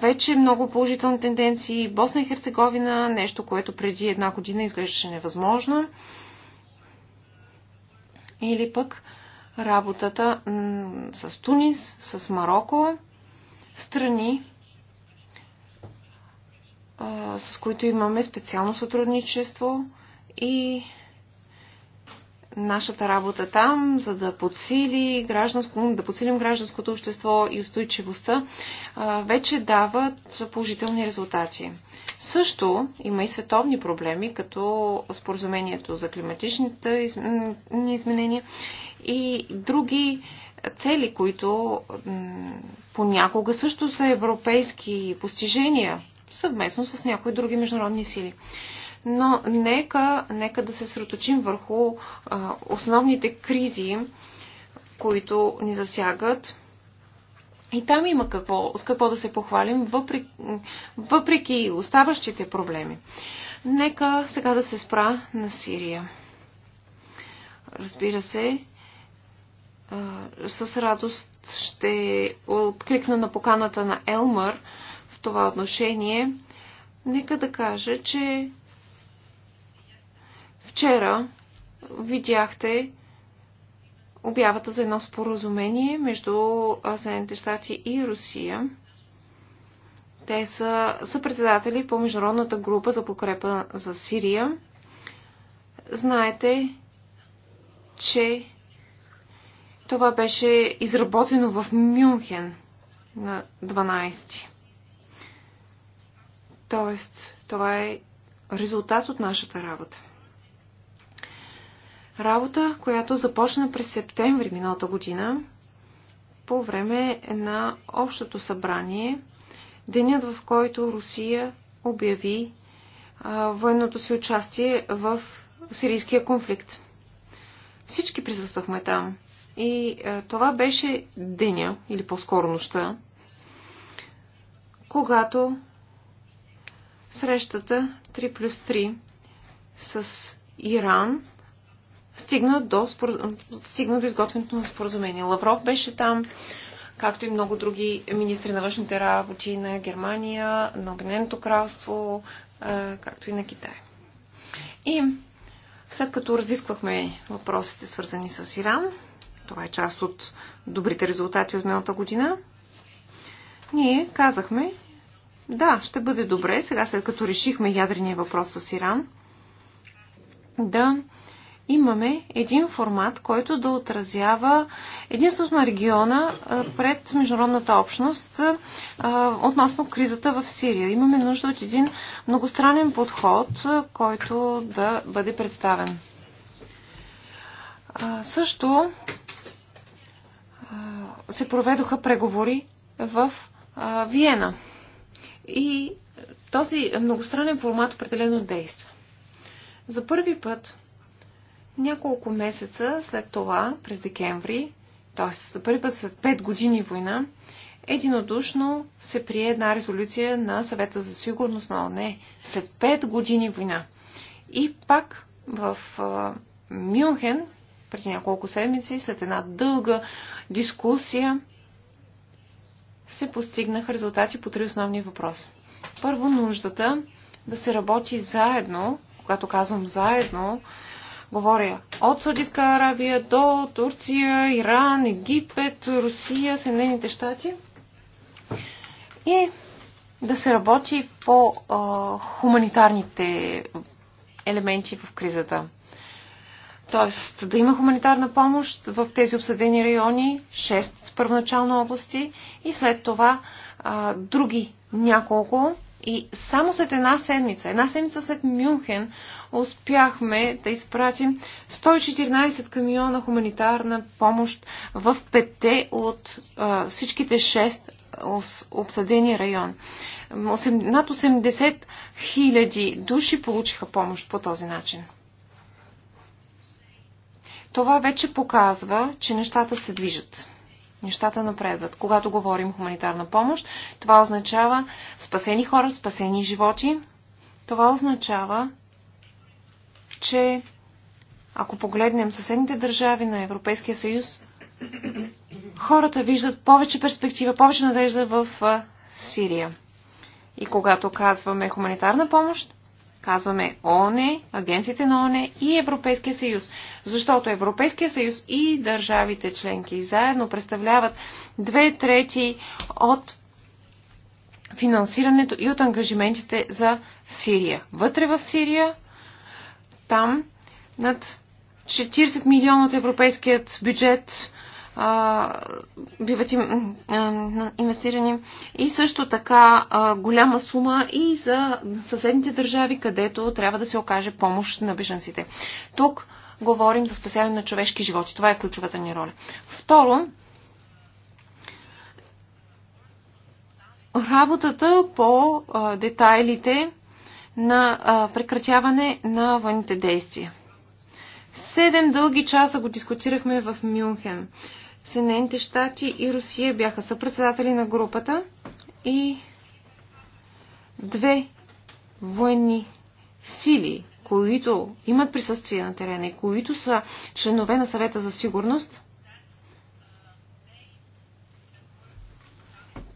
Speaker 3: вече много положителни тенденции. Босна и Херцеговина, нещо, което преди една година изглеждаше невъзможно. Или пък работата с Тунис, с Марокко, страни, с които имаме специално сътрудничество и нашата работа там, за да, подсили гражданско, да подсилим гражданското общество и устойчивостта, вече дават положителни резултати. Също има и световни проблеми, като споразумението за климатичните изменения и други цели, които понякога също са европейски постижения, съвместно с някои други международни сили но нека, нека да се сроточим върху а, основните кризи, които ни засягат. И там има какво, с какво да се похвалим, въпреки, въпреки оставащите проблеми. Нека сега да се спра на Сирия. Разбира се, с радост ще откликна на поканата на Елмър в това отношение. Нека да кажа, че Вчера видяхте обявата за едно споразумение между Съединените щати и Русия. Те са, са председатели по Международната група за покрепа за Сирия. Знаете, че това беше изработено в Мюнхен на 12. Тоест, това е резултат от нашата работа. Работа, която започна през септември миналата година, по време на общото събрание, денят в който Русия обяви а, военното си участие в сирийския конфликт. Всички присъствахме там. И а, това беше деня, или по-скоро нощта, когато срещата 3 плюс 3 с Иран стигна до, спор... стигна до изготвянето на споразумение. Лавров беше там, както и много други министри на външните работи на Германия, на Обединеното кралство, както и на Китай. И след като разисквахме въпросите, свързани с Иран, това е част от добрите резултати от миналата година, ние казахме, да, ще бъде добре, сега след като решихме ядрения въпрос с Иран, да имаме един формат, който да отразява единството на региона пред международната общност относно кризата в Сирия. Имаме нужда от един многостранен подход, който да бъде представен. Също се проведоха преговори в Виена. И този многостранен формат определено действа. За първи път няколко месеца след това, през декември, т.е. за първи път след 5 години война, единодушно се прие една резолюция на съвета за сигурност на ОНЕ след 5 години война. И пак в Мюнхен, преди няколко седмици, след една дълга дискусия, се постигнаха резултати по три основни въпроса. Първо, нуждата да се работи заедно, когато казвам заедно, Говоря от Саудитска Арабия до Турция, Иран, Египет, Русия, Съединените щати. И да се работи по а, хуманитарните елементи в кризата. Тоест да има хуманитарна помощ в тези обсъдени райони, 6 първоначално области и след това а, други няколко и само след една седмица, една седмица след Мюнхен, успяхме да изпратим 114 камиона хуманитарна помощ в пете от а, всичките шест обсъдени район. Над 80 хиляди души получиха помощ по този начин. Това вече показва, че нещата се движат. Нещата напредват. Когато говорим хуманитарна помощ, това означава спасени хора, спасени животи. Това означава, че ако погледнем съседните държави на Европейския съюз, хората виждат повече перспектива, повече надежда в Сирия. И когато казваме хуманитарна помощ, Казваме ООН, агенциите на ООН и Европейския съюз. Защото Европейския съюз и държавите членки заедно представляват две трети от финансирането и от ангажиментите за Сирия. Вътре в Сирия, там над 40 милиона от европейският бюджет а, биват им, а, инвестирани и също така а, голяма сума и за съседните държави, където трябва да се окаже помощ на беженците. Тук говорим за спасяване на човешки животи. Това е ключовата ни роля. Второ, работата по а, детайлите на а, прекратяване на военните действия. Седем дълги часа го дискутирахме в Мюнхен. Съединените щати и Русия бяха съпредседатели на групата и две военни сили, които имат присъствие на терена и които са членове на съвета за сигурност,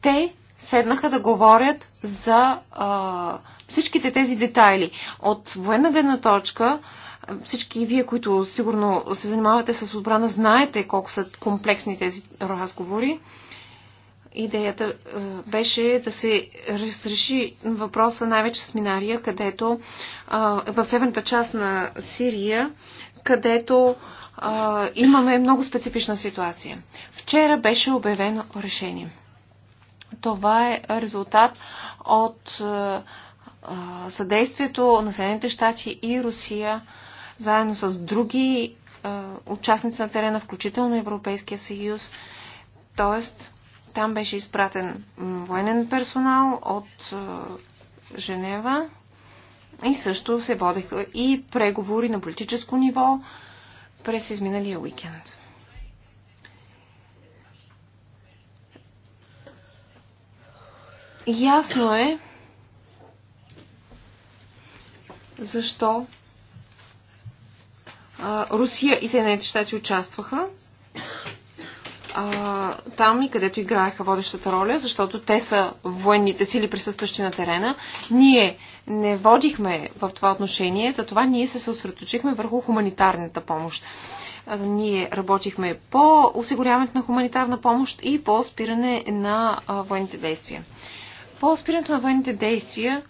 Speaker 3: те седнаха да говорят за а, всичките тези детайли. От военна гледна точка всички вие, които сигурно се занимавате с отбрана, знаете колко са комплексни тези разговори. Идеята е, беше да се разреши въпроса най-вече с Минария, където в северната част на Сирия, където имаме много специфична ситуация. Вчера беше обявено решение. Това е резултат от е, е, съдействието на Съединените щати и Русия заедно с други участници на терена, включително Европейския съюз. Тоест, там беше изпратен военен персонал от Женева и също се водеха и преговори на политическо ниво през изминалия уикенд. Ясно е защо Русия и Съединените щати участваха а, там и където играеха водещата роля, защото те са военните сили присъстващи на терена. Ние не водихме в това отношение, затова ние се съсредоточихме върху хуманитарната помощ. ние работихме по осигуряването на хуманитарна помощ и по спиране на а, военните действия. По спирането на военните действия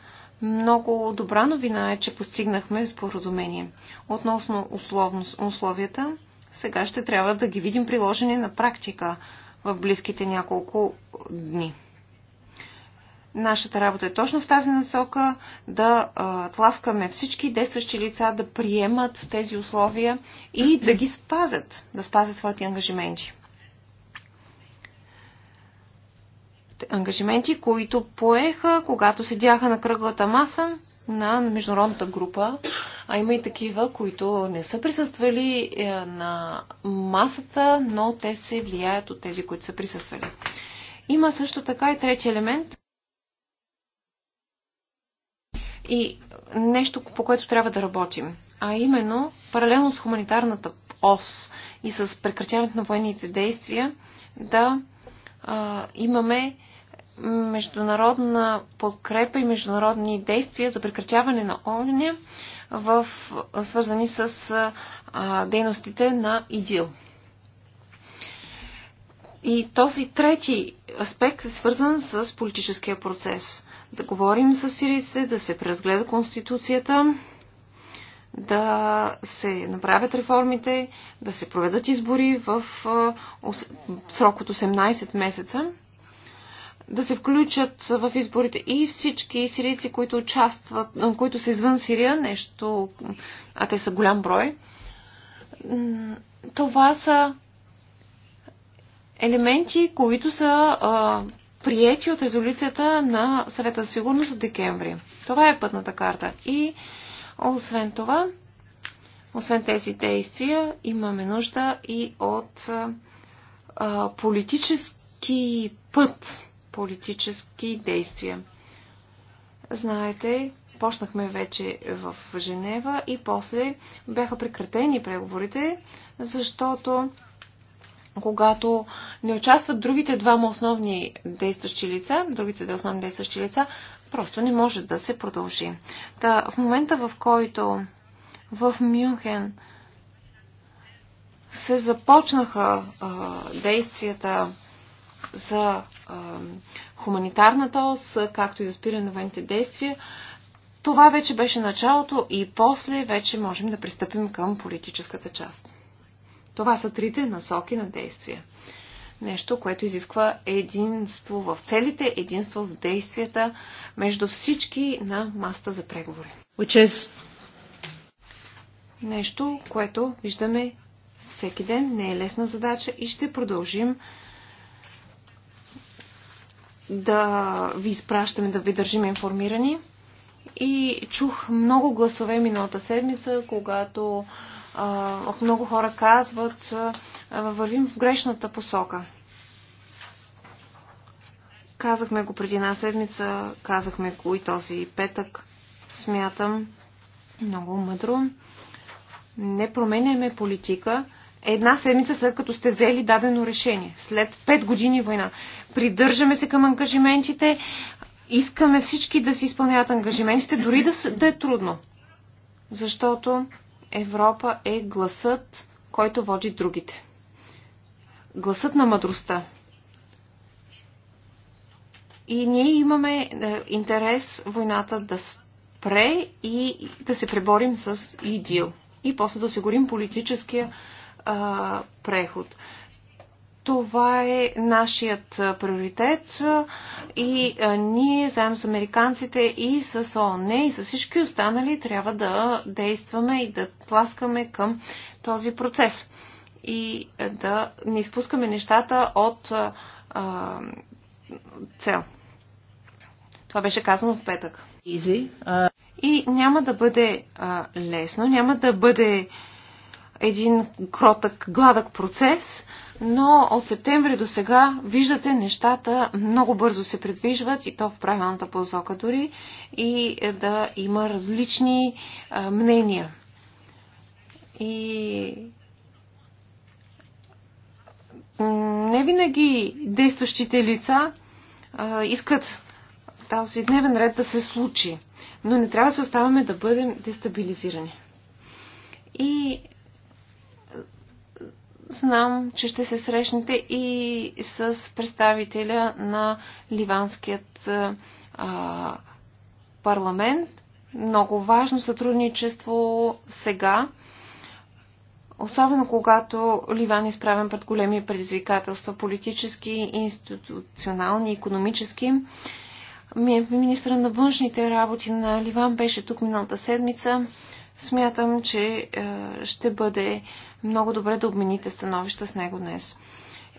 Speaker 3: много добра новина е, че постигнахме споразумение. Относно условията, сега ще трябва да ги видим приложени на практика в близките няколко дни. Нашата работа е точно в тази насока да а, тласкаме всички действащи лица да приемат тези условия и да ги спазят, да спазят своите ангажименти. ангажименти, които поеха, когато седяха на кръглата маса на международната група, а има и такива, които не са присъствали е, на масата, но те се влияят от тези, които са присъствали. Има също така и трети елемент. И нещо, по което трябва да работим. А именно, паралелно с хуманитарната ОС и с прекратяването на военните действия, да а, имаме международна подкрепа и международни действия за прекратяване на огня в, свързани с а, дейностите на ИДИЛ. И този трети аспект е свързан с политическия процес. Да говорим с сирийците, да се преразгледа конституцията, да се направят реформите, да се проведат избори в срок от 18 месеца да се включат в изборите и всички сирийци, които участват, които са извън Сирия, нещо, а те са голям брой. Това са елементи, които са а, приети от резолюцията на съвета за сигурност от декември. Това е пътната карта. И освен това, освен тези действия, имаме нужда и от а, политически път политически действия. Знаете, почнахме вече в Женева и после бяха прекратени преговорите, защото когато не участват другите двама основни действащи лица, другите две основни действащи лица, просто не може да се продължи. Та, в момента, в който в Мюнхен се започнаха а, действията за хуманитарната ос, както и за спиране на военните действия. Това вече беше началото и после вече можем да пристъпим към политическата част. Това са трите насоки на действие. Нещо, което изисква единство в целите, единство в действията между всички на маста за преговори. Which is... Нещо, което виждаме всеки ден, не е лесна задача и ще продължим да ви изпращаме, да ви държим информирани. И чух много гласове миналата седмица, когато а, много хора казват, а, вървим в грешната посока. Казахме го преди една седмица, казахме го и този петък. Смятам много мъдро. Не променяме политика, една седмица след като сте взели дадено решение, след пет години война. Придържаме се към ангажиментите, искаме всички да си изпълняват ангажиментите, дори да, да е трудно. Защото Европа е гласът, който води другите. Гласът на мъдростта. И ние имаме е, интерес войната да спре и да се преборим с ИДИЛ. И после да осигурим политическия а, преход. Това е нашият приоритет и ние заедно с американците и с ООН и с всички останали трябва да действаме и да тласкаме към този процес и да не изпускаме нещата от а, цел. Това беше казано в петък. Easy. Uh... И няма да бъде а, лесно, няма да бъде а, един кротък, гладък процес, но от септември до сега виждате нещата много бързо се предвижват и то в правилната посока дори и да има различни а, мнения. И не винаги действащите лица а, искат този дневен ред да се случи, но не трябва да се оставаме да бъдем дестабилизирани. И Знам, че ще се срещнете и с представителя на ливанският а, парламент. Много важно сътрудничество сега, особено когато Ливан е изправен пред големи предизвикателства политически, институционални, економически. Министра на външните работи на Ливан беше тук миналата седмица смятам, че е, ще бъде много добре да обмените становища с него днес.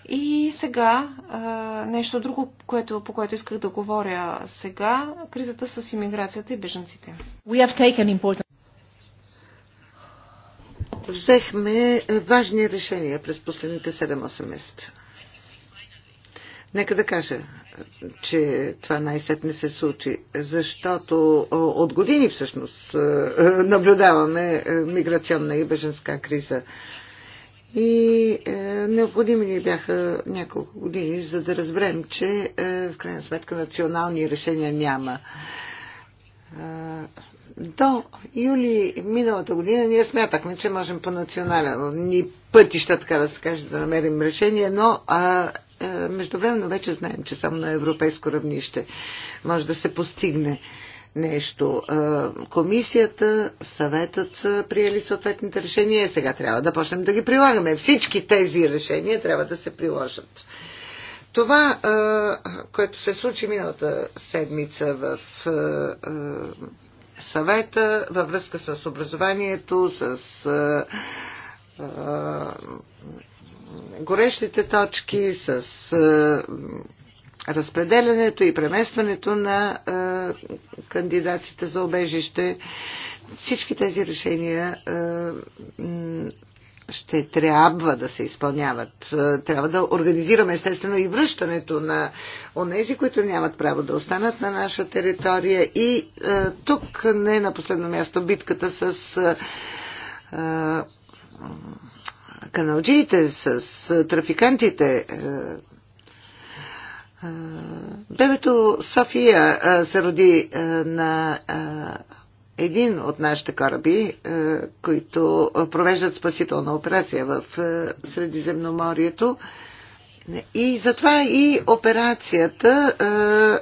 Speaker 3: И сега, е, нещо друго, което, по което исках да говоря сега, кризата с иммиграцията и беженците. We
Speaker 2: have taken important... Взехме важни решения през последните 7-8 месеца. Нека да кажа, че това най-сетне се случи, защото от години всъщност [LAUGHS] наблюдаваме миграционна и беженска криза. И е, необходими ни бяха няколко години, за да разберем, че е, в крайна сметка национални решения няма. До юли миналата година ние смятахме, че можем по национални пътища, така да се каже, да намерим решение, но а, а, междувременно вече знаем, че само на европейско равнище може да се постигне нещо. А, комисията, съветът са приели съответните решения и сега трябва да почнем да ги прилагаме. Всички тези решения трябва да се приложат. Това, което се случи миналата седмица в съвета във връзка с образованието, с горещите точки, с разпределянето и преместването на кандидатите за обежище. Всички тези решения ще трябва да се изпълняват. Е, трябва да организираме естествено и връщането на онези, които нямат право да останат на наша територия. И е, тук не на последно място битката с е, е каналджиите, с е, трафикантите. Е, е, бебето София е, се роди е, на. Е, един от нашите кораби, е, които провеждат спасителна операция в е, Средиземноморието. И затова и операцията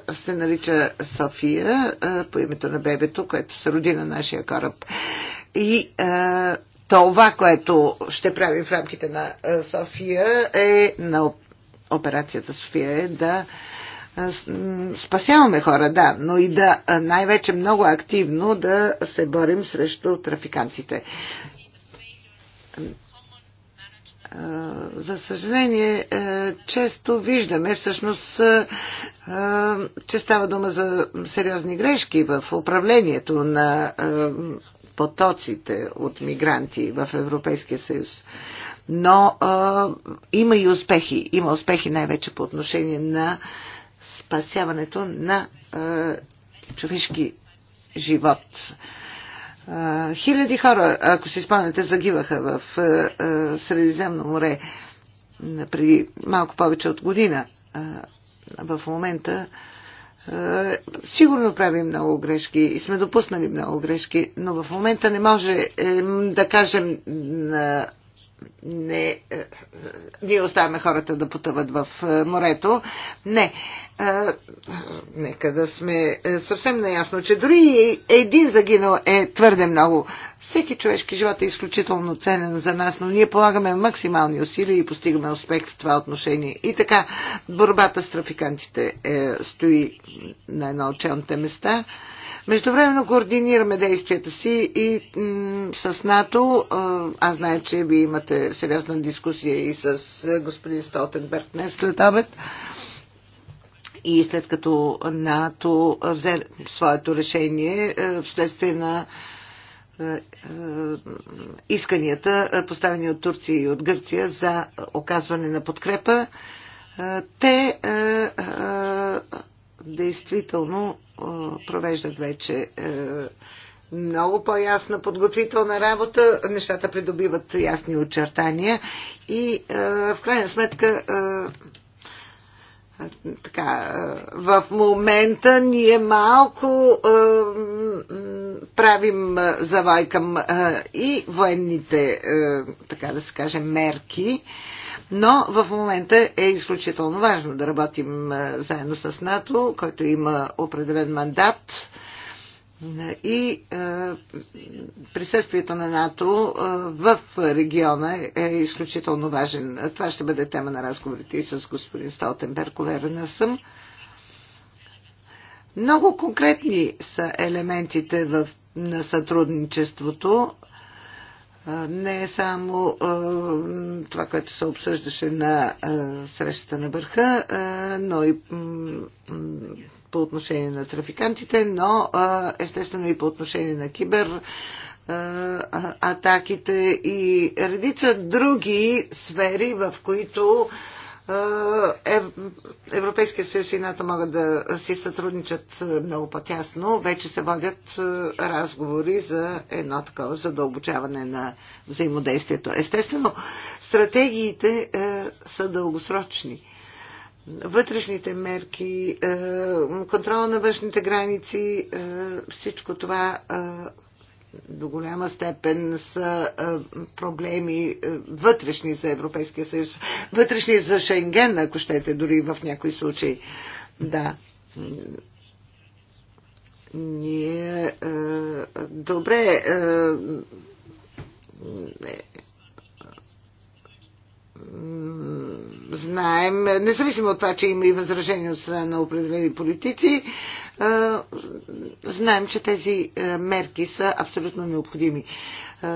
Speaker 2: е, се нарича София по името на бебето, което се роди на нашия кораб. И това, което ще правим в рамките на София е на операцията София е да спасяваме хора, да, но и да най-вече много активно да се борим срещу трафикантите. За съжаление, често виждаме всъщност, че става дума за сериозни грешки в управлението на потоците от мигранти в Европейския съюз. Но има и успехи. Има успехи най-вече по отношение на спасяването на човешки живот. Хиляди хора, ако си спомняте, загиваха в Средиземно море преди малко повече от година. В момента сигурно правим много грешки и сме допуснали много грешки, но в момента не може да кажем не, е, е, ние оставяме хората да потъват в е, морето. Не, нека да сме съвсем наясно, че дори един загинал е твърде много. Всеки човешки живот е изключително ценен за нас, но ние полагаме максимални усилия и постигаме успех в това отношение. И така, борбата с трафикантите е, стои на едно от челните места. Междувременно координираме действията си и с НАТО. Аз знае, че ви имате сериозна дискусия и с господин Столтенберг днес след обед. И след като НАТО взе своето решение вследствие на исканията, поставени от Турция и от Гърция за оказване на подкрепа, те действително провеждат вече много по-ясна подготвителна работа, нещата придобиват ясни очертания и в крайна сметка така, в момента ние малко е, правим завой към е, и военните, е, така да се каже, мерки. Е, но в момента е изключително важно да работим е, заедно с НАТО, който има определен мандат и е, присъствието на НАТО е, в региона е изключително важен. Това ще бъде тема на разговорите и с господин Сталтенберг, уверена съм. Много конкретни са елементите в, на сътрудничеството не е само това, което се обсъждаше на срещата на върха, но и по отношение на трафикантите, но естествено и по отношение на кибер атаките и редица други сфери, в които е, Европейския съюз и НАТО могат да си сътрудничат много по-тясно. Вече се водят разговори за едно такова задълбочаване на взаимодействието. Естествено, стратегиите са дългосрочни. Вътрешните мерки, контрола на външните граници, всичко това до голяма степен са е, проблеми е, вътрешни за Европейския съюз, вътрешни за Шенген, ако щете, дори в някои случаи. Да. Ние. Е, добре знаем, независимо от това, че има и възражения от страна на определени политици, знаем, че тези мерки са абсолютно необходими.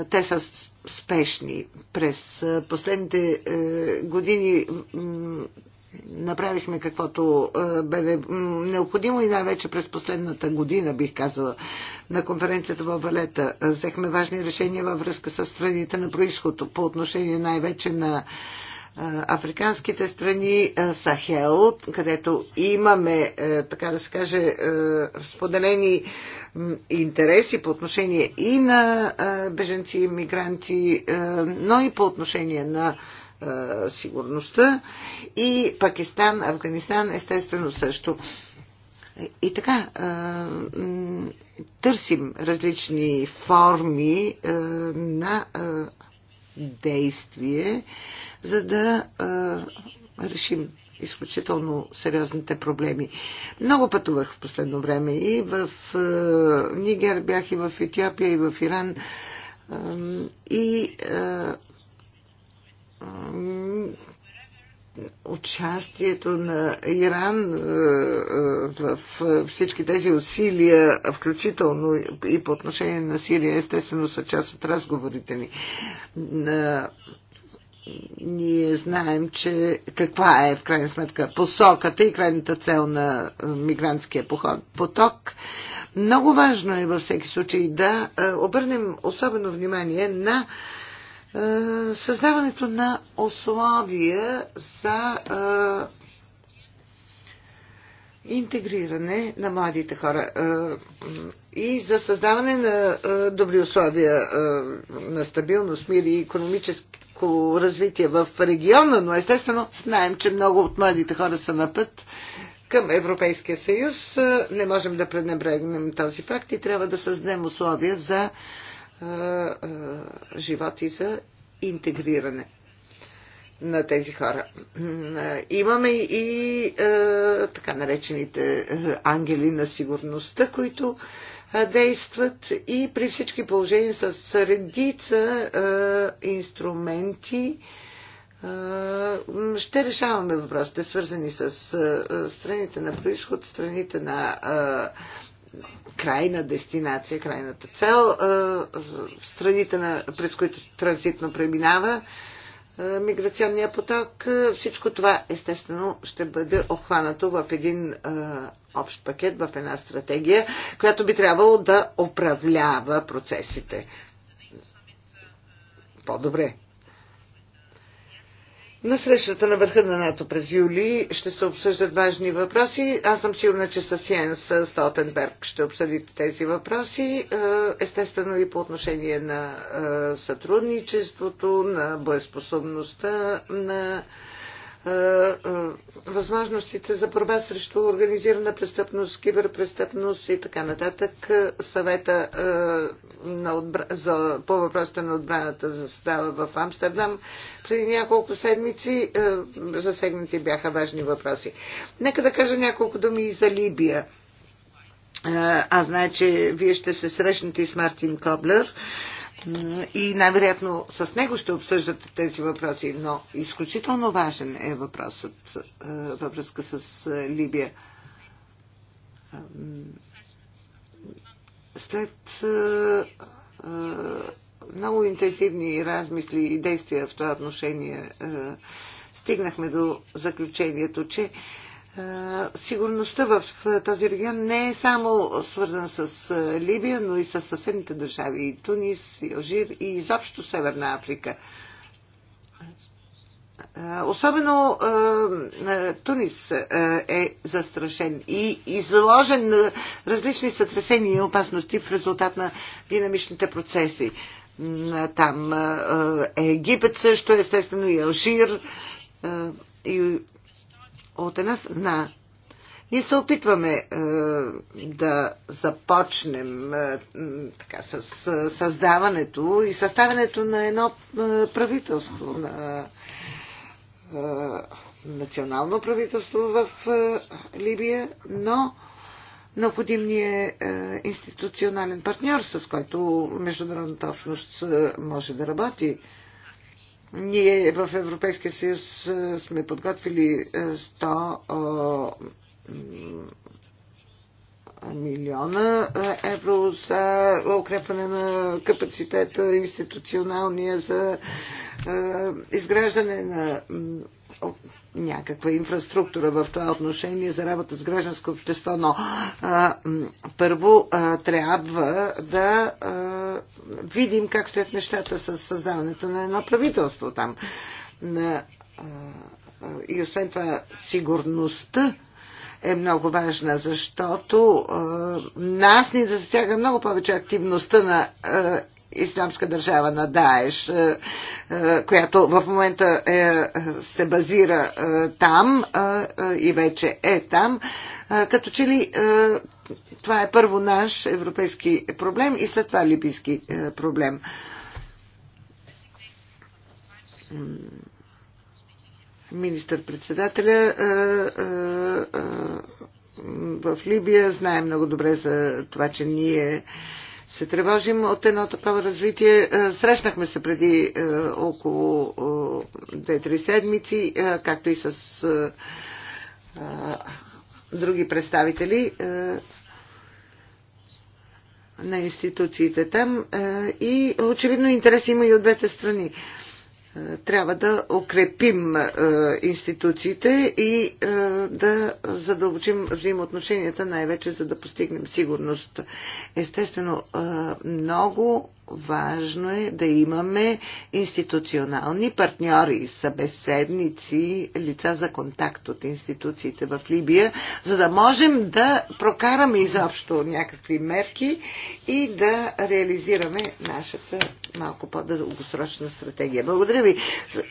Speaker 2: Те са спешни. През последните е, години направихме каквото е, бе необходимо и най-вече през последната година, бих казала, на конференцията във Валета. Е, взехме важни решения във връзка с страните на происход по отношение най-вече на е, африканските страни, Сахел, където имаме, така да се каже, споделени интереси по отношение и на беженци и мигранти, но и по отношение на е, сигурността и Пакистан, Афганистан естествено също. И така, е, търсим различни форми е, на действие, за да решим изключително сериозните проблеми. Много пътувах в последно време и в Нигер бях, и в Етиопия, и в Иран. И участието на Иран е, е, в е, всички тези усилия, включително и по отношение на Сирия, естествено са част от разговорите ни. Ние знаем, че каква е в крайна сметка посоката и крайната цел на мигрантския поток. Много важно е във всеки случай да обърнем особено внимание на е, създаването на условия за е, интегриране на младите хора е, и за създаване на добри условия на стабилност, мир и економическо развитие в региона, но естествено знаем, че много от младите хора са на път към Европейския съюз. Не можем да пренебрегнем този факт и трябва да създадем условия за живот и за интегриране на тези хора. Имаме и така наречените ангели на сигурността, които действат и при всички положения с редица инструменти, ще решаваме въпросите, свързани с страните на происход, страните на крайна дестинация, крайната цел, страните, на, през които транзитно преминава миграционния поток, всичко това естествено ще бъде обхванато в един общ пакет, в една стратегия, която би трябвало да управлява процесите. По-добре. На срещата на върха на НАТО през юли ще се обсъждат важни въпроси. Аз съм сигурна, че с Йенс Столтенберг ще обсъдите тези въпроси. Е, естествено и по отношение на е, сътрудничеството, на боеспособността на възможностите за борба срещу организирана престъпност, киберпрестъпност и така нататък. Съвета на отбра... за... по въпросите на отбраната застава в Амстердам. Преди няколко седмици засегнати бяха важни въпроси. Нека да кажа няколко думи и за Либия. Аз знае, че вие ще се срещнете и с Мартин Коблер и най-вероятно с него ще обсъждате тези въпроси, но изключително важен е въпросът е, във връзка с е, Либия. След е, много интенсивни размисли и действия в това отношение стигнахме до заключението, че сигурността в този регион не е само свързана с Либия, но и с съседните държави и Тунис, и Алжир и изобщо Северна Африка. Особено Тунис е застрашен и изложен на различни сътресения и опасности в резултат на динамичните процеси. Там Египет също, естествено и Алжир и от една страна, ние се опитваме е, да започнем е, така, с е, създаването и съставянето на едно е, правителство, на е, национално правителство в е, Либия, но необходим ни е, е институционален партньор, с който международната общност е, може да работи. Е, ние в Европейския съюз сме подготвили 100 милиона евро за укрепване на капацитета институционалния, за изграждане на някаква инфраструктура в това отношение за работа с гражданско общество, но а, първо а, трябва да а, видим как стоят нещата с създаването на едно правителство там. На, а, и освен това, сигурността е много важна, защото е, нас ни засяга много повече активността на е, Исламска държава на Даеш, е, е, която в момента е, се базира е, там е, е и вече е там. Е, като че ли е, това е първо наш европейски проблем и след това либийски е, проблем. Mm министър-председателя в Либия знае много добре за това, че ние се тревожим от едно такова развитие. Срещнахме се преди около 2-3 седмици, както и с други представители на институциите там и очевидно интерес има и от двете страни трябва да укрепим е, институциите и е, да задълбочим взаимоотношенията, най-вече за да постигнем сигурност. Естествено, е, много важно е да имаме институционални партньори, събеседници, лица за контакт от институциите в Либия, за да можем да прокараме изобщо някакви мерки и да реализираме нашата малко по-дългосрочна стратегия. Благодаря ви.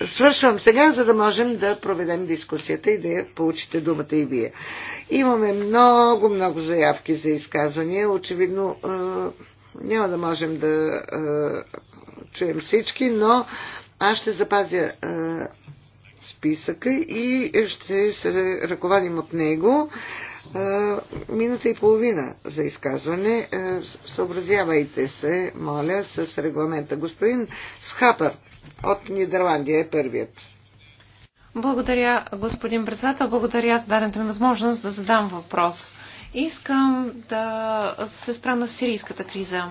Speaker 2: Свършвам сега, за да можем да проведем дискусията и да получите думата и вие. Имаме много, много заявки за изказвания. Очевидно, е, няма да можем да чуем всички, но аз ще запазя списъка и ще се ръководим от него. Минута и половина за изказване. Съобразявайте се, моля, с регламента. Господин Схапър от Нидерландия е първият.
Speaker 3: Благодаря, господин председател. Благодаря за дадената ми възможност да задам въпрос. Искам да се спра на сирийската криза.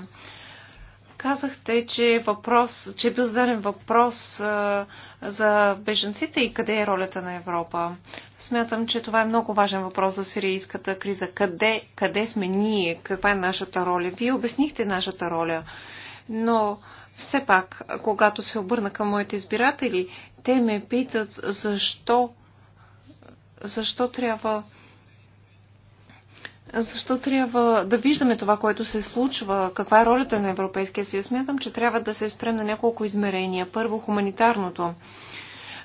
Speaker 3: Казахте, че, е въпрос, че е бил зададен въпрос а, за беженците и къде е ролята на Европа. Смятам, че това е много важен въпрос за сирийската криза. Къде, къде сме ние? Каква е нашата роля? Вие обяснихте нашата роля, но все пак, когато се обърна към моите избиратели, те ме питат защо, защо трябва защо трябва да виждаме това, което се случва? Каква е ролята на Европейския съюз? Смятам, че трябва да се спрем на няколко измерения. Първо, хуманитарното.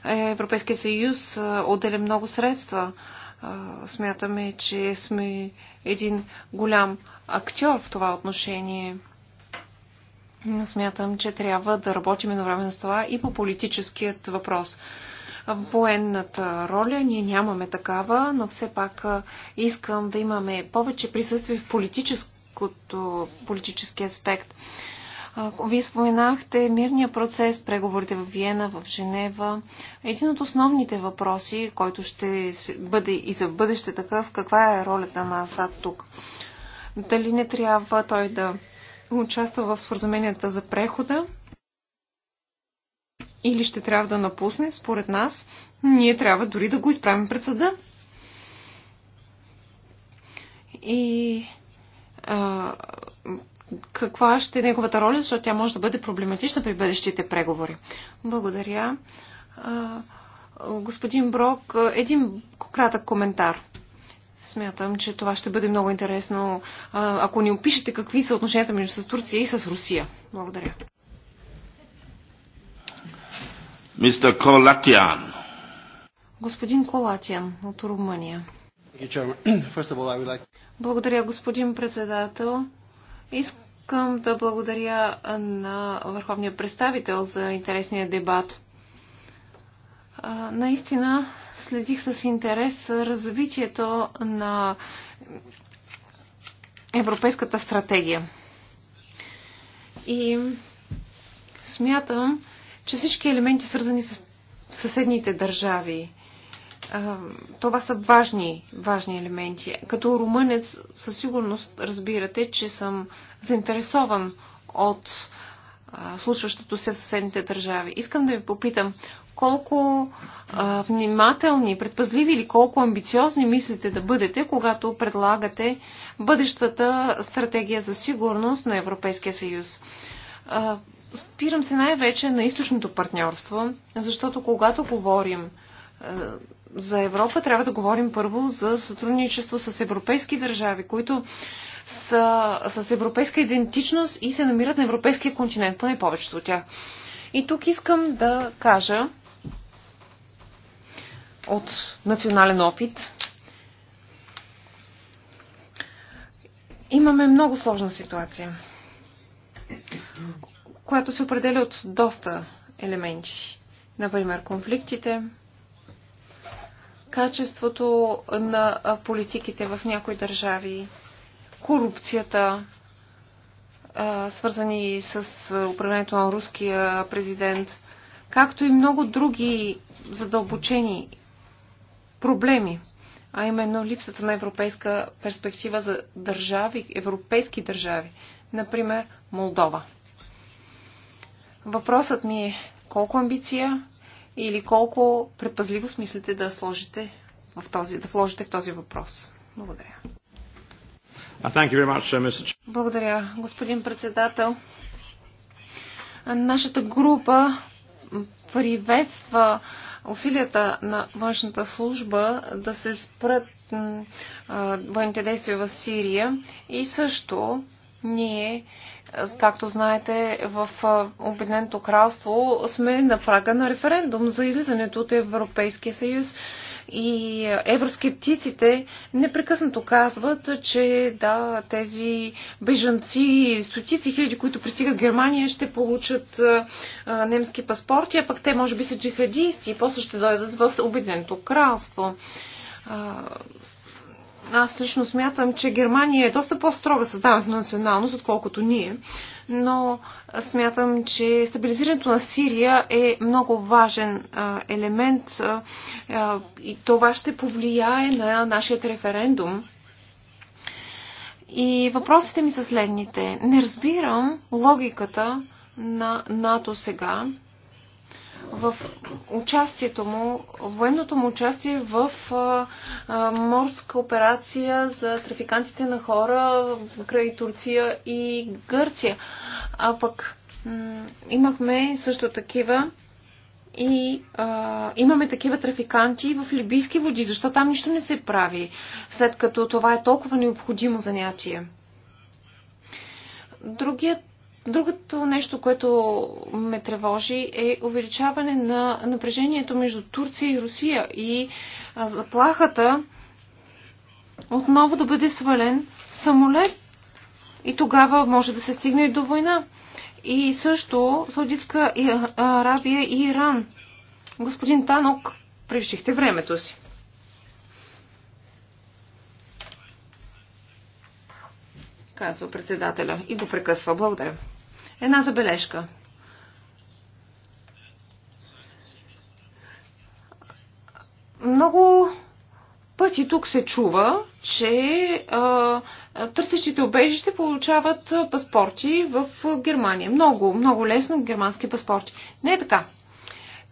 Speaker 3: Е, Европейския съюз е, отделя много средства. Е, смятаме, че сме един голям актьор в това отношение. Но смятам, че трябва да работим едновременно с това и по политическият въпрос военната роля. Ние нямаме такава, но все пак искам да имаме повече присъствие в политическото, политически аспект. Вие споменахте мирния процес, преговорите в Виена, в Женева. Един от основните въпроси, който ще бъде и за бъдеще такъв, каква е ролята на Асад тук? Дали не трябва той да участва в споразуменията за прехода или ще трябва да напусне, според нас, ние трябва дори да го изправим пред съда. И а, каква ще е неговата роля, защото тя може да бъде проблематична при бъдещите преговори. Благодаря. А, господин Брок, един кратък коментар. Смятам, че това ще бъде много интересно, ако ни опишете какви са отношенията между с Турция и с Русия. Благодаря.
Speaker 1: Mr. Kolatian.
Speaker 3: Господин Колатиан от Румъния. [CLEARS THROAT] Благодаря, господин председател. Искам да благодаря на върховния представител за интересния дебат. Наистина следих с интерес развитието на европейската стратегия. И смятам, че всички елементи, свързани с съседните държави, това са важни, важни елементи. Като румънец със сигурност разбирате, че съм заинтересован от случващото се в съседните държави. Искам да ви попитам, колко внимателни, предпазливи или колко амбициозни мислите да бъдете, когато предлагате бъдещата стратегия за сигурност на Европейския съюз. Спирам се най-вече на източното партньорство, защото когато говорим е, за Европа, трябва да говорим първо за сътрудничество с европейски държави, които са с европейска идентичност и се намират на европейския континент, поне повечето от тях. И тук искам да кажа от национален опит. Имаме много сложна ситуация която се определя от доста елементи. Например, конфликтите, качеството на политиките в някои държави, корупцията, свързани с управлението на руския президент, както и много други задълбочени проблеми, а именно липсата на европейска перспектива за държави, европейски държави, например Молдова. Въпросът ми е колко амбиция или колко предпазливост мислите да сложите в този, да вложите в този въпрос. Благодаря.
Speaker 1: Uh, much, uh,
Speaker 3: Благодаря, господин председател. Нашата група приветства усилията на външната служба да се спрат военните действия в Сирия и също ние Както знаете, в Обединеното кралство сме на прага на референдум за излизането от Европейския съюз и евроскептиците непрекъснато казват, че да, тези бежанци, стотици хиляди, които пристигат в Германия, ще получат а, немски паспорти, а пък те може би са джихадисти и после ще дойдат в Обединеното кралство. А, аз лично смятам, че Германия е доста по-строга създава на националност, отколкото ние. Но смятам, че стабилизирането на Сирия е много важен а, елемент а, и това ще повлияе на нашия референдум. И въпросите ми са следните. Не разбирам логиката на НАТО сега в участието му, военното му участие в а, а, морска операция за трафикантите на хора край Турция и Гърция. А пък имахме също такива и а, имаме такива трафиканти в либийски води. Защо там нищо не се прави, след като това е толкова необходимо занятие? Другият Другото нещо, което ме тревожи е увеличаване на напрежението между Турция и Русия и заплахата отново да бъде свален самолет и тогава може да се стигне и до война. И също Саудитска Арабия и Иран. Господин Танок, превишихте времето си. казва председателя и го прекъсва. Благодаря. Една забележка. Много пъти тук се чува, че а, търсещите обежище получават паспорти в Германия. Много, много лесно германски паспорти. Не е така.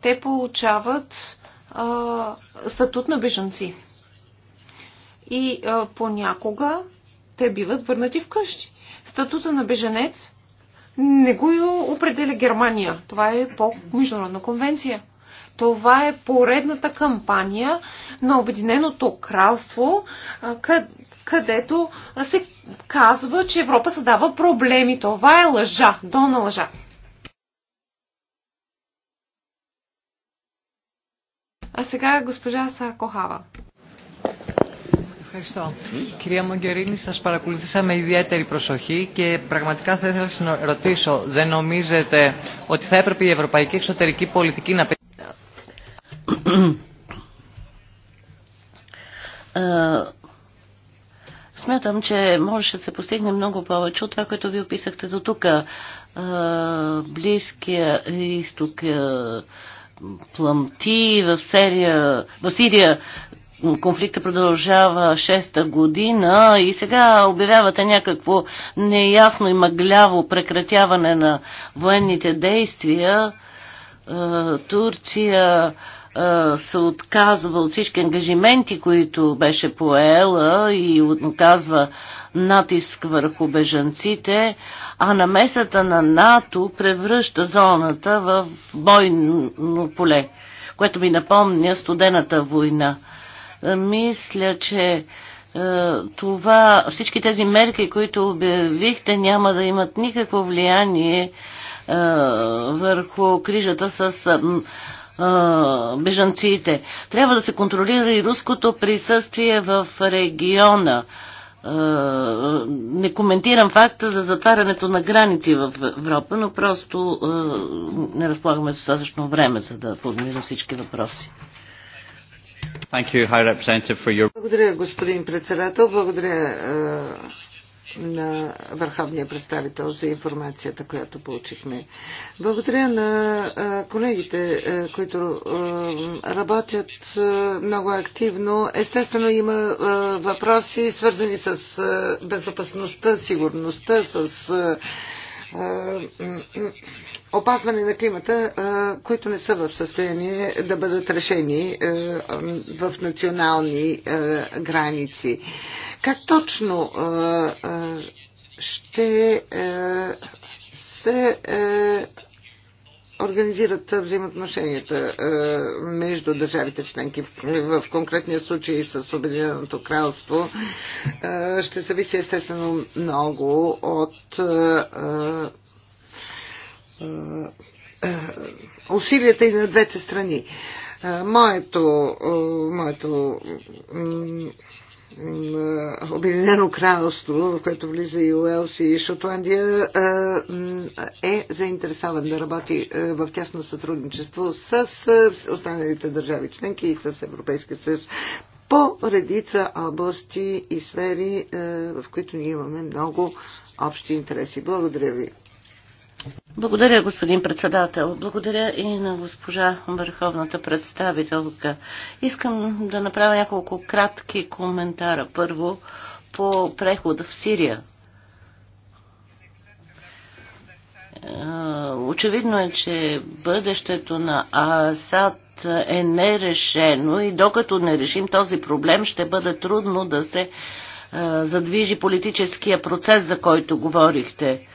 Speaker 3: Те получават а, статут на бежанци. И а, понякога те биват върнати вкъщи. Статута на беженец не го определя Германия. Това е по международна конвенция. Това е поредната кампания на Обединеното кралство, където се казва, че Европа създава проблеми. Това е лъжа, долна лъжа. А сега госпожа Саркохава. Ευχαριστώ.
Speaker 2: Κυρία Μογκερίνη, σας παρακολουθήσα με ιδιαίτερη προσοχή και πραγματικά θα ήθελα να ρωτήσω, δεν νομίζετε ότι θα έπρεπε η ευρωπαϊκή εξωτερική πολιτική να πει...
Speaker 4: Смятам, че можеше да се постигне много повече от това, което ви описахте до тук. Близкия изток, пламти в Сирия, в Сирия конфликта продължава 6-та година и сега обявявате някакво неясно и мъгляво прекратяване на военните действия. Е, Турция е, се отказва от всички ангажименти, които беше поела и отказва натиск върху бежанците, а намесата на НАТО превръща зоната в бойно поле, което ми напомня студената война – мисля, че е, това, всички тези мерки, които обявихте, няма да имат никакво влияние е, върху крижата с е, бежанците. Трябва да се контролира и руското присъствие в региона. Не коментирам факта за затварянето на граници в Европа, но просто не разполагаме достатъчно време, за да формулирам всички въпроси
Speaker 2: благодаря, господин председател. Благодаря е, на върховния представител за информацията, която получихме. Благодаря на е, колегите, е, които е, работят е, много активно. Естествено има е, въпроси, свързани с безопасността, сигурността, с опазване на климата, които не са в състояние да бъдат решени в национални граници. Как точно ще се организират взаимоотношенията е, между държавите членки, в конкретния случай с Обединеното кралство, е, ще зависи естествено много от е, усилията и на двете страни. Моето, моето Обединено кралство, в което влиза и Уелс и Шотландия, е заинтересован да работи в тясно сътрудничество с останалите държави членки и с Европейския съюз по редица области и сфери, в които ние имаме много общи интереси. Благодаря ви.
Speaker 4: Благодаря, господин председател. Благодаря и на госпожа върховната представителка. Искам да направя няколко кратки коментара. Първо, по прехода в Сирия. Е, очевидно е, че бъдещето на Асад е нерешено и докато не решим този проблем, ще бъде трудно да се е, задвижи политическия процес, за който говорихте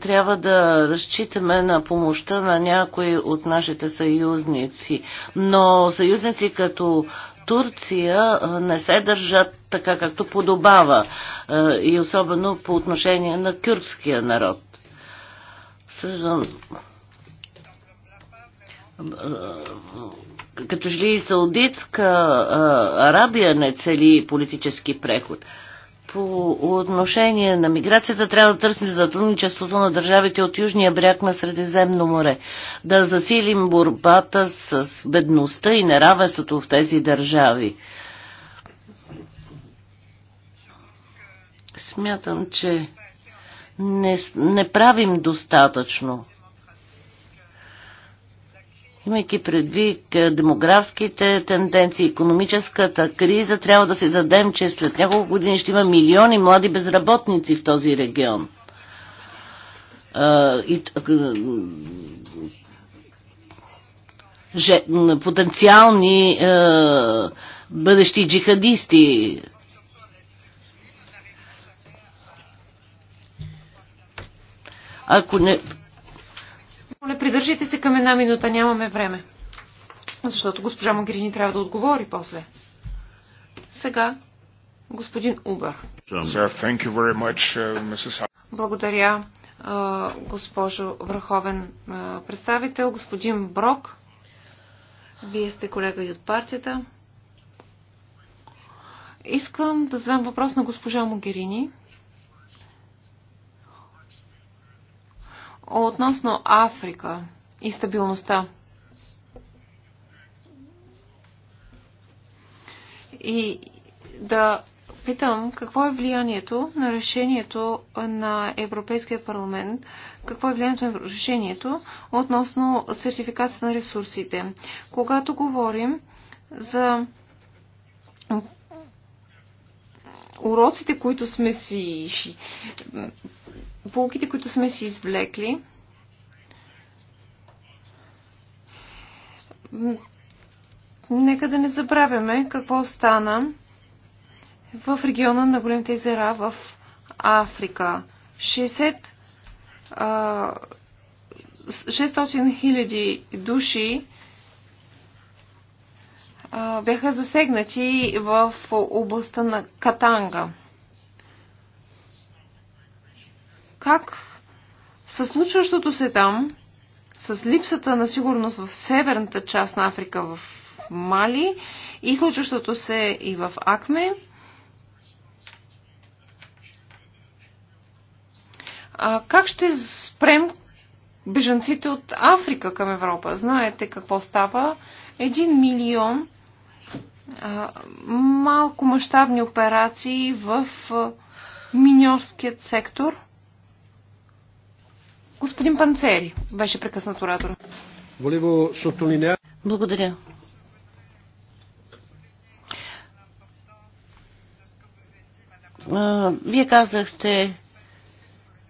Speaker 4: трябва да разчитаме на помощта на някои от нашите съюзници. Но съюзници като Турция не се държат така както подобава и особено по отношение на кюркския народ. Като жили ли Саудитска Арабия не цели политически преход по отношение на миграцията трябва да търсим сътрудничеството на държавите от южния бряг на Средиземно море. Да засилим борбата с бедността и неравенството в тези държави. Смятам, че не, не правим достатъчно. Имайки предвид е, демографските тенденции, економическата криза, трябва да си дадем, че след няколко години ще има милиони млади безработници в този регион. Е, е, потенциални бъдещи джихадисти. Ако не
Speaker 3: моля, придържайте се към една минута, нямаме време. Защото госпожа Магрини трябва да отговори после. Сега господин Убър.
Speaker 4: Uh,
Speaker 3: Благодаря, uh, госпожо върховен uh, представител. Господин Брок, вие сте колега и от партията. Искам да задам въпрос на госпожа Могерини. Относно Африка и стабилността. И да питам какво е влиянието на решението на Европейския парламент, какво е влиянието на решението относно сертификация на ресурсите. Когато говорим за уроците, които сме си полуките, които сме си извлекли, нека да не забравяме какво стана в региона на големите езера в Африка. 60 600 хиляди души бяха засегнати в областта на Катанга. как със случващото се там, с липсата на сигурност в северната част на Африка, в Мали и случващото се и в Акме, А как ще спрем бежанците от Африка към Европа? Знаете какво става? Един милион малко мащабни операции в миньорският сектор – Господин Панцери, беше прекъснат оратора. Благодаря.
Speaker 4: Вие казахте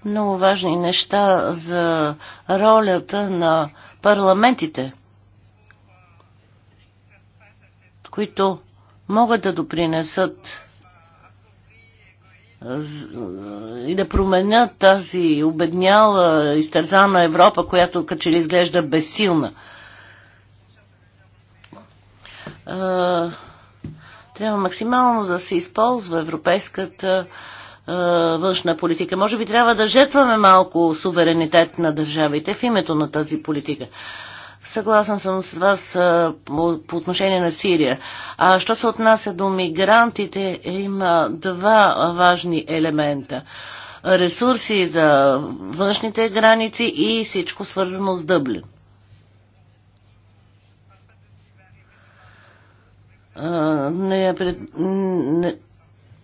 Speaker 4: много важни неща за ролята на парламентите, които могат да допринесат и да променят тази обедняла, изтързана Европа, която като ли изглежда безсилна. Трябва максимално да се използва европейската външна политика. Може би трябва да жертваме малко суверенитет на държавите в името на тази политика. Съгласен съм с вас а, по, по отношение на Сирия. А що се отнася до мигрантите, има два важни елемента. Ресурси за външните граници и всичко свързано с Дъблин. не, не,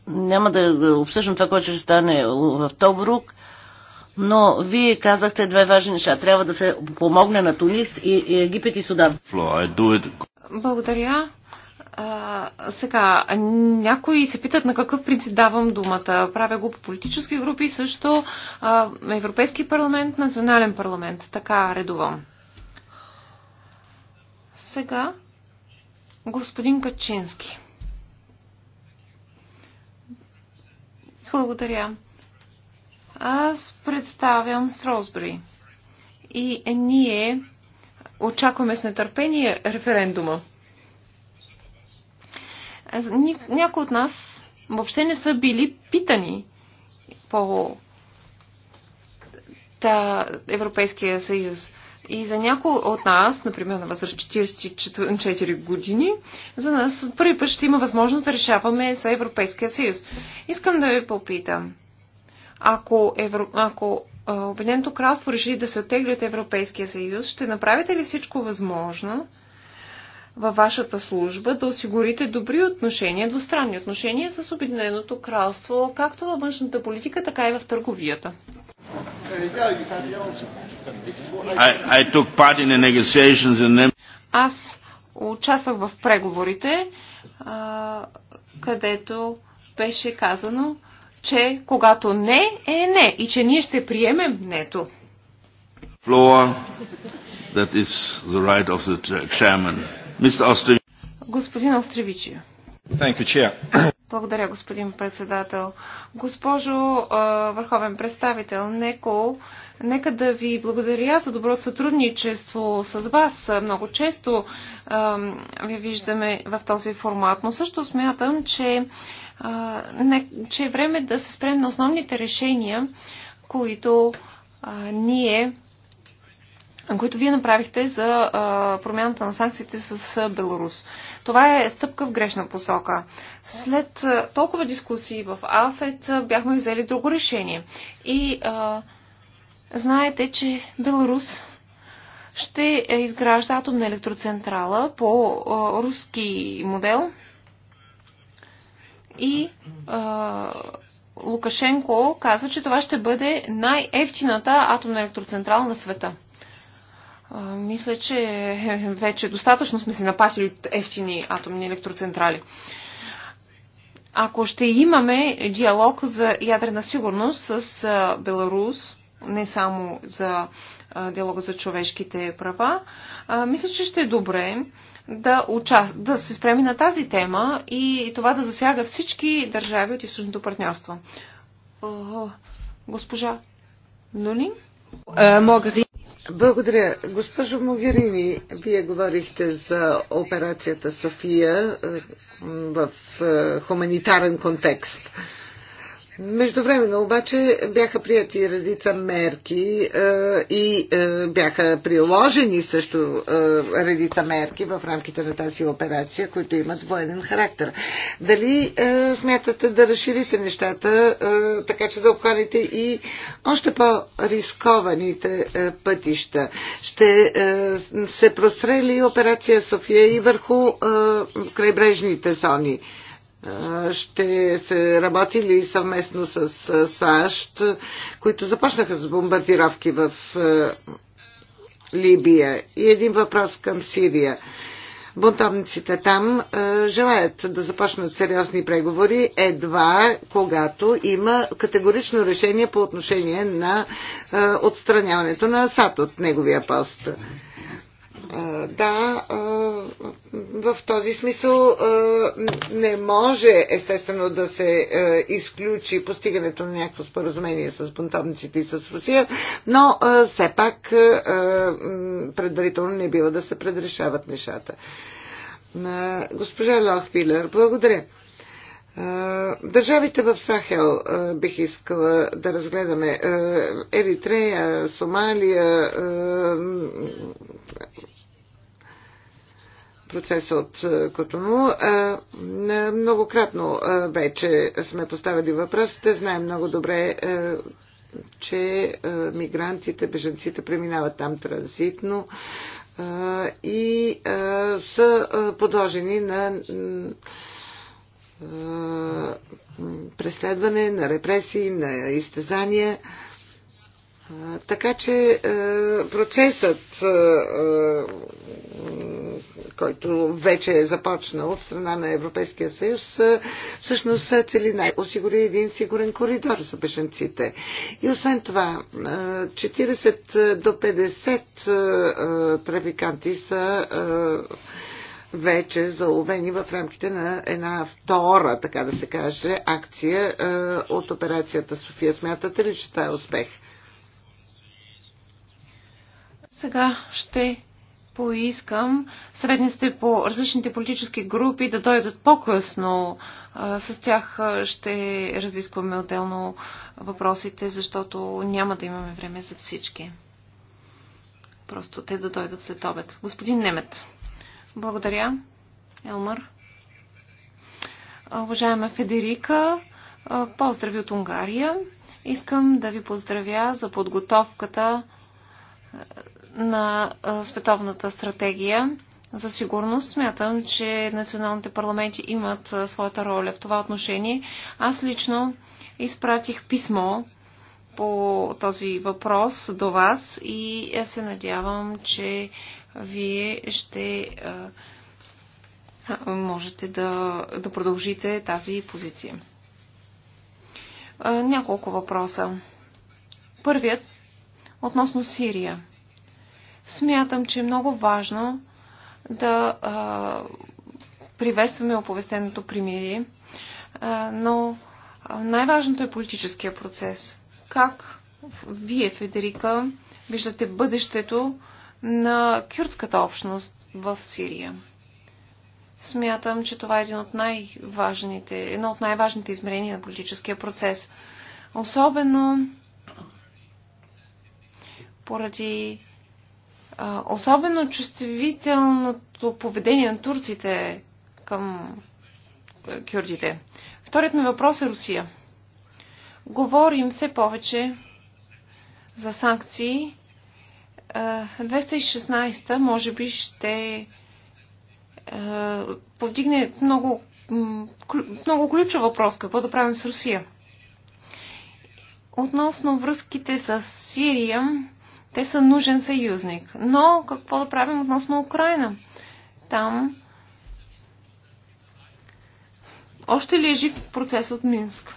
Speaker 4: няма да обсъждам това, което ще стане в Тобрук, но вие казахте две важни неща. Трябва да се помогне на Тунис и Египет и Судан.
Speaker 3: Благодаря. А, сега, някои се питат на какъв принцип давам думата. Правя го по политически групи, също а, Европейски парламент, Национален парламент. Така редувам. Сега, господин Качински. Благодаря. Аз представям Сросбри и ние очакваме с нетърпение референдума. Някои от нас въобще не са били питани по та, Европейския съюз. И за някои от нас, например на възраст 44 години, за нас първи път ще има възможност да решаваме за Европейския съюз. Искам да ви попитам. Ако, Евро... ако Обединеното кралство реши да се оттегли от Европейския съюз, ще направите ли всичко възможно във вашата служба да осигурите добри отношения, двустранни отношения с Обединеното кралство, както във външната политика, така и в търговията?
Speaker 1: I,
Speaker 4: I
Speaker 3: Аз участвах в преговорите, където беше казано, че когато не е не и че ние ще приемем нето.
Speaker 1: Floor, that is the right of the chairman. Mr. Ostrev...
Speaker 3: Господин Остревичи. Thank you, chair. [COUGHS] Благодаря, господин председател. Госпожо а, върховен представител, неко, нека да ви благодаря за доброто сътрудничество с вас. Много често а, ви виждаме в този формат, но също смятам, че а, не, че е време да се спрем на основните решения, които а, ние които вие направихте за а, промяната на санкциите с а, Беларус. Това е стъпка в грешна посока. След а, толкова дискусии в АФЕТ а, бяхме взели друго решение. И а, знаете, че Беларус ще изгражда атомна електроцентрала по а, руски модел – и а, Лукашенко казва, че това ще бъде най-ефтината атомна електроцентрала на света. А, мисля, че [LAUGHS] вече достатъчно сме се напасили от ефтини атомни електроцентрали. Ако ще имаме диалог за ядрена сигурност с а, Беларус, не само за диалога за човешките права, а, мисля, че ще е добре да, уча... да се спреми на тази тема и това да засяга всички държави от източното партньорство. Госпожа Лулин?
Speaker 2: Е, Благодаря. Госпожо Могерини, вие говорихте за операцията София е, в е, хуманитарен контекст. Междувременно обаче бяха прияти редица мерки е, и е, бяха приложени също е, редица мерки в рамките на тази операция, които имат военен характер. Дали е, смятате да разширите нещата, е, така че да обхванете и още по-рискованите е, пътища? Ще е, се прострели операция София и върху е, крайбрежните зони? ще се работили съвместно с САЩ, които започнаха с бомбардировки в Либия. И един въпрос към Сирия. Бунтовниците там желаят да започнат сериозни преговори едва когато има категорично решение по отношение на отстраняването на Асад от неговия пост. Да, в този смисъл не може естествено да се изключи постигането на някакво споразумение с бунтовниците и с Русия, но все пак предварително не бива да се предрешават нещата. Госпожа Лохпилер, благодаря. Държавите в Сахел бих искала да разгледаме. Еритрея, Сомалия, процеса от Котону. Многократно вече сме поставили въпрос. Те знаем много добре, че мигрантите, беженците преминават там транзитно и са подложени на е, преследване, на репресии, на изтезания. Е, така че е, процесът, който вече е започнал от страна на Европейския съюз, всъщност цели най- осигури един сигурен коридор за бешенците. И освен това, 40 до 50 трафиканти са вече заловени в рамките на една втора, така да се каже, акция е, от операцията София. Смятате ли, че това е успех?
Speaker 3: Сега ще поискам съветниците по различните политически групи да дойдат по-късно. Е, с тях е, ще разискваме отделно въпросите, защото няма да имаме време за всички. Просто те да дойдат след обед. Господин Немет. Благодаря, Елмър. Уважаема Федерика, поздрави от Унгария. Искам да ви поздравя за подготовката е, на е, Световната стратегия за сигурност. Смятам, че националните парламенти имат е, своята роля в това отношение. Аз лично изпратих писмо по този въпрос до вас и се надявам, че вие ще можете да, да продължите тази позиция. Няколко въпроса. Първият относно Сирия. Смятам, че е много важно да а, приветстваме оповестеното примирие, а, но най-важното е политическия процес. Как вие, Федерика, виждате бъдещето на кюрдската общност в Сирия. Смятам, че това е един от най-важните, едно от най-важните измерения на политическия процес. Особено поради а, особено чувствителното поведение на турците към кюрдите. Вторият ми въпрос е Русия. Говорим все повече за санкции 216 може би ще повдигне много, много ключов въпрос. Какво да правим с Русия? Относно връзките с Сирия, те са нужен съюзник. Но какво да правим относно Украина? Там още ли е жив процес от Минск?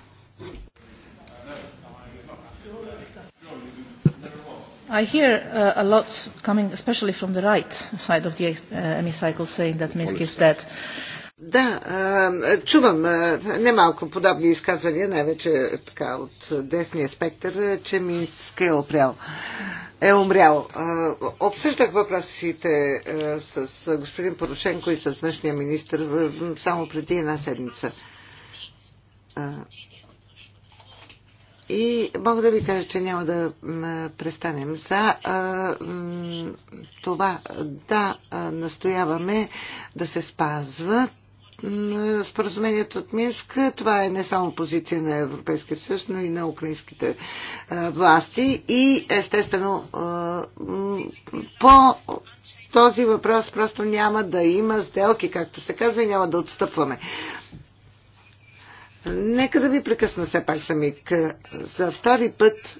Speaker 3: I hear uh, a lot coming, especially from the right side of the uh, hemicycle, saying that Minsk
Speaker 2: is dead. Да, чувам немалко подобни изказвания, най-вече така от десния спектър, че Минск е опрял. Е умрял. Обсъждах въпросите с господин Порошенко и с външния министр само преди една седмица и мога да ви кажа, че няма да престанем за това да настояваме да се спазва. споразумението от Минск. Това е не само позиция на Европейския съюз, но и на украинските власти. И естествено по този въпрос просто няма да има сделки, както се казва, и няма да отстъпваме Нека да ви прекъсна все пак самик. За втори път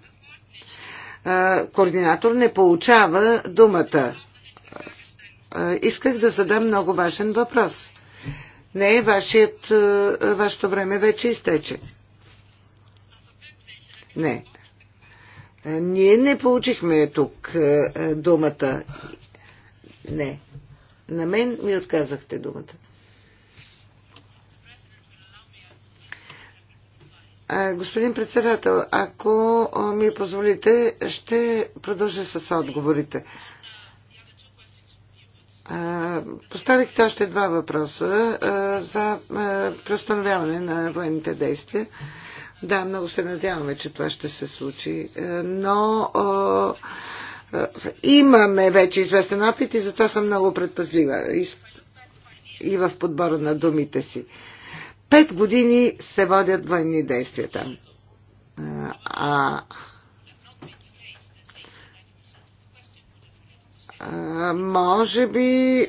Speaker 2: координатор не получава думата. Исках да задам много важен въпрос. Не, вашият, вашето време вече изтече. Не. Ние не получихме тук думата. Не. На мен ми отказахте думата. Господин председател, ако ми позволите, ще продължа с отговорите. Поставихте още два въпроса за преустановяване на военните действия. Да, много се надяваме, че това ще се случи, но имаме вече известен опит и затова съм много предпазлива и в подбора на думите си. Пет години се водят военни действия там. А, а, може би,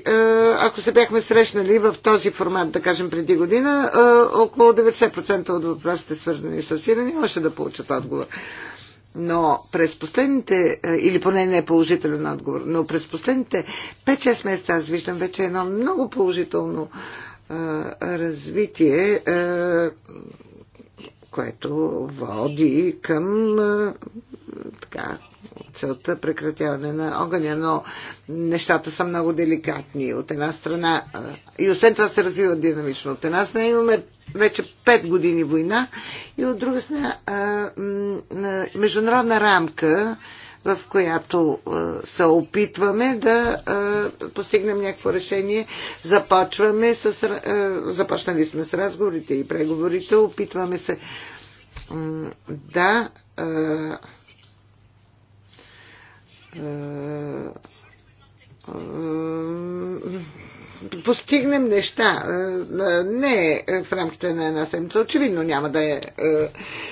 Speaker 2: ако се бяхме срещнали в този формат, да кажем преди година, около 90% от въпросите, свързани с Сирия, нямаше да получат отговор. Но през последните, или поне не е положителен отговор, но през последните 5-6 месеца аз виждам вече едно много положително а, развитие, което води към така, целта прекратяване на огъня, но нещата са много деликатни. От една страна, и освен това се развива динамично. От една страна имаме вече 5 години война и от друга страна международна рамка, в която е, се опитваме да е, постигнем някакво решение. Започваме с, е, започнали сме с разговорите и преговорите, опитваме се да постигнем неща. Е, е, не е в рамките на една седмица. Очевидно няма да е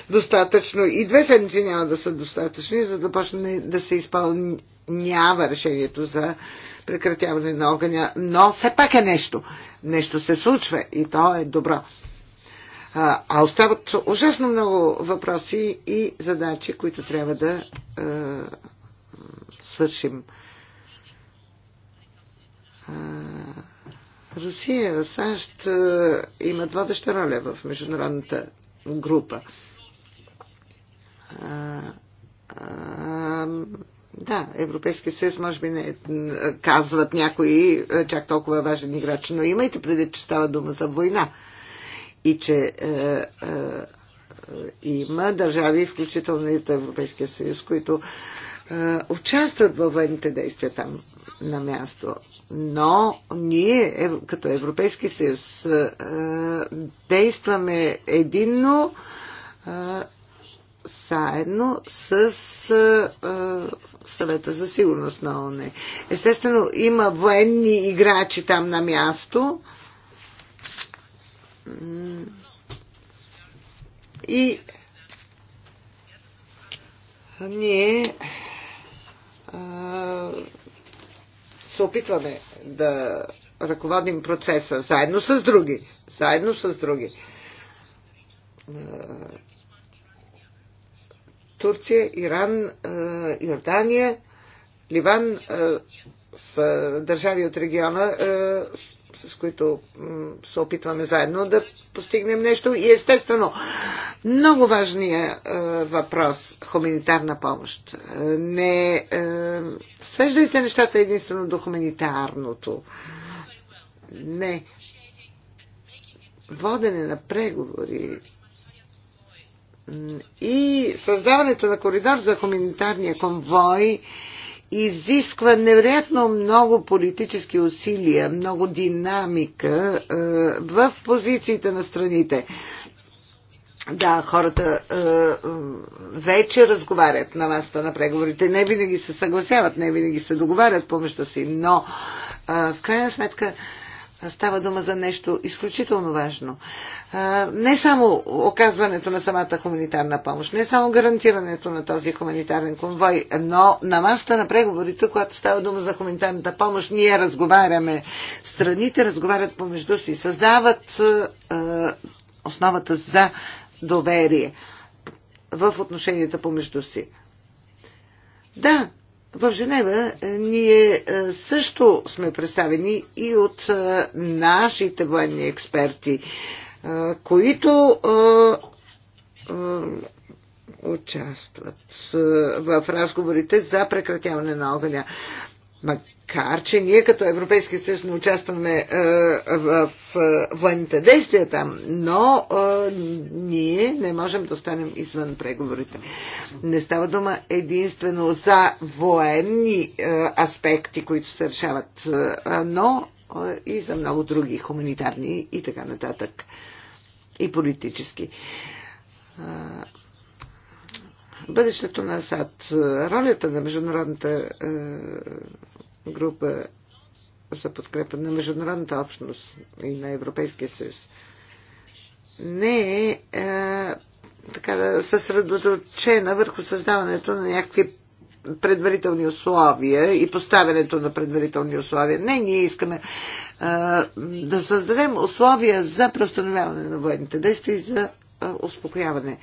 Speaker 2: достатъчно. И две седмици няма да са достатъчни, за да почне да се изпълнява решението за прекратяване на огъня. Но все пак е нещо. Нещо се случва и то е добро. А остават ужасно много въпроси и задачи, които трябва да свършим. Uh... Русия, САЩ е, имат водеща роля в международната група. да, Европейския съюз може би не е, казват някои е, чак толкова важен играч, но имайте преди, че става дума за война и че е, е, има държави, включително и от Европейския съюз, които е, е, участват във военните действия там на място. Но ние, като Европейски съюз, е, действаме единно, е, заедно с съвета за сигурност на ОНЕ. Естествено, има военни играчи там на място. И ние се опитваме да ръководим процеса заедно с други. Заедно с други. Турция, Иран, Йордания, Ливан са държави от региона, с които се опитваме заедно да постигнем нещо. И естествено, много важният е, въпрос хуманитарна помощ. Е, не е, свеждайте нещата единствено до хуманитарното. Не. Водене на преговори и създаването на коридор за хуманитарния конвой изисква невероятно много политически усилия, много динамика е, в позициите на страните. Да, хората е, вече разговарят на масата на преговорите. Не винаги се съгласяват, не винаги се договарят помежду си, но е, в крайна сметка Става дума за нещо изключително важно. Не само оказването на самата хуманитарна помощ, не само гарантирането на този хуманитарен конвой, но на масата на преговорите, когато става дума за хуманитарната помощ, ние разговаряме. Страните разговарят помежду си, създават основата за доверие в отношенията помежду си. Да, в Женева е, ние е, също сме представени и от е, нашите военни експерти, които участват в разговорите за прекратяване на огъня макар че ние като Европейски съюз не участваме е, в е, военните действия там, но е, ние не можем да останем извън преговорите. Не става дума единствено за военни аспекти, които се решават, но и за много други хуманитарни и така нататък и политически бъдещето на САД, ролята на международната е, група за подкрепа на международната общност и на Европейския съюз не е, е така съсредоточена върху създаването на някакви предварителни условия и поставянето на предварителни условия. Не, ние искаме е, да създадем условия за преустановяване на военните действия и за е, успокояване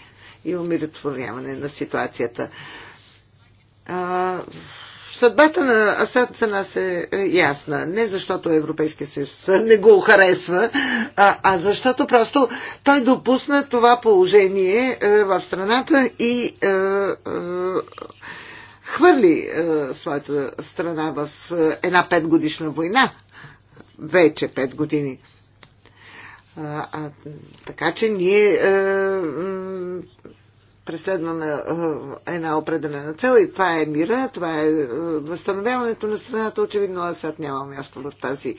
Speaker 2: и умиротворяване на ситуацията. Е, Съдбата на Асад за нас е, е ясна. Не защото Европейския съюз не го харесва, а, а защото просто той допусна това положение е, в страната и е, е, хвърли е, своята страна в е, една петгодишна война. Вече пет години. А, а, така че ние. Е, преследваме е, една определена цел и това е мира, това е, е възстановяването на страната. Очевидно сега няма място в тази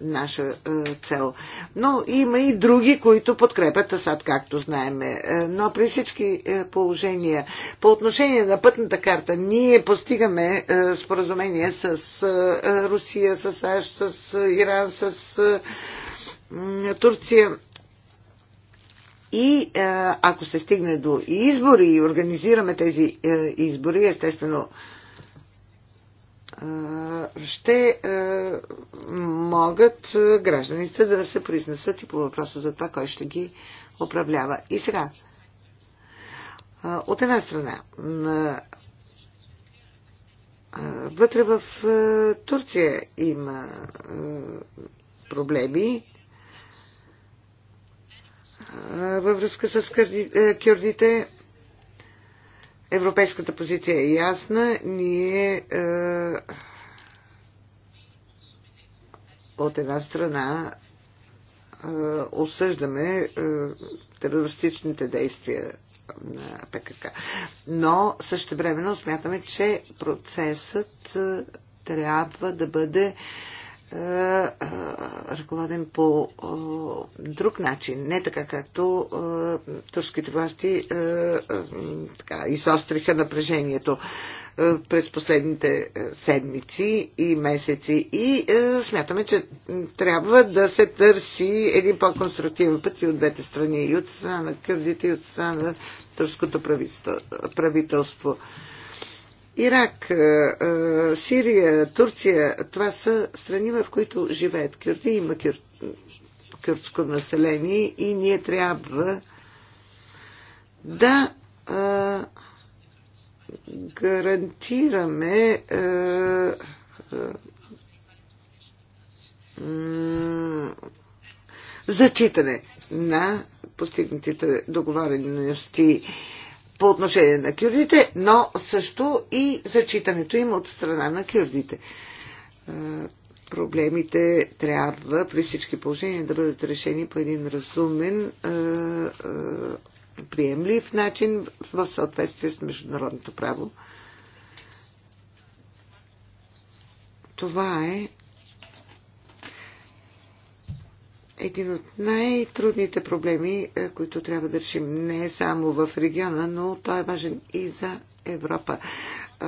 Speaker 2: наша е, цел. Но има и други, които подкрепят Асад, както знаеме. Но при всички положения, по отношение на пътната карта, ние постигаме споразумение с Русия, с САЩ, с Иран, с Турция. И е, ако се стигне до избори и организираме тези е, избори, естествено, е, ще могат гражданите да се произнесат и по въпроса за това, кой ще ги управлява. И сега, от една страна, вътре в Турция има проблеми във връзка с е, кюрдите. Европейската позиция е ясна. Ние е, от една страна е, осъждаме терористичните действия на ПКК. Но същевременно смятаме, че процесът трябва да бъде е, ръководен по друг начин, не така както турските власти така, изостриха напрежението през последните седмици и месеци. И смятаме, че трябва да се търси един по-конструктивен път и от двете страни, и от страна на кърдите, и от страна на турското правителство. Ирак, е, е, Сирия, Турция, това са страни, в които живеят кюрди, има кюр... кюрдско население и ние трябва да е, гарантираме зачитане на постигнатите договорености по отношение на кюрдите, но също и зачитането им от страна на кюрдите. Е, проблемите трябва при всички положения да бъдат решени по един разумен, е, е, приемлив начин в съответствие с международното право. Това е един от най-трудните проблеми, е, които трябва да решим не само в региона, но той е важен и за Европа. Е,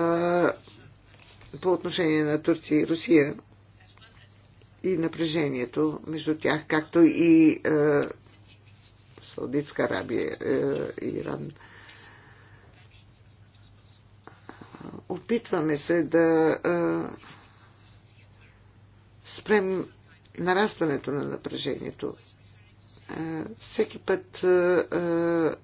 Speaker 2: по отношение на Турция и Русия и напрежението между тях, както и е, Саудитска Арабия и Иран. Опитваме се да спрем нарастването на напрежението. Е, всеки път е, е,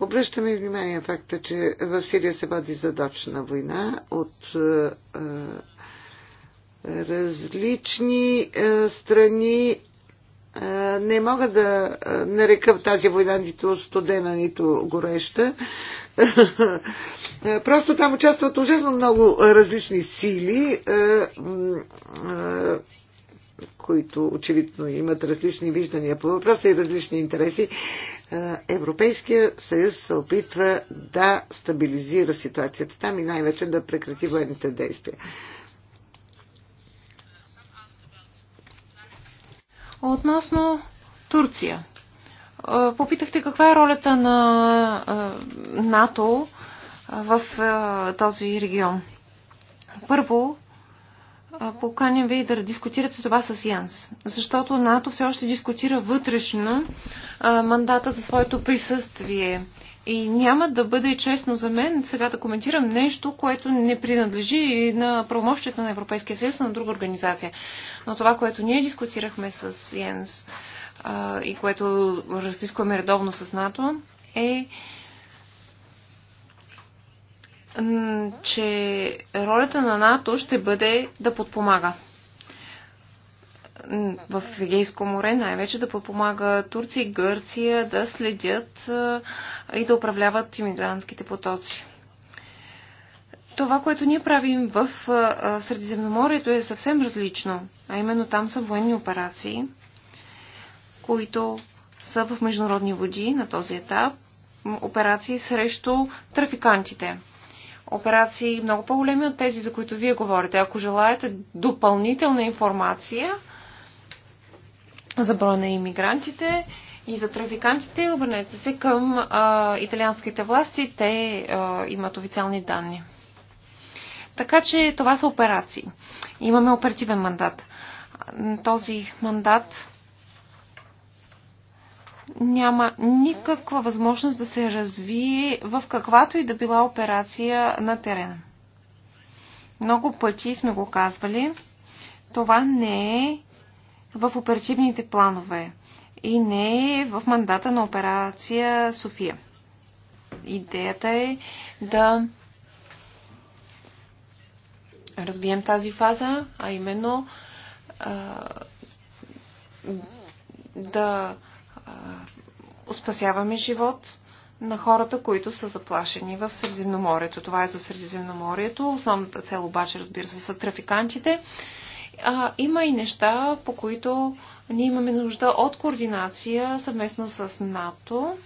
Speaker 2: Обръщаме внимание на факта, че в Сирия се води задочна война от е, различни е, страни. не мога да нарека тази война нито студена, нито гореща, [LAUGHS] Просто там участват ужасно много различни сили, е, е, които очевидно имат различни виждания по въпроса и различни интереси. Е, Европейския съюз се опитва да стабилизира ситуацията там и най-вече да прекрати военните действия.
Speaker 3: Относно Турция попитахте каква е ролята на НАТО в този регион. Първо, поканям ви да дискутирате това с Янс, защото НАТО все още дискутира вътрешно мандата за своето присъствие. И няма да бъде честно за мен сега да коментирам нещо, което не принадлежи на правомощията на Европейския съюз, на друга организация. Но това, което ние дискутирахме с Янс, и което разискваме редовно с НАТО, е, че ролята на НАТО ще бъде да подпомага в Егейско море, най-вече да подпомага Турция и Гърция да следят и да управляват иммигрантските потоци. Това, което ние правим в Средиземноморието е съвсем различно, а именно там са военни операции – които са в международни води на този етап, операции срещу трафикантите. Операции много по-големи от тези, за които вие говорите. Ако желаете допълнителна информация за броя на иммигрантите и за трафикантите, обърнете се към а, италианските власти. Те а, имат официални данни. Така че това са операции. Имаме оперативен мандат. Този мандат няма никаква възможност да се развие в каквато и да била операция на терена. Много пъти сме го казвали. Това не е в оперативните планове и не е в мандата на операция София. Идеята е да разбием тази фаза, а именно а, да спасяваме живот на хората, които са заплашени в Средиземноморието. Това е за Средиземноморието. Основната цел обаче, разбира се, са трафикантите. А, има и неща, по които ние имаме нужда от координация съвместно с НАТО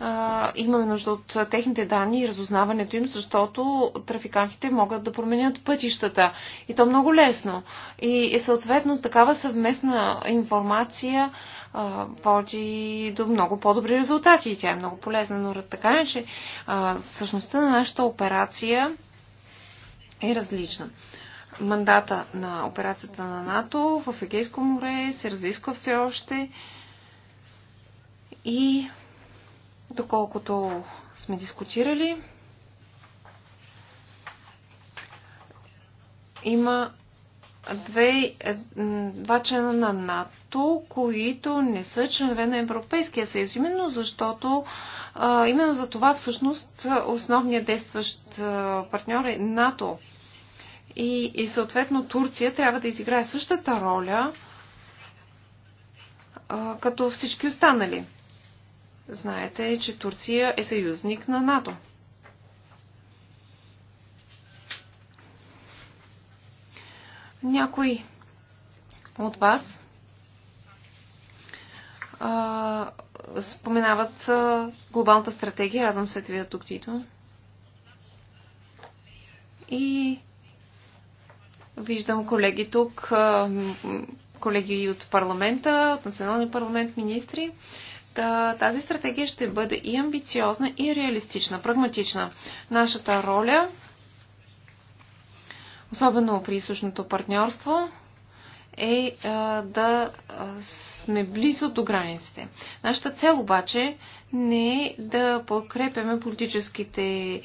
Speaker 3: а, имаме нужда от техните данни и разузнаването им, защото трафикантите могат да променят пътищата. И то много лесно. И, и съответно такава съвместна информация а, води до много по-добри резултати и тя е много полезна. Но така е, че същността на нашата операция е различна мандата на операцията на НАТО в Егейско море се разисква все още и доколкото сме дискутирали. Има две, е, два члена на НАТО, които не са членове на Европейския съюз. Именно защото, именно за това всъщност основният действащ партньор е НАТО. И, и съответно Турция трябва да изиграе същата роля като всички останали. Знаете, че Турция е съюзник на НАТО. Някой от вас а, споменават а, глобалната стратегия. Радвам се да видя е тук, Тито. И виждам колеги тук, а, колеги от парламента, от националния парламент, министри. А, тази стратегия ще бъде и амбициозна, и реалистична, прагматична. Нашата роля, особено при източното партньорство, е да сме близо до границите. Нашата цел обаче не е да подкрепяме политическите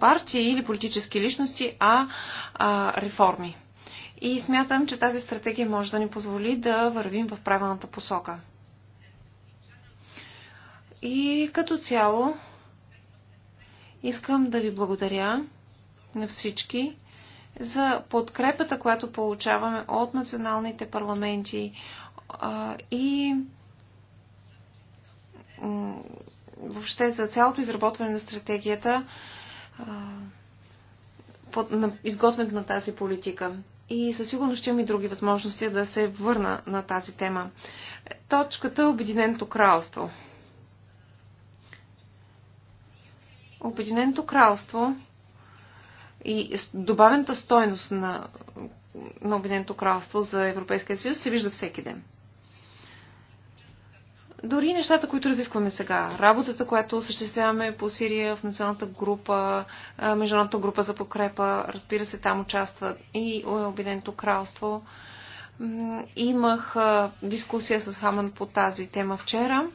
Speaker 3: партии или политически личности, а реформи. И смятам, че тази стратегия може да ни позволи да вървим в правилната посока. И като цяло искам да ви благодаря на всички за подкрепата, която получаваме от националните парламенти и въобще за цялото изработване на стратегията, на изготвянето на тази политика. И със сигурност ще имам и други възможности да се върна на тази тема. Точката е Обединеното кралство. Обединеното кралство и добавената стойност на, на Обединеното кралство за Европейския съюз се вижда всеки ден. Дори нещата, които разискваме сега, работата, която осъществяваме по Сирия в националната група, международната група за покрепа, разбира се, там участват и е, Обединеното кралство. Имах дискусия с Хаман по тази тема вчера.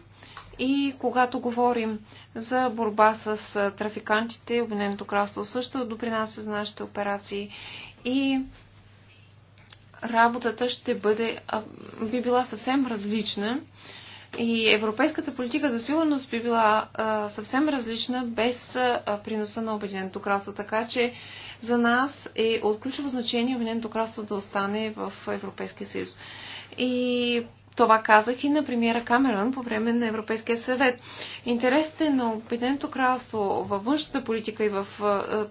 Speaker 3: И когато говорим за борба с трафикантите, Обединеното кралство също допринася за нашите операции. И работата ще бъде, би била съвсем различна. И европейската политика за сигурност би била а, съвсем различна без а, приноса на Обединеното кралство. Така че за нас е от ключово значение Обединеното кралство да остане в Европейския съюз. И това казах и на премиера Камерън по време на Европейския съвет. Интересите на Обединеното кралство във външната политика и в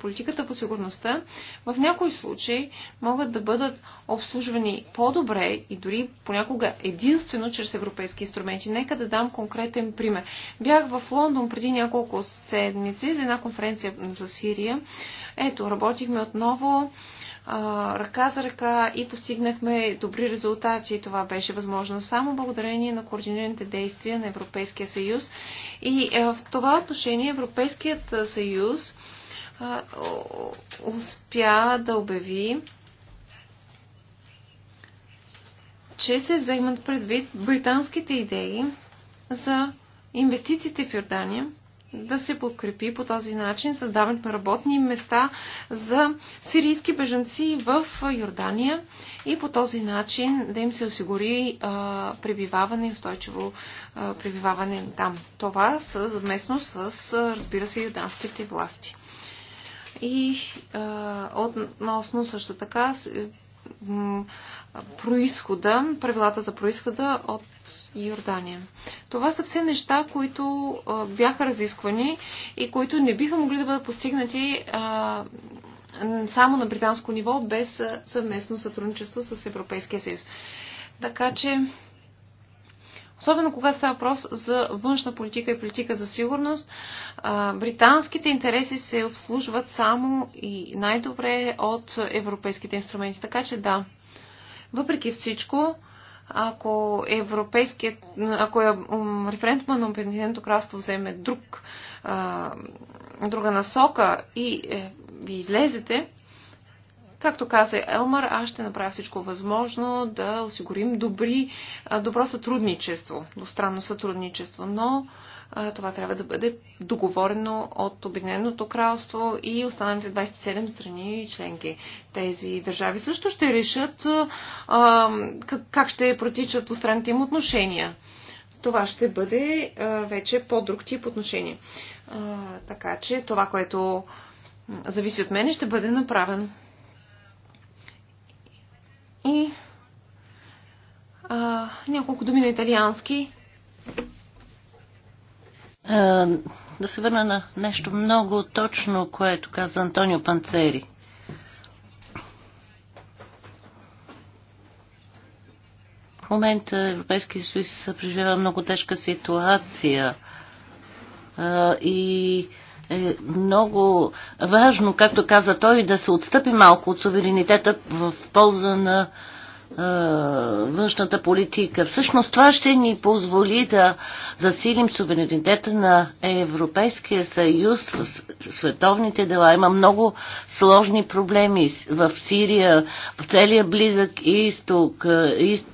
Speaker 3: политиката по сигурността в някои случаи могат да бъдат обслужвани по-добре и дори понякога единствено чрез европейски инструменти. Нека да дам конкретен пример. Бях в Лондон преди няколко седмици за една конференция за Сирия. Ето, работихме отново ръка за ръка и постигнахме добри резултати. Това беше възможно само благодарение на координираните действия на Европейския съюз. И е, в това отношение Европейският съюз успя да обяви че се вземат предвид британските идеи за инвестициите в Йордания – да се подкрепи по този начин създаването на работни места за сирийски бежанци в Йордания и по този начин да им се осигури а, пребиваване и устойчиво а, пребиваване там. Това съвместно с, разбира се, йорданските власти. И а, относно също така происхода, правилата за происхода от и Йордания. Това са все неща, които а, бяха разисквани и които не биха могли да бъдат постигнати а, само на британско ниво, без съвместно сътрудничество с Европейския съюз. Така че, особено когато става въпрос за външна политика и политика за сигурност, а, британските интереси се обслужват само и най-добре от европейските инструменти. Така че да, въпреки всичко, ако европейският, ако е референдума на Обединеното кралство вземе друг, а, друга насока и е, ви излезете, както каза Елмар, аз ще направя всичко възможно да осигурим добри, добро сътрудничество, двустранно сътрудничество, но това трябва да бъде договорено от Обединеното кралство и останалите 27 страни и членки. Тези държави също ще решат как ще протичат устранните им отношения. Това ще бъде вече по-друг тип отношение. така че това, което зависи от мене, ще бъде направено. И а, няколко думи на италиански
Speaker 4: да се върна на нещо много точно, което каза Антонио Панцери. В момента Европейския съюз преживява много тежка ситуация и е много важно, както каза той, да се отстъпи малко от суверенитета в полза на външната политика. Всъщност това ще ни позволи да засилим суверенитета на Европейския съюз в световните дела. Има много сложни проблеми в Сирия, в целия близък изток, из...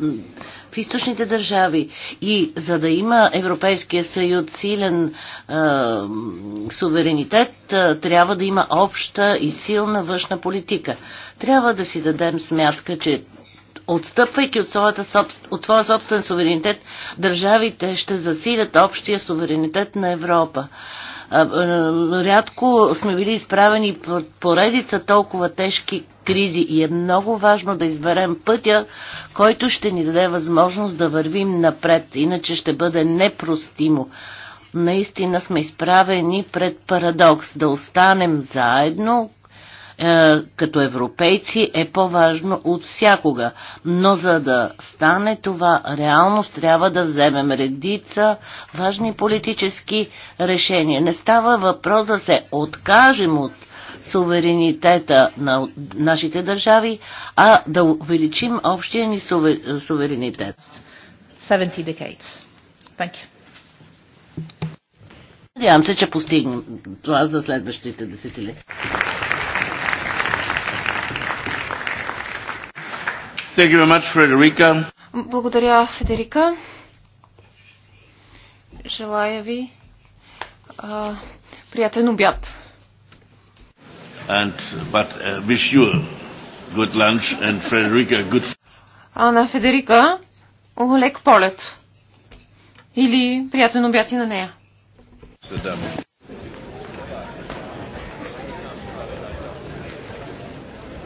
Speaker 4: в източните държави. И за да има Европейския съюз силен е, суверенитет, е, трябва да има обща и силна външна политика. Трябва да си дадем смятка, че отстъпвайки от, своята, от своя собствен суверенитет, държавите ще засилят общия суверенитет на Европа. Рядко сме били изправени под поредица толкова тежки кризи и е много важно да изберем пътя, който ще ни даде възможност да вървим напред, иначе ще бъде непростимо. Наистина сме изправени пред парадокс да останем заедно, е, като европейци е по-важно от всякога. Но за да стане това реалност, трябва да вземем редица важни политически решения. Не става въпрос да се откажем от суверенитета на нашите държави, а да увеличим общия ни суверенитет.
Speaker 3: 70 decades. Thank you.
Speaker 4: Надявам се, че постигнем това за следващите десетилетия.
Speaker 1: Thank you very much,
Speaker 3: Благодаря, Федерика. Желая ви а, приятен обяд.
Speaker 1: And, but, uh, wish you good lunch and Frederica good...
Speaker 3: А на Федерика лек полет. Или приятен обяд и на нея.
Speaker 2: Седаме.